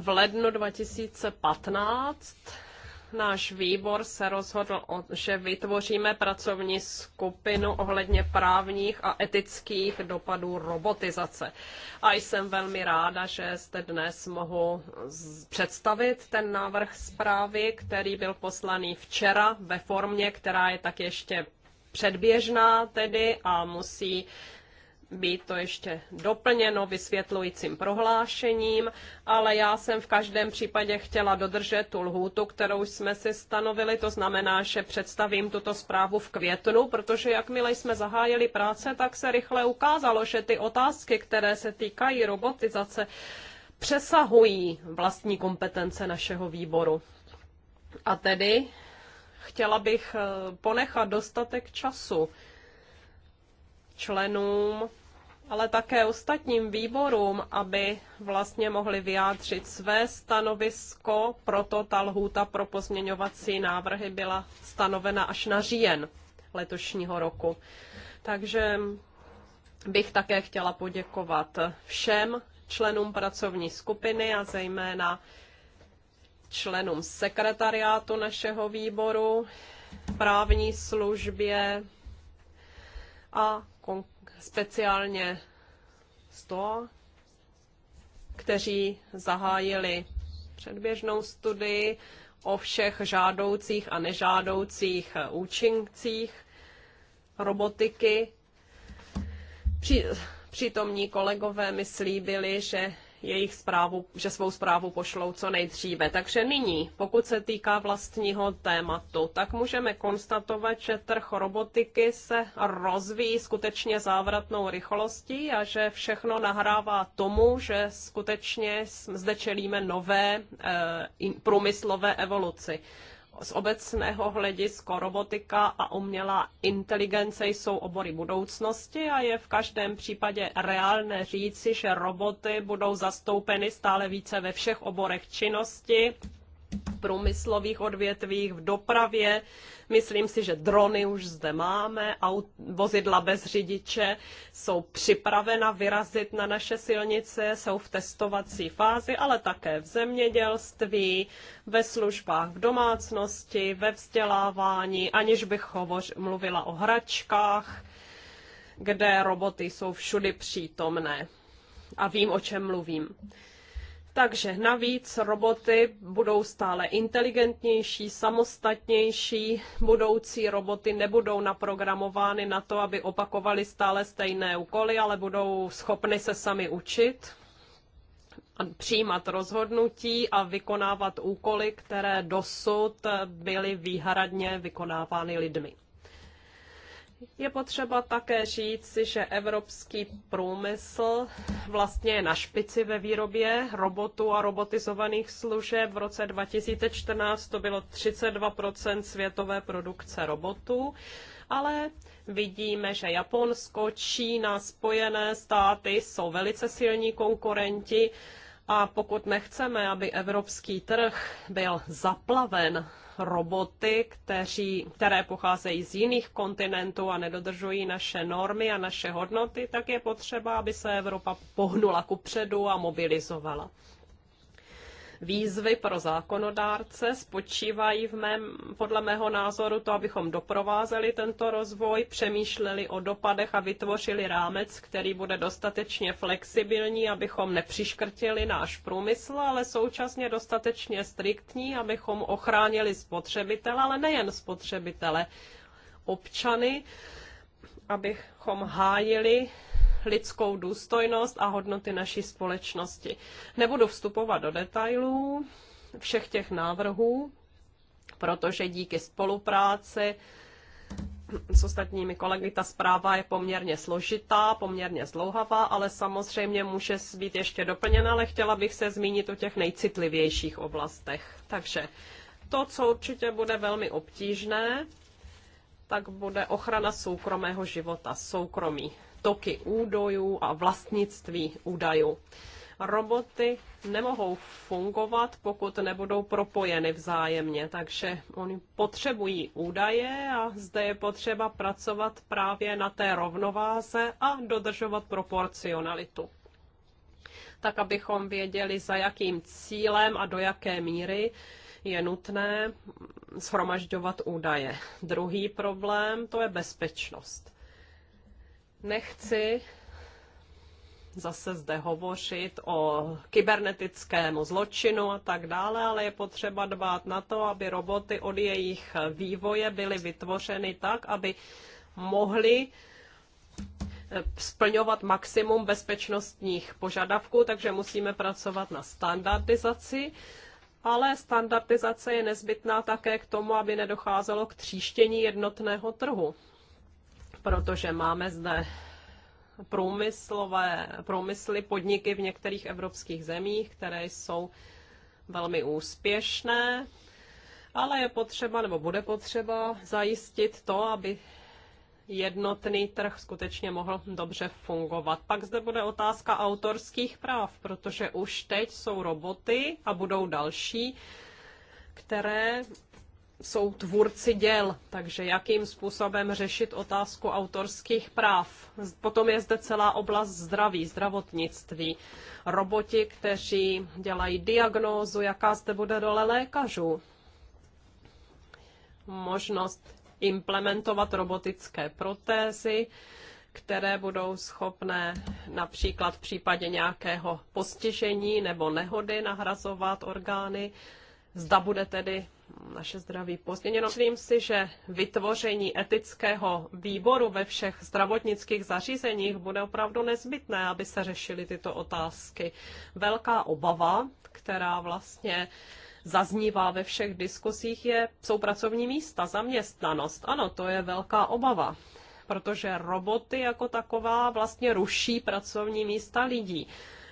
V lednu 2015 náš výbor se rozhodl, že vytvoříme pracovní skupinu ohledně právních a etických dopadů robotizace. A jsem velmi ráda, že jste dnes mohu představit ten návrh zprávy, který byl poslaný včera ve formě, která je tak ještě předběžná tedy a musí být to ještě doplněno vysvětlujícím prohlášením, ale já jsem v každém případě chtěla dodržet tu lhůtu, kterou jsme si stanovili, to znamená, že představím tuto zprávu v květnu, protože jakmile jsme zahájili práce, tak se rychle ukázalo, že ty otázky, které se týkají robotizace, přesahují vlastní kompetence našeho výboru. A tedy chtěla bych eh, ponechat dostatek času členům ale také ostatním výborům, aby vlastně mohli vyjádřit své stanovisko, proto ta lhůta pro pozměňovací návrhy byla stanovena až na říjen letošního roku. Takže bych také chtěla poděkovat všem členům pracovní skupiny a zejména členům sekretariátu našeho výboru, právní službě a konkrétně speciálně z toho, kteří zahájili předběžnou studii o všech žádoucích a nežádoucích eh, účincích robotiky. Při, přítomní kolegové mi slíbili, že jejich zprávu, že svou zprávu pošlou co nejdříve. Takže nyní, pokud se týká vlastního tématu, tak můžeme konstatovat, že trh robotiky se rozvíjí skutečně závratnou rychlostí a že všechno nahrává tomu, že skutečně zde čelíme nové e, průmyslové evoluci z obecného hlediska robotika a umělá inteligence jsou obory budoucnosti a je v každém případě reálné říci, že roboty budou zastoupeny stále více ve všech oborech činnosti, průmyslových odvětvích, v dopravě. Myslím si, že drony už zde máme, aut, vozidla bez řidiče jsou připravena vyrazit na naše silnice, jsou v testovací fázi, ale také v zemědělství, ve službách v domácnosti, ve vzdělávání, aniž bych hovoř, mluvila o hračkách, kde roboty jsou všudy přítomné. A vím, o čem mluvím. Takže navíc roboty budou stále inteligentnější, samostatnější, budoucí roboty nebudou naprogramovány na to, aby opakovaly stále stejné úkoly, ale budou schopny se sami učit přijímat rozhodnutí a vykonávat úkoly, které dosud byly výhradně vykonávány lidmi. Je potřeba také říct, že evropský průmysl vlastně je na špici ve výrobě robotů a robotizovaných služeb. V roce 2014 to bylo 32 světové produkce robotů, ale vidíme, že Japonsko, Čína, Spojené státy jsou velice silní konkurenti a pokud nechceme, aby evropský trh byl zaplaven roboty, kteří, které pocházejí z jiných kontinentů a nedodržují naše normy a naše hodnoty, tak je potřeba, aby se Evropa pohnula kupředu a mobilizovala výzvy pro zákonodárce spočívají v mém, podle mého názoru to, abychom doprovázeli tento rozvoj, přemýšleli o dopadech a vytvořili rámec, který bude dostatečně flexibilní, abychom nepřiškrtili náš průmysl, ale současně dostatečně striktní, abychom ochránili spotřebitele, ale nejen spotřebitele, občany, abychom hájili lidskou důstojnost a hodnoty naší společnosti. Nebudu vstupovat do detailů všech těch návrhů, protože díky spolupráci s ostatními kolegy ta zpráva je poměrně složitá, poměrně zlouhavá, ale samozřejmě může být ještě doplněna, ale chtěla bych se zmínit o těch nejcitlivějších oblastech. Takže to, co určitě bude velmi obtížné, tak bude ochrana soukromého života, soukromí, toky údajů a vlastnictví údajů. Roboty nemohou fungovat, pokud nebudou propojeny vzájemně, takže oni potřebují údaje a zde je potřeba pracovat právě na té rovnováze a dodržovat proporcionalitu tak abychom věděli, za jakým cílem a do jaké míry je nutné shromažďovat údaje. Druhý problém to je bezpečnost. Nechci zase zde hovořit o kybernetickému zločinu a tak dále, ale je potřeba dbát na to, aby roboty od jejich vývoje byly vytvořeny tak, aby mohly eh, splňovat maximum bezpečnostních požadavků, takže musíme pracovat na standardizaci ale standardizace je nezbytná také k tomu, aby nedocházelo k tříštění jednotného trhu, protože máme zde průmyslové, průmysly, podniky v některých evropských zemích, které jsou velmi úspěšné, ale je potřeba nebo bude potřeba zajistit to, aby jednotný trh skutečně mohl dobře fungovat. Pak zde bude otázka autorských práv, protože už teď jsou roboty a budou další, které jsou tvůrci děl, takže jakým způsobem řešit otázku autorských práv. Potom je zde celá oblast zdraví, zdravotnictví. Roboti, kteří dělají diagnózu, jaká zde bude role lékařů. Možnost implementovat robotické protézy, které budou schopné například v případě nějakého postižení nebo nehody nahrazovat orgány. Zda bude tedy naše zdraví pozměněno. Myslím si, že vytvoření etického výboru ve všech zdravotnických zařízeních bude opravdu nezbytné, aby se řešily tyto otázky. Velká obava, která vlastně zaznívá ve všech diskusích, je, jsou pracovní místa, zaměstnanost. Ano, to je velká obava, protože roboty jako taková vlastně ruší pracovní místa lidí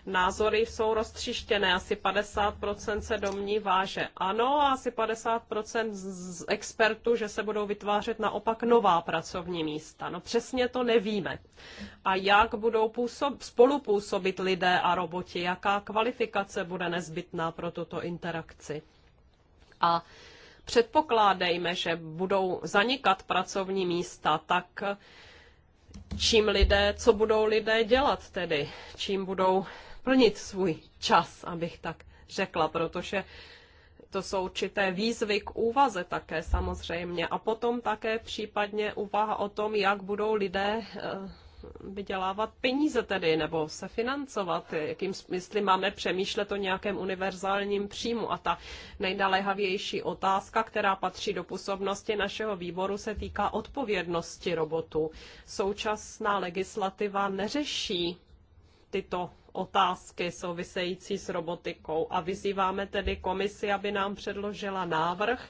názory jsou roztříštěné. Asi 50% se domnívá, že ano, a asi 50% z expertů, že se budou vytvářet naopak nová pracovní místa. No přesně to nevíme. A jak budou působ, spolupůsobit lidé a roboti, jaká kvalifikace bude nezbytná pro tuto interakci. A předpokládejme, že budou zanikat pracovní místa, tak čím lidé, co budou lidé dělat tedy, čím budou plnit svůj čas, abych tak řekla, protože to jsou určité výzvy k úvaze také samozřejmě. A potom také případně úvaha o tom, jak budou lidé eh, vydělávat peníze tedy, nebo se financovat, jakým, jestli máme přemýšlet o nějakém univerzálním příjmu. A ta nejnaléhavější otázka, která patří do působnosti našeho výboru, se týká odpovědnosti robotů. Současná legislativa neřeší tyto otázky související s robotikou a vyzýváme tedy komisi, aby nám předložila návrh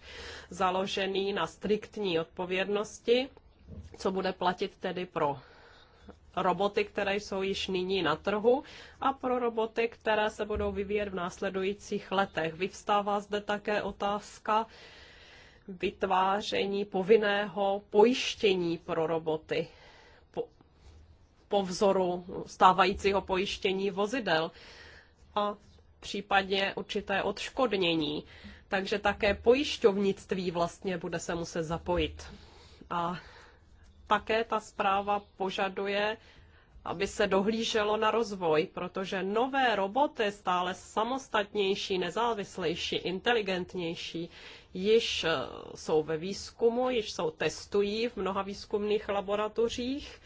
založený na striktní odpovědnosti, co bude platit tedy pro roboty, které jsou již nyní na trhu a pro roboty, které se budou vyvíjet v následujících letech. Vyvstává zde také otázka vytváření povinného pojištění pro roboty po vzoru stávajícího pojištění vozidel a případně určité odškodnění. Takže také pojišťovnictví vlastně bude se muset zapojit. A také ta zpráva požaduje, aby se dohlíželo na rozvoj, protože nové roboty, stále samostatnější, nezávislejší, inteligentnější, již eh, jsou ve výzkumu, již jsou testují v mnoha výzkumných laboratořích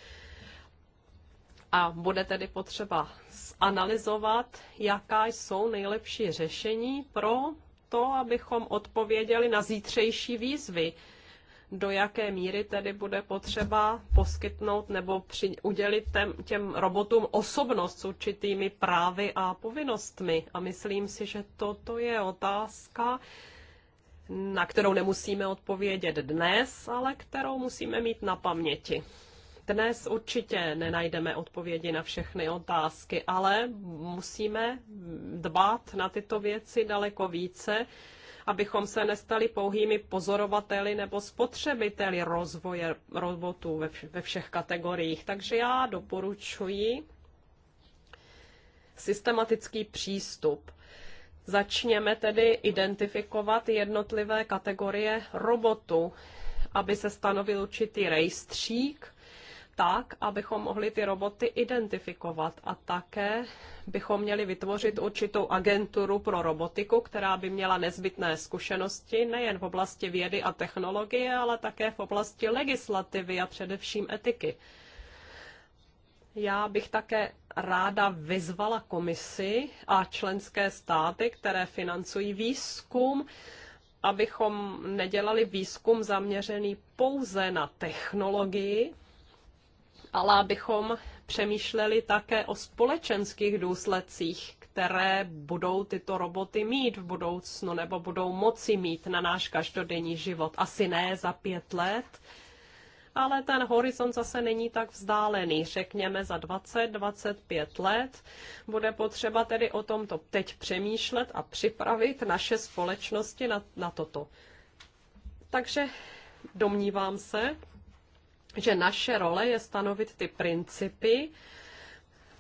a bude tedy potřeba zanalizovat, jaká jsou nejlepší řešení pro to, abychom odpověděli na zítřejší výzvy, do jaké míry tedy bude potřeba poskytnout nebo při, udělit těm, těm robotům osobnost s určitými právy a povinnostmi. A myslím si, že toto je otázka, na kterou nemusíme odpovědět dnes, ale kterou musíme mít na paměti. Dnes určitě nenajdeme odpovědi na všechny otázky, ale musíme dbát na tyto věci daleko více, abychom se nestali pouhými pozorovateli nebo spotřebiteli rozvoje robotů ve všech kategoriích. Takže já doporučuji systematický přístup. Začněme tedy identifikovat jednotlivé kategorie robotů, aby se stanovil určitý rejstřík tak, abychom mohli ty roboty identifikovat a také bychom měli vytvořit určitou agenturu pro robotiku, která by měla nezbytné zkušenosti nejen v oblasti vědy a technologie, ale také v oblasti legislativy a především etiky. Já bych také ráda vyzvala komisi a členské státy, které financují výzkum, abychom nedělali výzkum zaměřený pouze na technologii, ale abychom přemýšleli také o společenských důsledcích, které budou tyto roboty mít v budoucnu nebo budou moci mít na náš každodenní život. Asi ne za pět let, ale ten horizont zase není tak vzdálený. Řekněme za 20-25 let bude potřeba tedy o tomto teď přemýšlet a připravit naše společnosti na, na toto. Takže domnívám se, že naše role je stanovit ty principy,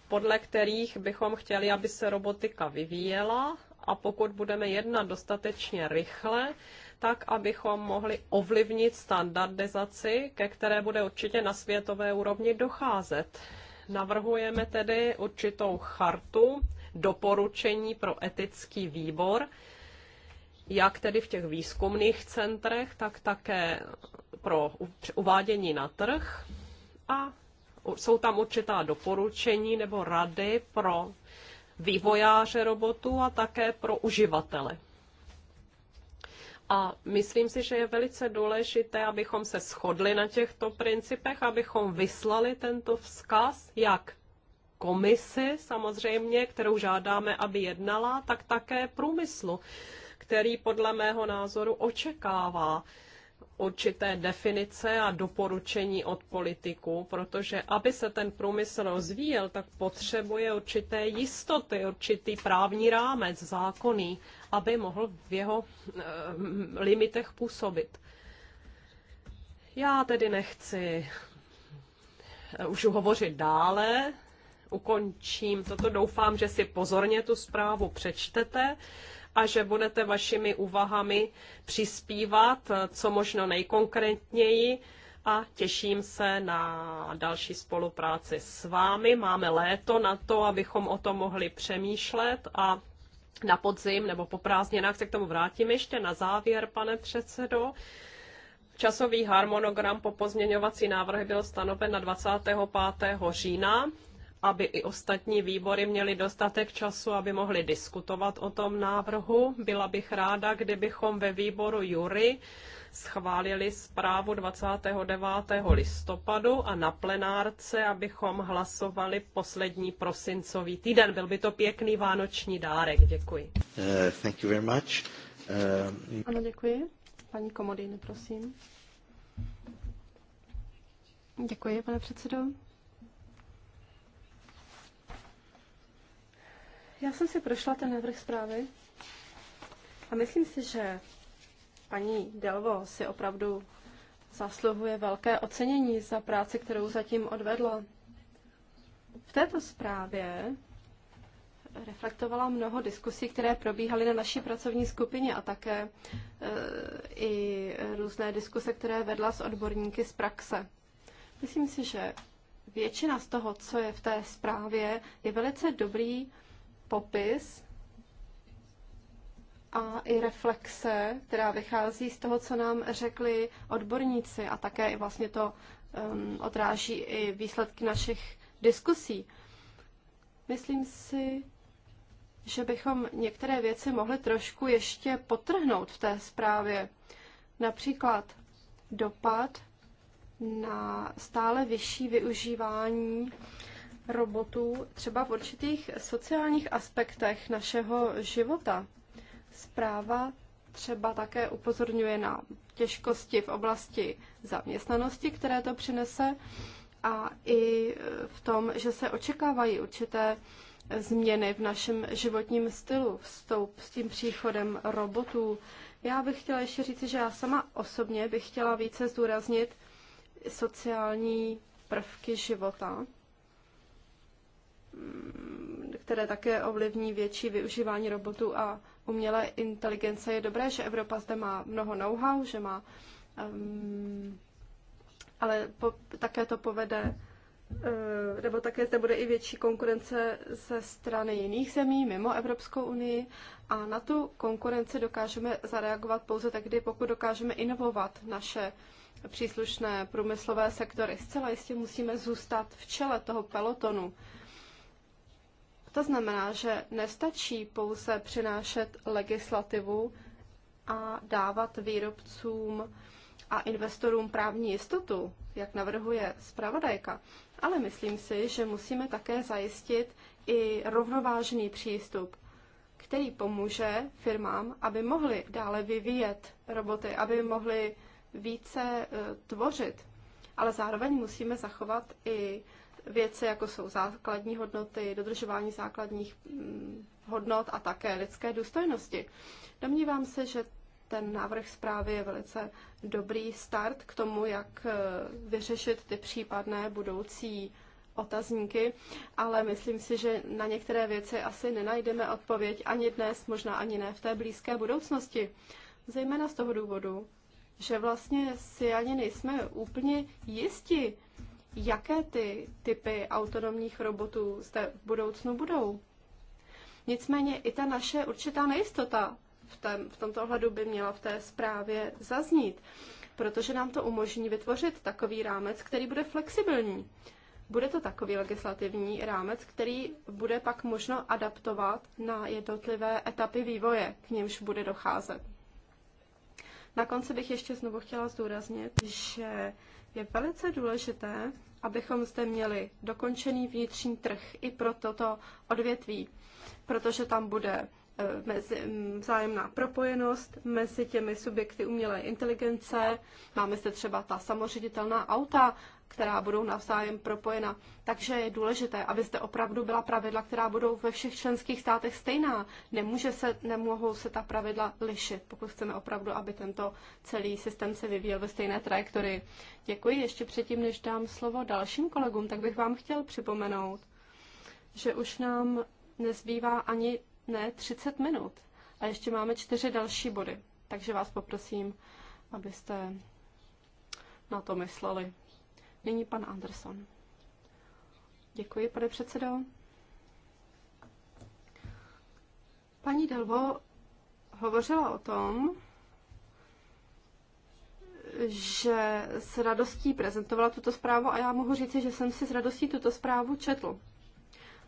podle kterých bychom chtěli, aby se robotika vyvíjela a pokud budeme jednat dostatečně rychle, tak, abychom mohli ovlivnit standardizaci, ke které bude určitě na světové úrovni docházet. Navrhujeme tedy určitou chartu doporučení pro etický výbor, jak tedy v těch výzkumných centrech, tak také pro uvádění na trh a jsou tam určitá doporučení nebo rady pro vývojáře robotů a také pro uživatele. A myslím si, že je velice důležité, abychom se shodli na těchto principech, abychom vyslali tento vzkaz, jak komisi samozřejmě, kterou žádáme, aby jednala, tak také průmyslu, který podle mého názoru očekává určité definice a doporučení od politiků, protože aby se ten průmysl rozvíjel, tak potřebuje určité jistoty, určitý právní rámec, zákony, aby mohl v jeho e, limitech působit. Já tedy nechci eh, už hovořit dále, ukončím toto. Doufám, že si pozorně tu zprávu přečtete a že budete vašimi úvahami přispívat eh, co možno nejkonkrétněji a těším se na další spolupráci s vámi. Máme léto na to, abychom o tom mohli přemýšlet a na podzim nebo po prázdninách se k tomu vrátím ještě na závěr, pane předsedo. Časový harmonogram po pozměňovací návrhy byl stanoven na 25. října aby i ostatní výbory měly dostatek času, aby mohli diskutovat o tom návrhu. Byla bych ráda, kdybychom ve výboru Jury schválili zprávu 29. listopadu a na plenárce, abychom hlasovali poslední prosincový týden. Byl by to pěkný vánoční dárek. Děkuji. Uh, thank you very much. Uh... Ano, děkuji. Paní Komodýny, prosím. Děkuji, pane předsedo. Já jsem si prošla ten návrh zprávy a myslím si, že paní Delvo si opravdu zasluhuje velké ocenění za práci, kterou zatím odvedla. V této zprávě reflektovala mnoho diskusí, které probíhaly na naší pracovní skupině a také e, i různé diskuse, které vedla s odborníky z praxe. Myslím si, že většina z toho, co je v té zprávě, je velice dobrý popis a i reflexe, která vychází z toho, co nám řekli odborníci a také i vlastně to um, odráží i výsledky našich diskusí. Myslím si, že bychom některé věci mohli trošku ještě potrhnout v té zprávě. Například dopad na stále vyšší využívání robotů třeba v určitých sociálních aspektech našeho života. Zpráva třeba také upozorňuje na těžkosti v oblasti zaměstnanosti, které to přinese, a i v tom, že se očekávají určité změny v našem životním stylu vstoup s tím příchodem robotů. Já bych chtěla ještě říct, že já sama osobně bych chtěla více zdůraznit sociální prvky života, Mm, které také ovlivní větší využívání robotů a umělé inteligence. Je dobré, že Evropa zde má mnoho know-how, že má, um, ale po, také to povede, uh, nebo také zde bude i větší konkurence ze strany jiných zemí mimo Evropskou unii a na tu konkurenci dokážeme zareagovat pouze tehdy, pokud dokážeme inovovat naše příslušné průmyslové sektory. Zcela jistě musíme zůstat v čele toho pelotonu. Uh, to znamená, že nestačí pouze přinášet legislativu a dávat výrobcům a investorům právní jistotu, jak navrhuje zpravodajka, ale myslím si, že musíme také zajistit i rovnovážný přístup, který pomůže firmám, aby mohly dále vyvíjet roboty, aby mohly více eh, tvořit. Ale zároveň musíme zachovat i věci, jako jsou základní hodnoty, dodržování základních mm, hodnot a také lidské důstojnosti. Domnívám se, že ten návrh zprávy je velice dobrý start k tomu, jak eh, vyřešit ty případné budoucí otazníky, ale myslím si, že na některé věci asi nenajdeme odpověď ani dnes, možná ani ne v té blízké budoucnosti. Zejména z toho důvodu, že vlastně si ani nejsme úplně jisti, jaké ty typy autonomních robotů zde v budoucnu budou. Nicméně i ta naše určitá nejistota v, tém, v tomto ohledu by měla v té zprávě zaznít, protože nám to umožní vytvořit takový rámec, který bude flexibilní. Bude to takový legislativní rámec, který bude pak možno adaptovat na jednotlivé etapy vývoje, k němž bude docházet. Na konci bych ještě znovu chtěla zdůraznit, že je velice důležité, abychom zde měli dokončený vnitřní trh i pro toto odvětví, protože tam bude e, mezi, vzájemná propojenost mezi těmi subjekty umělé inteligence. Máme zde třeba ta samoředitelná auta, která budou navzájem propojena. Takže je důležité, aby zde opravdu byla pravidla, která budou ve všech členských státech stejná. Nemůže se, nemohou se ta pravidla lišit, pokud chceme opravdu, aby tento celý systém se vyvíjel ve stejné trajektorii. Děkuji. Ještě předtím, než dám slovo dalším kolegům, tak bych vám chtěl připomenout, že už nám nezbývá ani ne 30 minut a ještě máme čtyři další body. Takže vás poprosím, abyste na to mysleli. Nyní pan Anderson. Děkuji, pane předsedo. Paní Delvo hovořila o tom, že s radostí prezentovala tuto zprávu a já mohu říci, že jsem si s radostí tuto zprávu četl.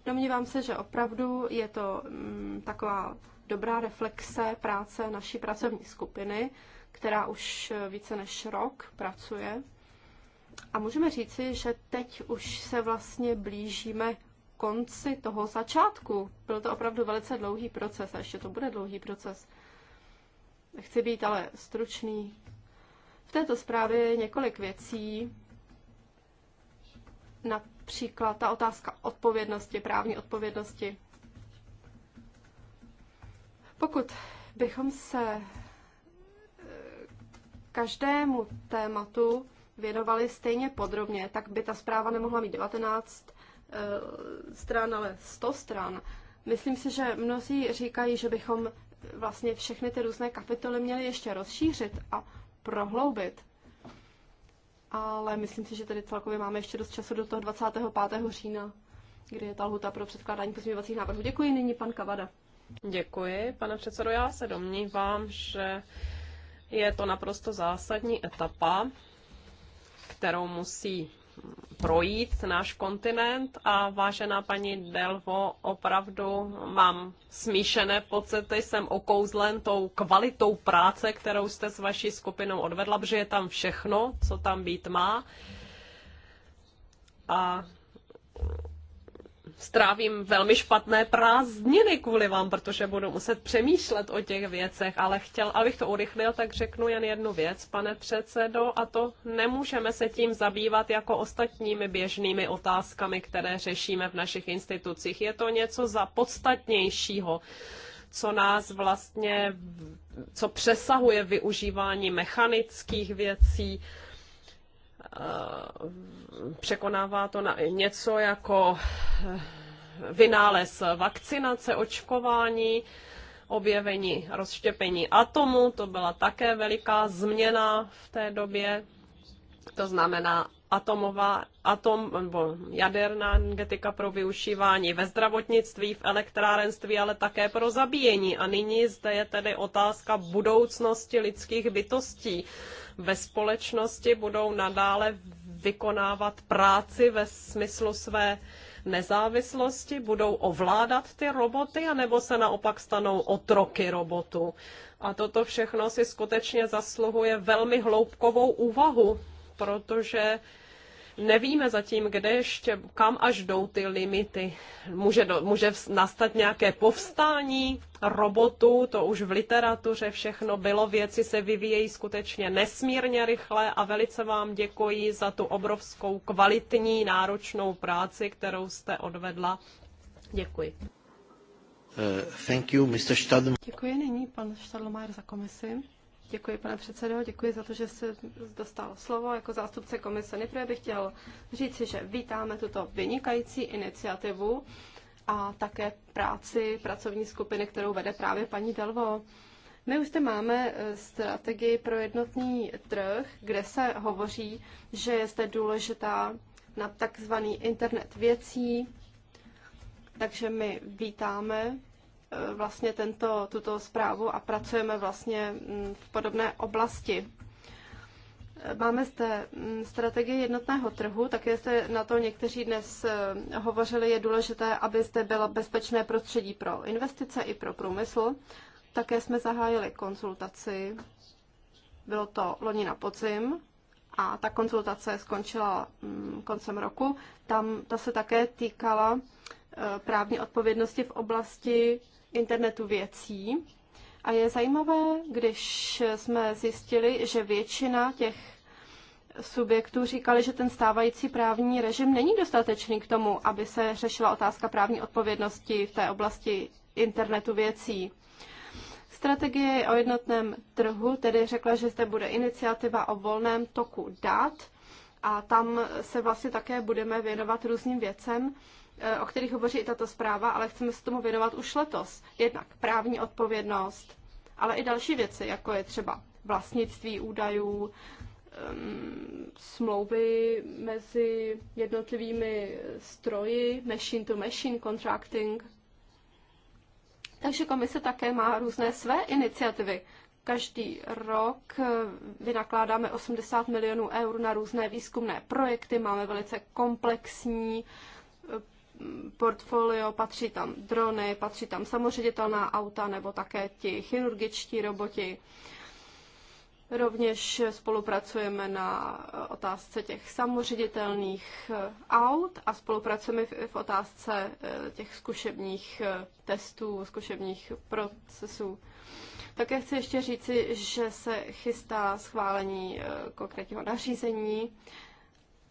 Domnívám se, že opravdu je to mm, taková dobrá reflexe práce naší pracovní skupiny, která už e, více než rok pracuje a můžeme říci, že teď už se vlastně blížíme konci toho začátku. Byl to opravdu velice dlouhý proces a ještě to bude dlouhý proces. Chci být ale stručný. V této zprávě je několik věcí, například ta otázka odpovědnosti, právní odpovědnosti. Pokud bychom se eh, každému tématu věnovali stejně podrobně, tak by ta zpráva nemohla mít 19 eh, stran, ale 100 stran. Myslím si, že mnozí říkají, že bychom vlastně všechny ty různé kapitoly měli ještě rozšířit a prohloubit. Ale myslím si, že tady celkově máme ještě dost času do toho 25. října, kdy je ta lhuta pro předkládání pozměňovacích návrhů. Děkuji, nyní pan Kavada. Děkuji, pane předsedo. Já se domnívám, že je to naprosto zásadní etapa kterou musí projít náš kontinent a vážená paní Delvo, opravdu mám smíšené pocity, jsem okouzlen tou kvalitou práce, kterou jste s vaší skupinou odvedla, protože je tam všechno, co tam být má. A strávím velmi špatné prázdniny kvůli vám, protože budu muset přemýšlet o těch věcech, ale chtěl, abych to urychlil, tak řeknu jen jednu věc, pane předsedo, a to nemůžeme se tím zabývat jako ostatními běžnými otázkami, které řešíme v našich institucích. Je to něco za podstatnějšího co nás vlastně, co přesahuje využívání mechanických věcí, Eh, překonává to na něco jako eh, vynález vakcinace, očkování, objevení rozštěpení atomu, to byla také veliká změna v té době, to znamená atomová, atom, nebo jaderná energetika pro využívání ve zdravotnictví, v elektrárenství, ale také pro zabíjení. A nyní zde je tedy otázka budoucnosti lidských bytostí ve společnosti budou nadále vykonávat práci ve smyslu své nezávislosti, budou ovládat ty roboty, anebo se naopak stanou otroky robotu. A toto všechno si skutečně zasluhuje velmi hloubkovou úvahu, protože Nevíme zatím, kde ještě, kam až jdou ty limity. Může, do, může nastat nějaké povstání robotu. to už v literatuře všechno bylo, věci se vyvíjejí skutečně nesmírně rychle a velice vám děkuji za tu obrovskou kvalitní náročnou práci, kterou jste odvedla. Děkuji. Uh, thank you, Mr. Děkuji nyní pan Stadlmajer za komisi. Děkuji, pane předsedo, děkuji za to, že se dostal slovo. Jako zástupce komise Nipre bych chtěl říci, že vítáme tuto vynikající iniciativu a také práci pracovní skupiny, kterou vede právě paní Delvo. My už zde máme eh, strategii pro jednotný trh, kde se hovoří, že je zde důležitá na takzvaný internet věcí, takže my vítáme Eh, vlastně tento, tuto zprávu a pracujeme vlastně mm, v podobné oblasti. Eh, máme zde mm, strategii jednotného trhu, také jste na to někteří dnes eh, hovořili, je důležité, aby zde bylo bezpečné prostředí pro investice i pro průmysl. Také jsme zahájili konzultaci, bylo to loni na podzim a ta konzultace skončila mm, koncem roku. Tam ta se také týkala právní odpovědnosti v oblasti internetu věcí. A je zajímavé, když jsme zjistili, že většina těch subjektů říkali, že ten stávající právní režim není dostatečný k tomu, aby se řešila otázka právní odpovědnosti v té oblasti internetu věcí. Strategie o jednotném trhu tedy řekla, že zde bude iniciativa o volném toku dat a tam se vlastně také budeme věnovat různým věcem, Eh, o kterých hovoří i tato zpráva, ale chceme se tomu věnovat už letos. Jednak právní odpovědnost, ale i další věci, jako je třeba vlastnictví údajů, smlouvy mezi jednotlivými stroji, machine-to-machine contracting. Takže komise také má různé své iniciativy. Každý rok eh, vynakládáme 80 milionů eur na různé výzkumné projekty, máme velice komplexní uh, portfolio, patří tam drony, patří tam samoředitelná auta nebo také ti chirurgičtí roboti. Rovněž spolupracujeme na otázce těch samoředitelných eh, aut a spolupracujeme v otázce eh, těch zkušebních eh, testů, zkušebních procesů. Také chci ještě říci, že se chystá schválení konkrétního nařízení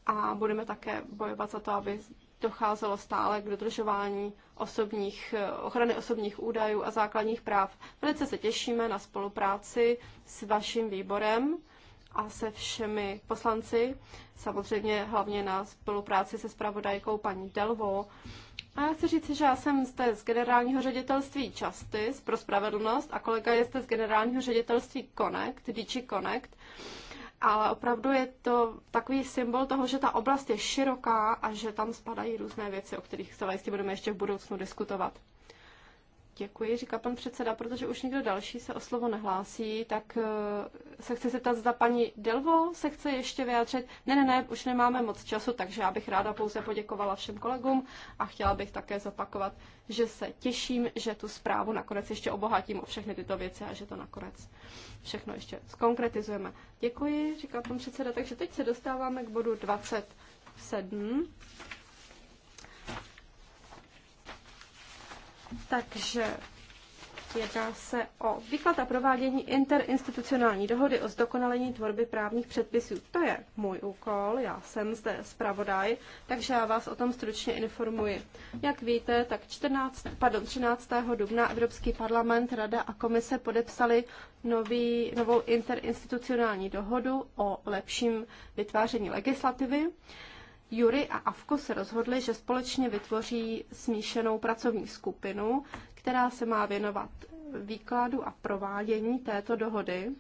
a budeme také bojovat za to, aby docházelo stále k dodržování osobních, eh, ochrany osobních údajů a základních práv. Velice se těšíme na spolupráci s vaším výborem a se všemi poslanci, samozřejmě hlavně na spolupráci se spravodajkou paní Delvo. A já chci říct, že já jsem zde z generálního ředitelství Justice pro spravedlnost a kolega je zde z generálního ředitelství Connect, DG Connect ale opravdu je to takový symbol toho, že ta oblast je široká a že tam spadají různé věci, o kterých se jistě budeme ještě v budoucnu diskutovat. Děkuji, říká pan předseda, protože už někdo další se o slovo nehlásí, tak eh, se chci zeptat, zda paní Delvo se chce ještě vyjádřit. Ne, ne, ne, už nemáme moc času, takže já bych ráda pouze poděkovala všem kolegům a chtěla bych také zopakovat, že se těším, že tu zprávu nakonec ještě obohatím o všechny tyto věci a že to nakonec všechno ještě zkonkretizujeme. Děkuji, říká pan předseda, takže teď se dostáváme k bodu 27. Takže jedná se o výklad a provádění interinstitucionální dohody o zdokonalení tvorby právních předpisů. To je můj úkol, já jsem zde zpravodaj, takže já vás o tom stručně informuji. Jak víte, tak 14, pardon, 13. dubna Evropský parlament, Rada a Komise podepsali nový, novou interinstitucionální dohodu o lepším vytváření legislativy. Jury a Avko se rozhodli, že společně vytvoří smíšenou pracovní skupinu, která se má věnovat výkladu a provádění této dohody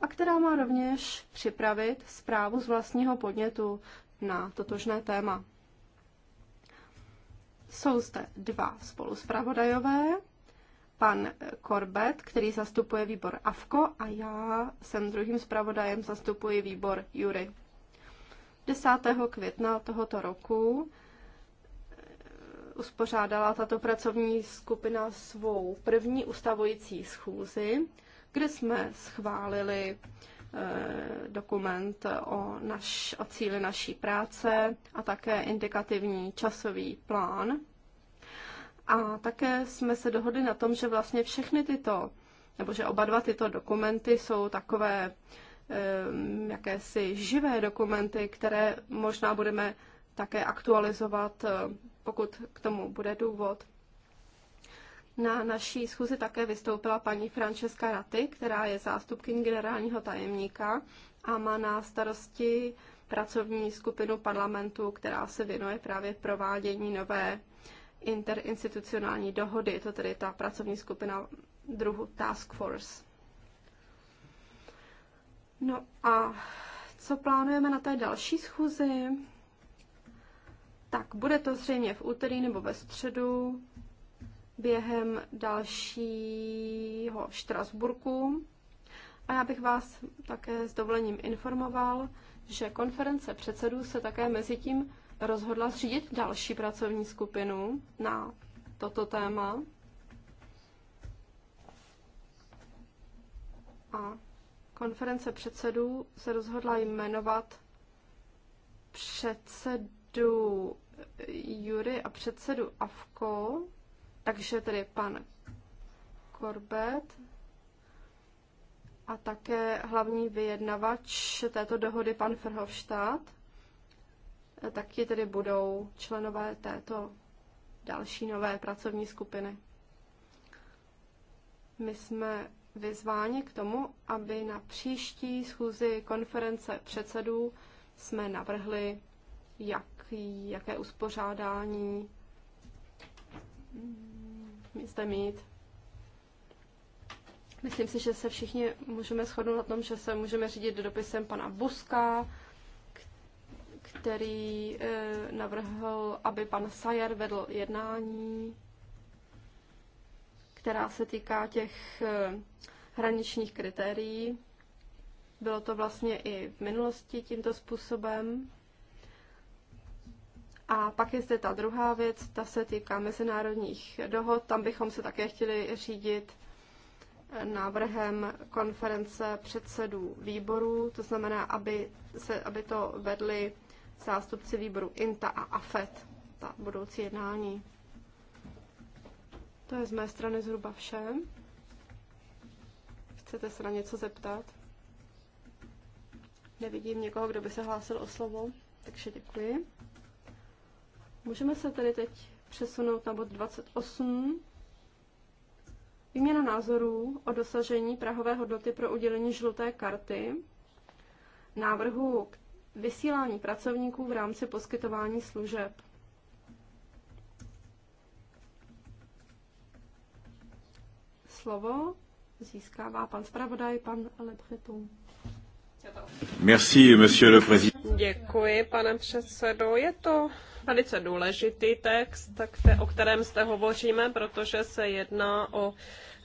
a která má rovněž připravit zprávu z vlastního podnětu na totožné téma. Jsou zde dva spoluspravodajové, pan Korbet, který zastupuje výbor AFKO a já jsem druhým zpravodajem zastupuji výbor Jury. 10. května tohoto roku eh, uspořádala tato pracovní skupina svou první ustavující schůzi, kde jsme schválili eh, dokument o, naš, o cíli naší práce a také indikativní časový plán. A také jsme se dohodli na tom, že vlastně všechny tyto, nebo že oba dva tyto dokumenty jsou takové Ehm, jakési živé dokumenty, které možná budeme také aktualizovat, eh, pokud k tomu bude důvod. Na naší schůzi také vystoupila paní Francesca Raty, která je zástupkyní generálního tajemníka a má na starosti pracovní skupinu parlamentu, která se věnuje právě provádění nové interinstitucionální dohody. to tedy ta pracovní skupina druhu Task Force. No a co plánujeme na té další schůzi? Tak bude to zřejmě v úterý nebo ve středu během dalšího Štrasburku. A já bych vás také s dovolením informoval, že konference předsedů se také mezi tím rozhodla zřídit další pracovní skupinu na toto téma. A Konference předsedů se rozhodla jmenovat předsedu Jury a předsedu Avko, takže tedy pan Korbet a také hlavní vyjednavač této dohody, pan Frhovštát, taky tedy budou členové této další nové pracovní skupiny. My jsme vyzváni k tomu, aby na příští schůzi konference předsedů jsme navrhli, jak, jaké uspořádání jste mít. Myslím si, že se všichni můžeme shodnout na tom, že se můžeme řídit dopisem pana Buska, který eh, navrhl, aby pan Sajer vedl jednání která se týká těch eh, hraničních kritérií. Bylo to vlastně i v minulosti tímto způsobem. A pak je zde ta druhá věc, ta se týká mezinárodních dohod. Tam bychom se také chtěli řídit eh, návrhem konference předsedů výborů, to znamená, aby, se, aby to vedli zástupci výboru INTA a AFET, ta budoucí jednání. To je z mé strany zhruba vše. Chcete se na něco zeptat? Nevidím někoho, kdo by se hlásil o slovo, takže děkuji. Můžeme se tedy teď přesunout na bod 28. Výměna názorů o dosažení prahové hodnoty pro udělení žluté karty, návrhu k vysílání pracovníků v rámci poskytování služeb. slovo získává pan zpravodaj, pan Lebreton. Merci, monsieur le président. Děkuji, pane předsedo. Je to velice důležitý text, o kterém zde hovoříme, protože se jedná o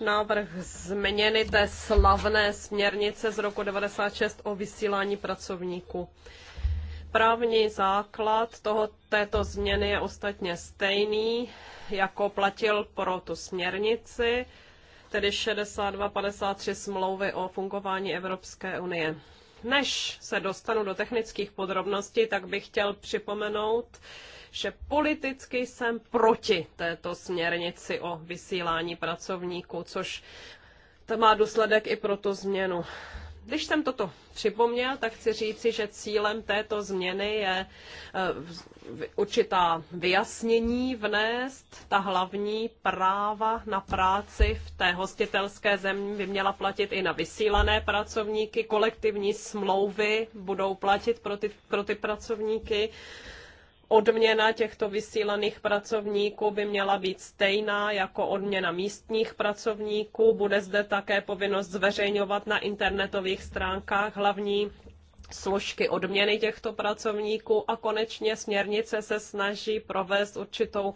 návrh změny té slavné směrnice z roku 96 o vysílání pracovníků. Právní základ toho, této změny je ostatně stejný, jako platil pro tu směrnici tedy 62-53 smlouvy o fungování Evropské unie. Než se dostanu do technických podrobností, tak bych chtěl připomenout, že politicky jsem proti této směrnici o vysílání pracovníků, což to má důsledek i pro tu změnu. Když jsem toto připomněl, tak chci říci, že cílem této změny je eh, určitá vyjasnění vnést. Ta hlavní práva na práci v té hostitelské zemi by měla platit i na vysílané pracovníky. Kolektivní smlouvy budou platit pro ty, pro ty pracovníky odměna těchto vysílaných pracovníků by měla být stejná jako odměna místních pracovníků. Bude zde také povinnost zveřejňovat na internetových stránkách hlavní složky odměny těchto pracovníků a konečně směrnice se snaží provést určitou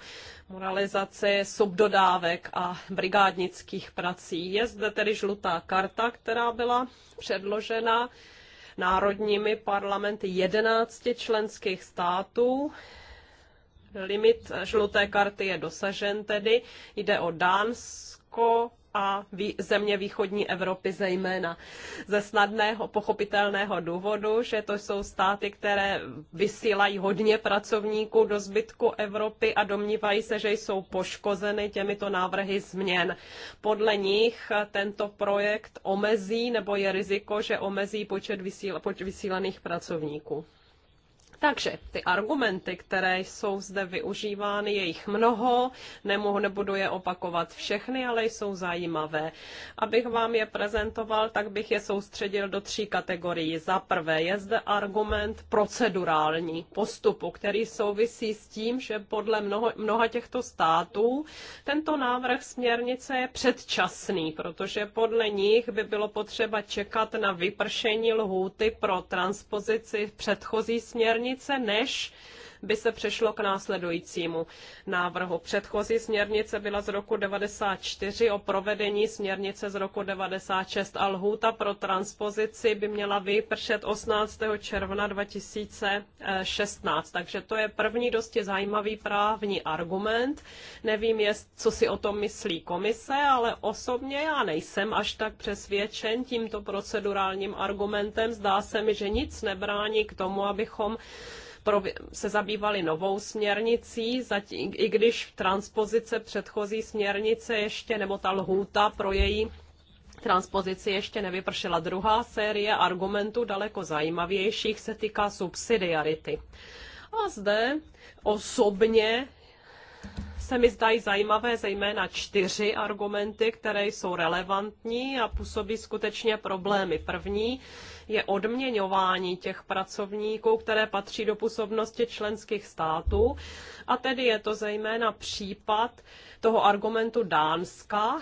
moralizaci subdodávek a brigádnických prací. Je zde tedy žlutá karta, která byla předložena národními parlamenty 11 členských států. Limit žluté karty je dosažen tedy. Jde o Dánsko, a země východní Evropy zejména. Ze snadného pochopitelného důvodu, že to jsou státy, které vysílají hodně pracovníků do zbytku Evropy a domnívají se, že jsou poškozeny těmito návrhy změn. Podle nich tento projekt omezí nebo je riziko, že omezí počet vysílaných pracovníků. Takže ty argumenty, které jsou zde využívány, je jich mnoho, nemohu, nebudu je opakovat všechny, ale jsou zajímavé. Abych vám je prezentoval, tak bych je soustředil do tří kategorií. Za prvé je zde argument procedurální postupu, který souvisí s tím, že podle mnoho, mnoha těchto států tento návrh směrnice je předčasný, protože podle nich by bylo potřeba čekat na vypršení lhůty pro transpozici předchozí směrnice hranice, než by se přešlo k následujícímu návrhu. Předchozí směrnice byla z roku 94 o provedení směrnice z roku 96 a lhůta pro transpozici by měla vypršet 18. června 2016. Takže to je první dosti zajímavý právní argument. Nevím, jest, co si o tom myslí komise, ale osobně já nejsem až tak přesvědčen tímto procedurálním argumentem. Zdá se mi, že nic nebrání k tomu, abychom se zabývali novou směrnicí, zatím, i když transpozice předchozí směrnice ještě, nebo ta lhůta pro její transpozici ještě nevypršela. Druhá série argumentů daleko zajímavějších se týká subsidiarity. A zde osobně se mi zdají zajímavé zejména čtyři argumenty, které jsou relevantní a působí skutečně problémy. První je odměňování těch pracovníků, které patří do působnosti členských států. A tedy je to zejména případ toho argumentu Dánska,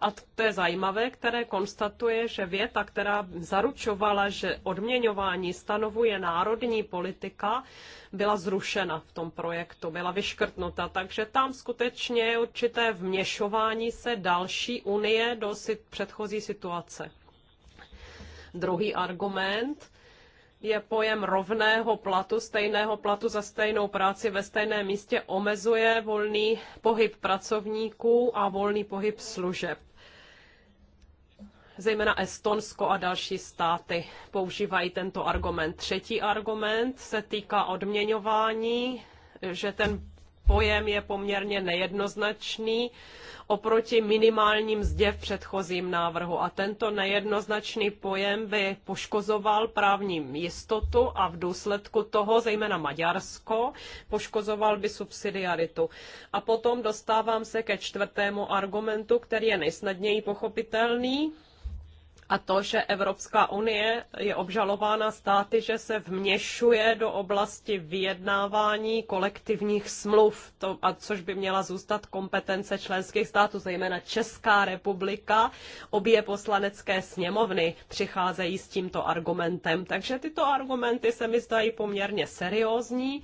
a to je zajímavé, které konstatuje, že věta, která zaručovala, že odměňování stanovuje národní politika, byla zrušena v tom projektu, byla vyškrtnuta. Takže tam skutečně je určité vměšování se další unie do předchozí situace. Druhý argument je pojem rovného platu, stejného platu za stejnou práci ve stejném místě omezuje volný pohyb pracovníků a volný pohyb služeb. Zejména Estonsko a další státy používají tento argument. Třetí argument se týká odměňování, že ten pojem je poměrně nejednoznačný oproti minimálním mzdě v předchozím návrhu. A tento nejednoznačný pojem by poškozoval právní jistotu a v důsledku toho, zejména Maďarsko, poškozoval by subsidiaritu. A potom dostávám se ke čtvrtému argumentu, který je nejsnadněji pochopitelný, a to, že Evropská unie je obžalována státy, že se vměšuje do oblasti vyjednávání kolektivních smluv, to, a což by měla zůstat kompetence členských států, zejména Česká republika. Obě poslanecké sněmovny přicházejí s tímto argumentem, takže tyto argumenty se mi zdají poměrně seriózní.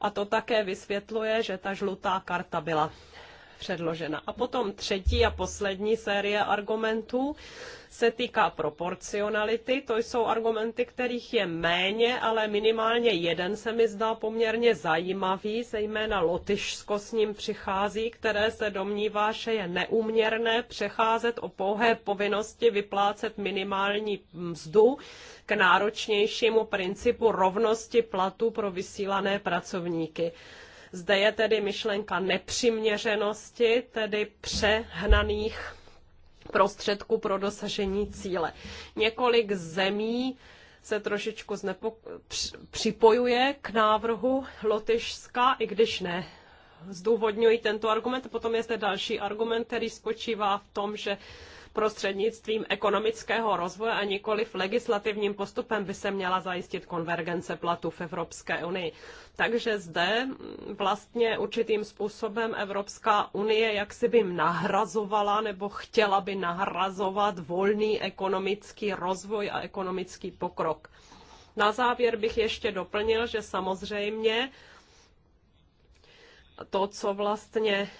A to také vysvětluje, že ta žlutá karta byla předložena. A potom třetí a poslední série argumentů se týká proporcionality. To jsou argumenty, kterých je méně, ale minimálně jeden se mi zdá poměrně zajímavý, zejména Lotyšsko s ním přichází, které se domnívá, že je neuměrné přecházet o pouhé povinnosti vyplácet minimální mzdu k náročnějšímu principu rovnosti platu pro vysílané pracovníky. Zde je tedy myšlenka nepřiměřenosti, tedy přehnaných prostředků pro dosažení cíle. Několik zemí se trošičku znepok- připojuje k návrhu Lotyšska, i když ne zdůvodňují tento argument. Potom je zde další argument, který spočívá v tom, že prostřednictvím ekonomického rozvoje a nikoliv legislativním postupem by se měla zajistit konvergence platů v Evropské unii. Takže zde vlastně určitým způsobem Evropská unie jak si by nahrazovala nebo chtěla by nahrazovat volný ekonomický rozvoj a ekonomický pokrok. Na závěr bych ještě doplnil, že samozřejmě to, co vlastně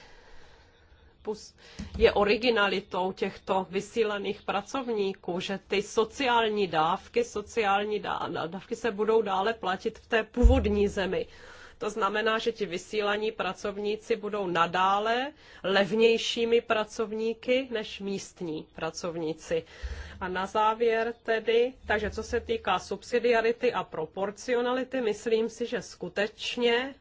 je originalitou těchto vysílených pracovníků, že ty sociální dávky, sociální dávky se budou dále platit v té původní zemi. To znamená, že ti vysílaní pracovníci budou nadále levnějšími pracovníky než místní pracovníci. A na závěr tedy, takže co se týká subsidiarity a proporcionality, myslím si, že skutečně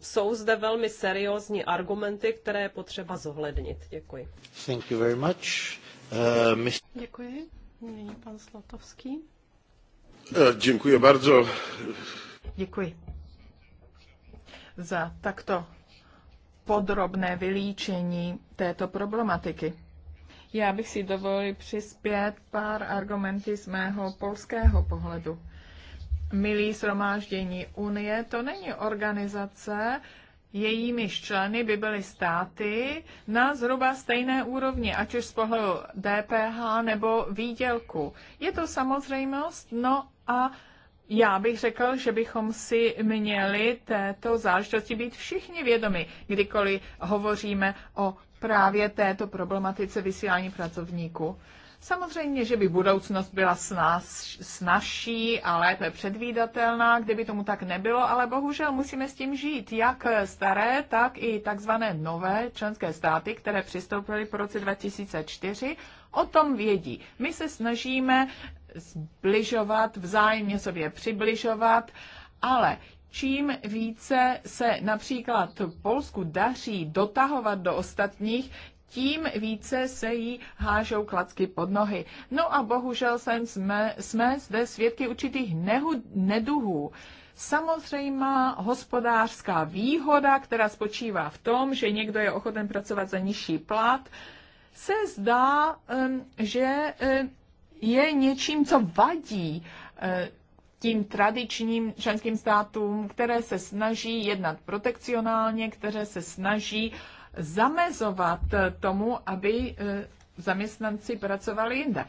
jsou zde velmi seriózní argumenty, které je potřeba zohlednit. Děkuji. Thank you very much. Uh, mis... Děkuji. Nyní pan eh, Děkuji bardzo. Děkuji za takto podrobné vylíčení této problematiky. Já bych si dovolil přispět pár argumenty z mého polského pohledu. Milí sromáždění, Unie, to není organizace, jejími členy by byly státy na zhruba stejné úrovni, ať už z pohledu DPH nebo výdělku. Je to samozřejmost, no a já bych řekl, že bychom si měli této záležitosti být všichni vědomi, kdykoliv hovoříme o právě této problematice vysílání pracovníků. Samozřejmě, že by budoucnost byla snáš, snažší a lépe předvídatelná, kdyby tomu tak nebylo, ale bohužel musíme s tím žít. Jak staré, tak i takzvané nové členské státy, které přistoupily po roce 2004, o tom vědí. My se snažíme zbližovat, vzájemně sobě přibližovat, ale čím více se například Polsku daří dotahovat do ostatních, tím více se jí hážou klacky pod nohy. No a bohužel jsem, jsme, jsme zde svědky určitých nehu, neduhů. Samozřejmá hospodářská výhoda, která spočívá v tom, že někdo je ochoten pracovat za nižší plat, se zdá, že je něčím, co vadí tím tradičním členským státům, které se snaží jednat protekcionálně, které se snaží uh, zamezovat tomu, aby eh, zaměstnanci pracovali jinde.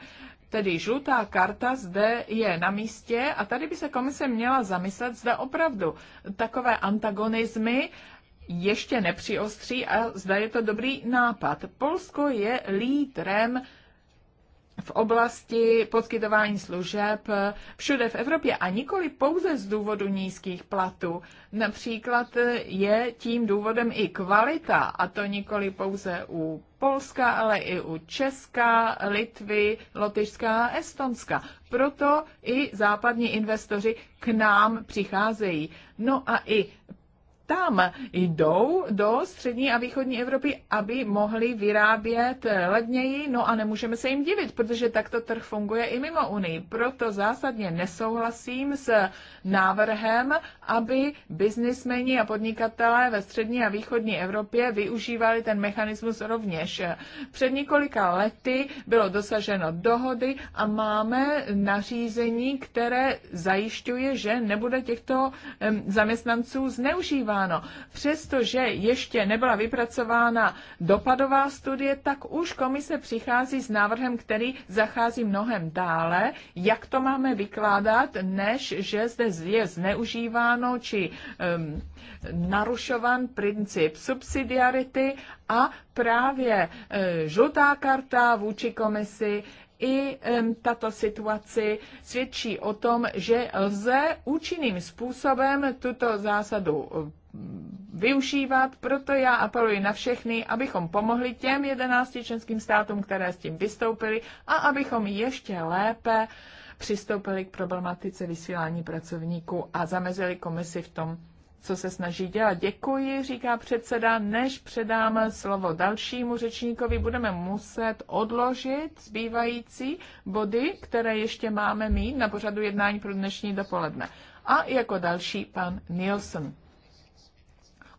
Tedy žlutá karta zde je na místě a tady by se komise měla zamyslet, zda opravdu takové antagonizmy ještě nepřiostří a zda je to dobrý nápad. Polsko je lídrem v oblasti poskytování služeb všude v Evropě a nikoli pouze z důvodu nízkých platů. Například je tím důvodem i kvalita a to nikoli pouze u Polska, ale i u Česka, Litvy, Lotyšska a Estonska. Proto i západní investoři k nám přicházejí. No a i tam jdou do střední a východní Evropy, aby mohli vyrábět levněji, no a nemůžeme se jim divit, protože takto trh funguje i mimo Unii. Proto zásadně nesouhlasím s návrhem, aby biznismeni a podnikatelé ve střední a východní Evropě využívali ten mechanismus rovněž. Před několika lety bylo dosaženo dohody a máme nařízení, které zajišťuje, že nebude těchto zaměstnanců zneužívat vypracováno. Přestože ještě nebyla vypracována dopadová studie, tak už komise přichází s návrhem, který zachází mnohem dále, jak to máme vykládat, než že zde je zneužíváno či um, narušovan princip subsidiarity a právě uh, žlutá karta vůči komisi i um, tato situaci svědčí o tom, že lze účinným způsobem tuto zásadu využívat, proto já apeluji na všechny, abychom pomohli těm jedenácti členským státům, které s tím vystoupily a abychom ještě lépe přistoupili k problematice vysílání pracovníků a zamezili komisi v tom, co se snaží dělat. Děkuji, říká předseda. Než předám slovo dalšímu řečníkovi, budeme muset odložit zbývající body, které ještě máme mít na pořadu jednání pro dnešní dopoledne. A jako další pan Nielsen.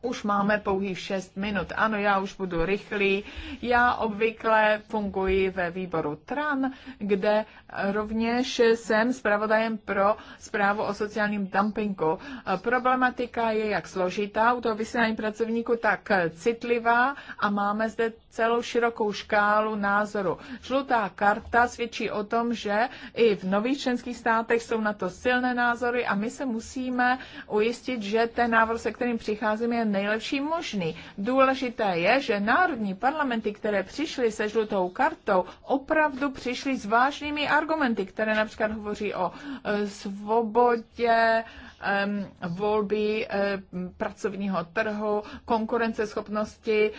Už máme pouhých 6 minut. Ano, já už budu rychlý. Já obvykle funguji ve výboru TRAN, kde rovněž jsem zpravodajem pro zprávu o sociálním dumpingu. Problematika je jak složitá u toho vysílání pracovníku, tak citlivá a máme zde celou širokou škálu názoru. Žlutá karta svědčí o tom, že i v nových členských státech jsou na to silné názory a my se musíme ujistit, že ten návrh, se kterým přicházíme, je nejlepší možný. Důležité je, že národní parlamenty, které přišly se žlutou kartou, opravdu přišly s vážnými argumenty, které například hovoří o e, svobodě, volby e, pracovního trhu, konkurenceschopnosti,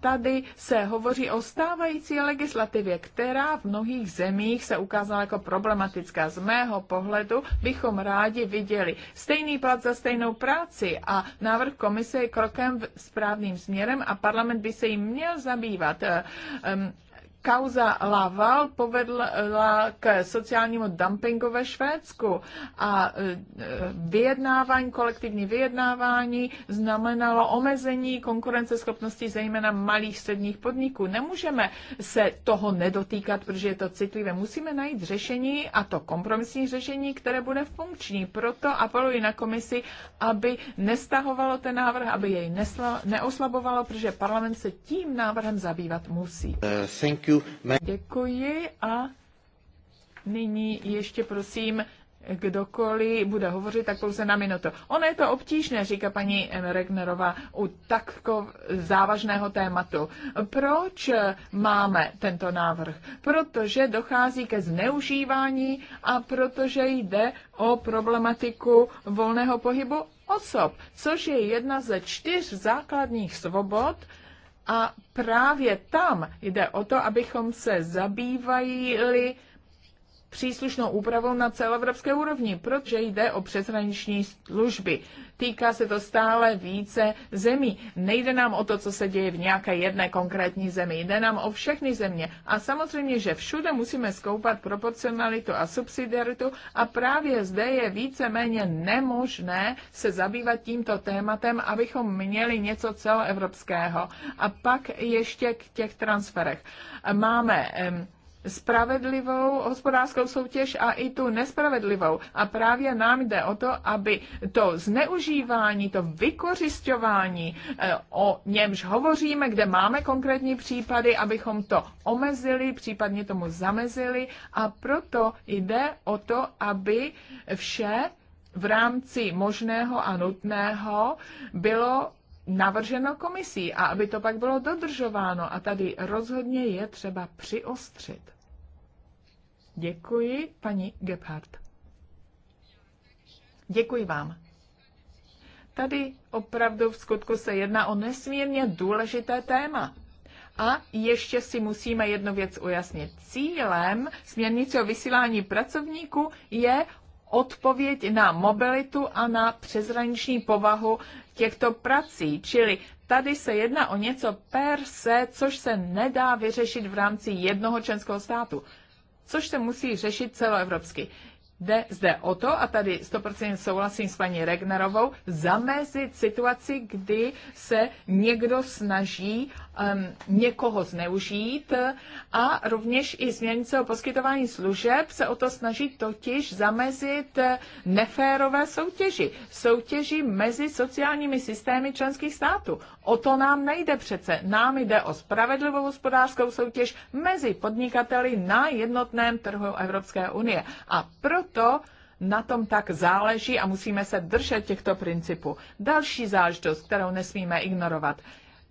tady se hovoří o stávající legislativě, která v mnohých zemích se ukázala jako problematická. Z mého pohledu bychom rádi viděli stejný plat za stejnou práci a návrh komise je krokem v správným směrem a parlament by se jim měl zabývat. Um, kauza Laval povedla k sociálnímu dumpingu ve Švédsku a e, vyjednávání, kolektivní vyjednávání znamenalo omezení konkurenceschopnosti zejména malých středních podniků. Nemůžeme se toho nedotýkat, protože je to citlivé. Musíme najít řešení a to kompromisní řešení, které bude funkční. Proto apeluji na komisi, aby nestahovalo ten návrh, aby jej neoslabovalo, protože parlament se tím návrhem zabývat musí. Uh, thank Děkuji a nyní ještě prosím kdokoliv bude hovořit, tak pouze na minutu. Ono je to obtížné, říká paní Regnerová, u takto závažného tématu. Proč máme tento návrh? Protože dochází ke zneužívání a protože jde o problematiku volného pohybu osob, což je jedna ze čtyř základních svobod, a právě tam jde o to, abychom se zabývali příslušnou úpravou na celoevropské úrovni, protože jde o přeshraniční služby. Týká se to stále více zemí. Nejde nám o to, co se děje v nějaké jedné konkrétní zemi, jde nám o všechny země. A samozřejmě, že všude musíme skoupat proporcionalitu a subsidiaritu a právě zde je víceméně nemožné se zabývat tímto tématem, abychom měli něco celoevropského. A pak ještě k těch transferech. Máme spravedlivou hospodářskou soutěž a i tu nespravedlivou. A právě nám jde o to, aby to zneužívání, to vykořišťování, eh, o němž hovoříme, kde máme konkrétní případy, abychom to omezili, případně tomu zamezili. A proto jde o to, aby vše v rámci možného a nutného bylo navrženo komisí a aby to pak bylo dodržováno. A tady rozhodně je třeba přiostřit. Děkuji, paní Gebhardt. Děkuji vám. Tady opravdu v skutku se jedná o nesmírně důležité téma. A ještě si musíme jednu věc ujasnit. Cílem směrnice o vysílání pracovníků je odpověď na mobilitu a na přezraniční povahu těchto prací. Čili tady se jedná o něco per se, což se nedá vyřešit v rámci jednoho členského státu, což se musí řešit celoevropsky. Jde zde o to, a tady 100% souhlasím s paní Regnerovou, zamezit situaci, kdy se někdo snaží um, někoho zneužít a rovněž i směrnice o poskytování služeb se o to snaží totiž zamezit neférové soutěži, soutěži mezi sociálními systémy členských států. O to nám nejde přece. Nám jde o spravedlivou hospodářskou soutěž mezi podnikateli na jednotném trhu Evropské unie. A proto na tom tak záleží a musíme se držet těchto principů. Další záležitost, kterou nesmíme ignorovat,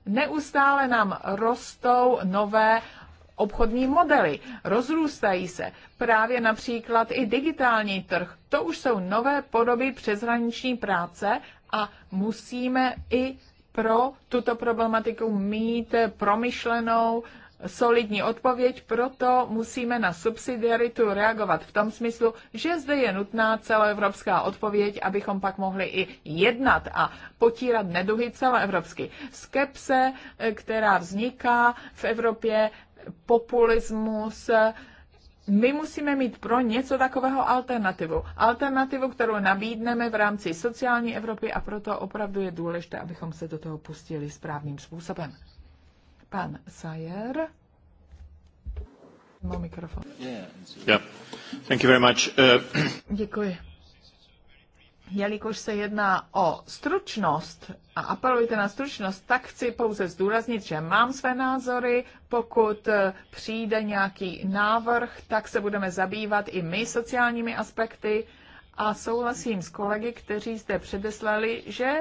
Neustále nám rostou nové obchodní modely, rozrůstají se. Právě například i digitální trh. To už jsou nové podoby přeshraniční práce a musíme i pro tuto problematiku mít promyšlenou solidní odpověď, proto musíme na subsidiaritu reagovat v tom smyslu, že zde je nutná celoevropská odpověď, abychom pak mohli i jednat a potírat neduhy celoevropsky. Skepse, eh, která vzniká v Evropě, populismus, eh, my musíme mít pro něco takového alternativu. Alternativu, kterou nabídneme v rámci sociální Evropy a proto opravdu je důležité, abychom se do toho pustili správným způsobem. Pan Sayer. Má mikrofon. Yeah. Thank you very much. Uh... Děkuji. Jelikož se jedná o stručnost a apelujte na stručnost, tak chci pouze zdůraznit, že mám své názory. Pokud eh, přijde nějaký návrh, tak se budeme zabývat i my sociálními aspekty a souhlasím s kolegy, kteří zde předeslali, že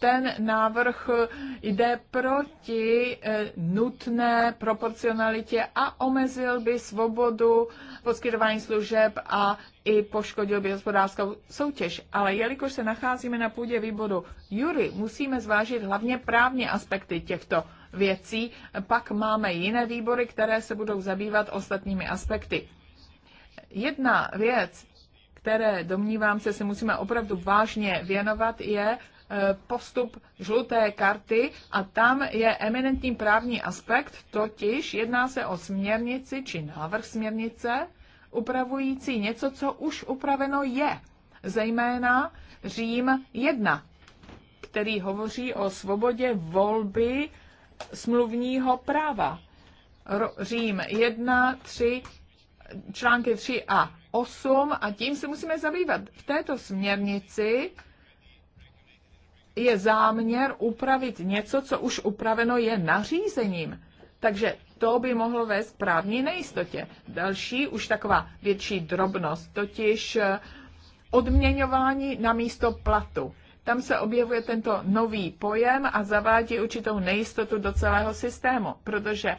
ten návrh jde proti eh, nutné proporcionalitě a omezil by svobodu poskytování služeb a i poškodil by hospodářskou soutěž. Ale jelikož se nacházíme na půdě výboru Jury, musíme zvážit hlavně právní aspekty těchto věcí. Pak máme jiné výbory, které se budou zabývat ostatními aspekty. Jedna věc, které domnívám se, se musíme opravdu vážně věnovat, je Eh, postup žluté karty a tam je eminentní právní aspekt, totiž jedná se o směrnici či návrh směrnice upravující něco, co už upraveno je, zejména Řím 1, který hovoří o svobodě volby smluvního práva. Řím 1, 3, články 3 a 8 a tím se musíme zabývat. V této směrnici je záměr upravit něco, co už upraveno je nařízením. Takže to by mohlo vést k právní nejistotě. Další, už taková větší drobnost, totiž eh, odměňování na místo platu. Tam se objevuje tento nový pojem a zavádí určitou nejistotu do celého systému, protože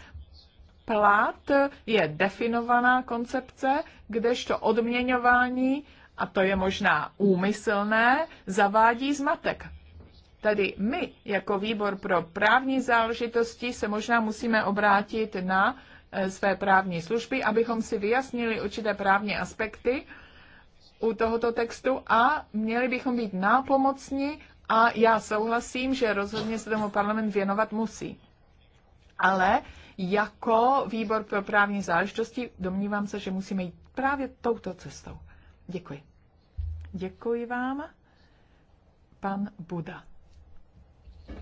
plat je definovaná koncepce, kdežto odměňování, a to je možná úmyslné, zavádí zmatek. Tedy my jako výbor pro právní záležitosti se možná musíme obrátit na eh, své právní služby, abychom si vyjasnili určité právní aspekty u tohoto textu a měli bychom být nápomocni a já souhlasím, že rozhodně se tomu parlament věnovat musí. Ale jako výbor pro právní záležitosti domnívám se, že musíme jít právě touto cestou. Děkuji. Děkuji vám, pan Buda.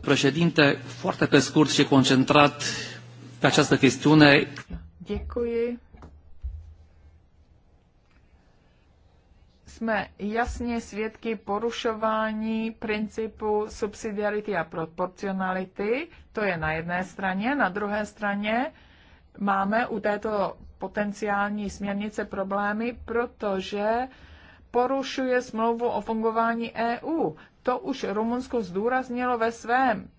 Președinte, foarte pe scurt și concentrat pe această chestiune. Děkuji. Jsme jasně svědky porušování principu subsidiarity a proporcionality. To je na jedné straně. Na druhé straně máme u této potenciální směrnice problémy, protože porušuje smlouvu o fungování EU. To už Rumunsko zdůraznilo ve svém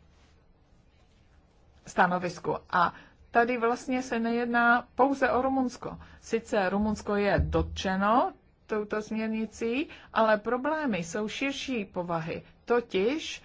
stanovisku. A tady vlastně se nejedná pouze o Rumunsko. Sice Rumunsko je dotčeno touto směrnicí, ale problémy jsou širší povahy. Totiž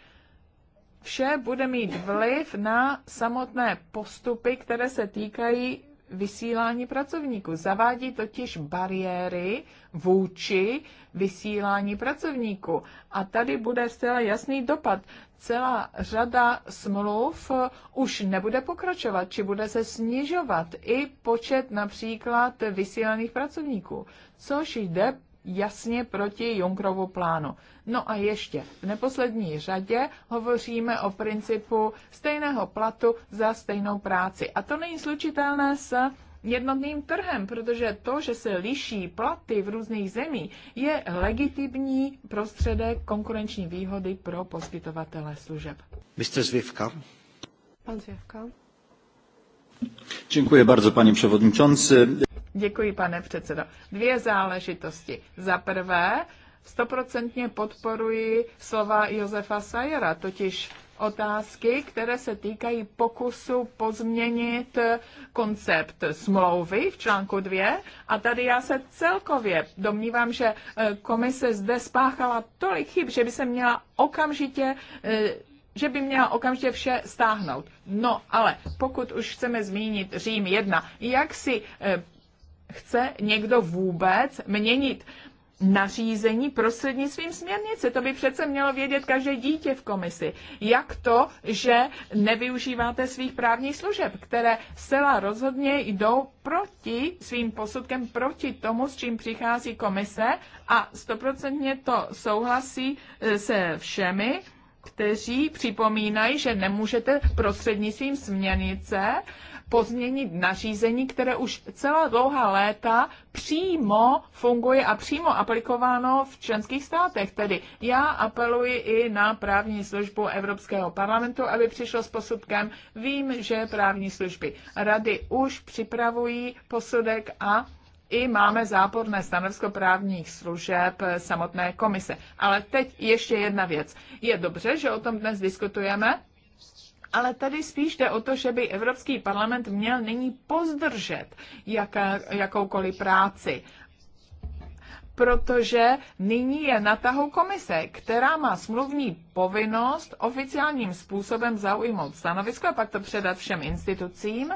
vše bude mít vliv na samotné postupy, které se týkají vysílání pracovníků. Zavádí totiž bariéry vůči vysílání pracovníků. A tady bude zcela jasný dopad. Celá řada smluv eh, už nebude pokračovat, či bude se snižovat i počet například vysílaných pracovníků, což jde jasně proti Junkrovu plánu. No a ještě, v neposlední řadě hovoříme o principu stejného platu za stejnou práci. A to není slučitelné s jednotným trhem, protože to, že se liší platy v různých zemích, je legitimní prostředek konkurenční výhody pro poskytovatele služeb. Mr. Zvivka. Pan Zvivka. Dziękuję bardzo, panie przewodniczący. Děkuji, pane předsedo. Dvě záležitosti. Za prvé, stoprocentně podporuji slova Josefa Sajera, totiž otázky, které se týkají pokusu pozměnit koncept smlouvy v článku 2. A tady já se celkově domnívám, že eh, komise zde spáchala tolik chyb, že by se měla okamžitě eh, že by měla okamžitě vše stáhnout. No ale pokud už chceme zmínit Řím 1, jak si eh, chce někdo vůbec měnit nařízení prostřednictvím směrnice. To by přece mělo vědět každé dítě v komisi. Jak to, že nevyužíváte svých právních služeb, které zcela rozhodně jdou proti svým posudkem, proti tomu, s čím přichází komise a stoprocentně to souhlasí eh, se všemi, kteří připomínají, že nemůžete prostřednictvím směrnice pozměnit nařízení, které už celá dlouhá léta přímo funguje a přímo aplikováno v členských státech. Tedy já apeluji i na právní službu Evropského parlamentu, aby přišlo s posudkem. Vím, že právní služby rady už připravují posudek a i máme záporné stanovisko právních služeb samotné komise. Ale teď ještě jedna věc. Je dobře, že o tom dnes diskutujeme, ale tady spíš jde o to, že by Evropský parlament měl nyní pozdržet jaká, jakoukoliv práci protože nyní je na tahu komise, která má smluvní povinnost oficiálním způsobem zaujmout stanovisko a pak to předat všem institucím,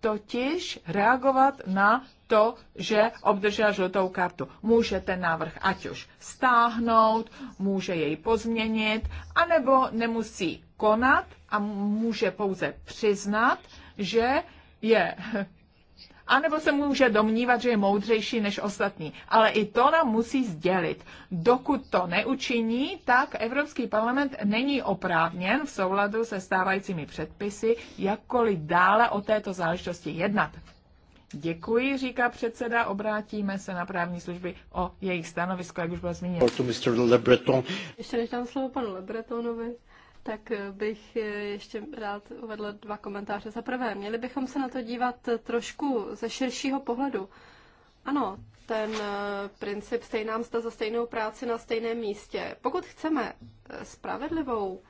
totiž reagovat na to, že obdržela žlutou kartu. Může ten návrh ať už stáhnout, může jej pozměnit, anebo nemusí konat a může pouze přiznat, že je a nebo se může domnívat, že je moudřejší než ostatní. Ale i to nám musí sdělit. Dokud to neučiní, tak Evropský parlament není oprávněn v souladu se stávajícími předpisy jakkoliv dále o této záležitosti jednat. Děkuji, říká předseda, obrátíme se na právní služby o jejich stanovisko, jak už bylo zmíněno. Ještě než dám slovo panu Lebretonovi, tak eh, bych eh, ještě rád uvedla dva komentáře. Za prvé, měli bychom se na to dívat eh, trošku ze širšího pohledu. Ano, ten princip stejná mzda za stejnou práci na stejném místě. Pokud chceme spravedlivou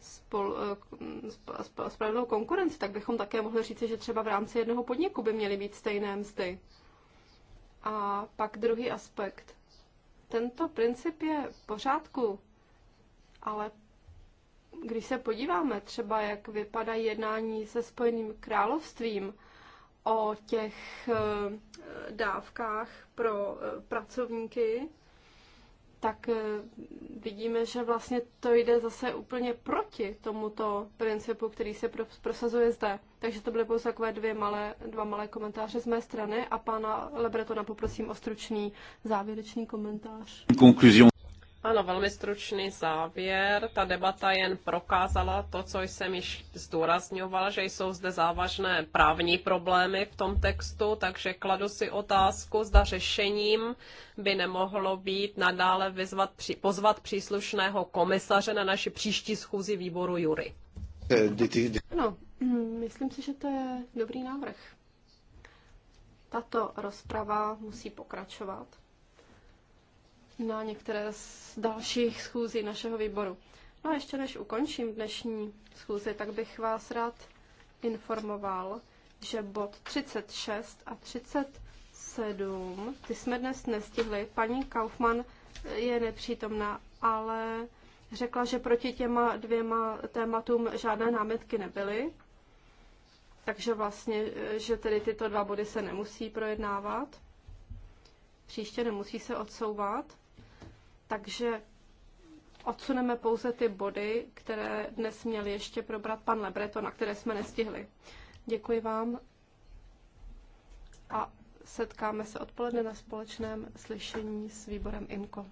spol, mm, spravedlivou konkurenci, tak bychom také mohli říci, že třeba v rámci jednoho podniku by měly být stejné mzdy. A pak druhý aspekt. Tento princip je v pořádku, ale když se podíváme třeba, jak vypadá jednání se Spojeným královstvím o těch eh, dávkách pro eh, pracovníky, tak eh, vidíme, že vlastně to jde zase úplně proti tomuto principu, který se prosazuje zde. Takže to byly pouze takové dvě malé, dva malé komentáře z mé strany a pana Lebretona poprosím o stručný závěrečný komentář. Konkluzion. Ano, velmi stručný závěr. Ta debata jen prokázala to, co jsem již zdůrazňoval, že jsou zde závažné právní problémy v tom textu, takže kladu si otázku, zda řešením by nemohlo být nadále vyzvat, pozvat příslušného komisaře na naši příští schůzi výboru Jury. Ano, myslím si, že to je dobrý návrh. Tato rozprava musí pokračovat na některé z dalších schůzí našeho výboru. No a ještě než ukončím dnešní schůzi, tak bych vás rád informoval, že bod 36 a 37, ty jsme dnes nestihli. Paní Kaufmann je nepřítomná, ale řekla, že proti těma dvěma tématům žádné námitky nebyly, takže vlastně, že tedy tyto dva body se nemusí projednávat. Příště nemusí se odsouvat. Takže odsuneme pouze ty body, které dnes měl ještě probrat pan Lebreton, na které jsme nestihli. Děkuji vám a setkáme se odpoledne na společném slyšení s výborem INKO.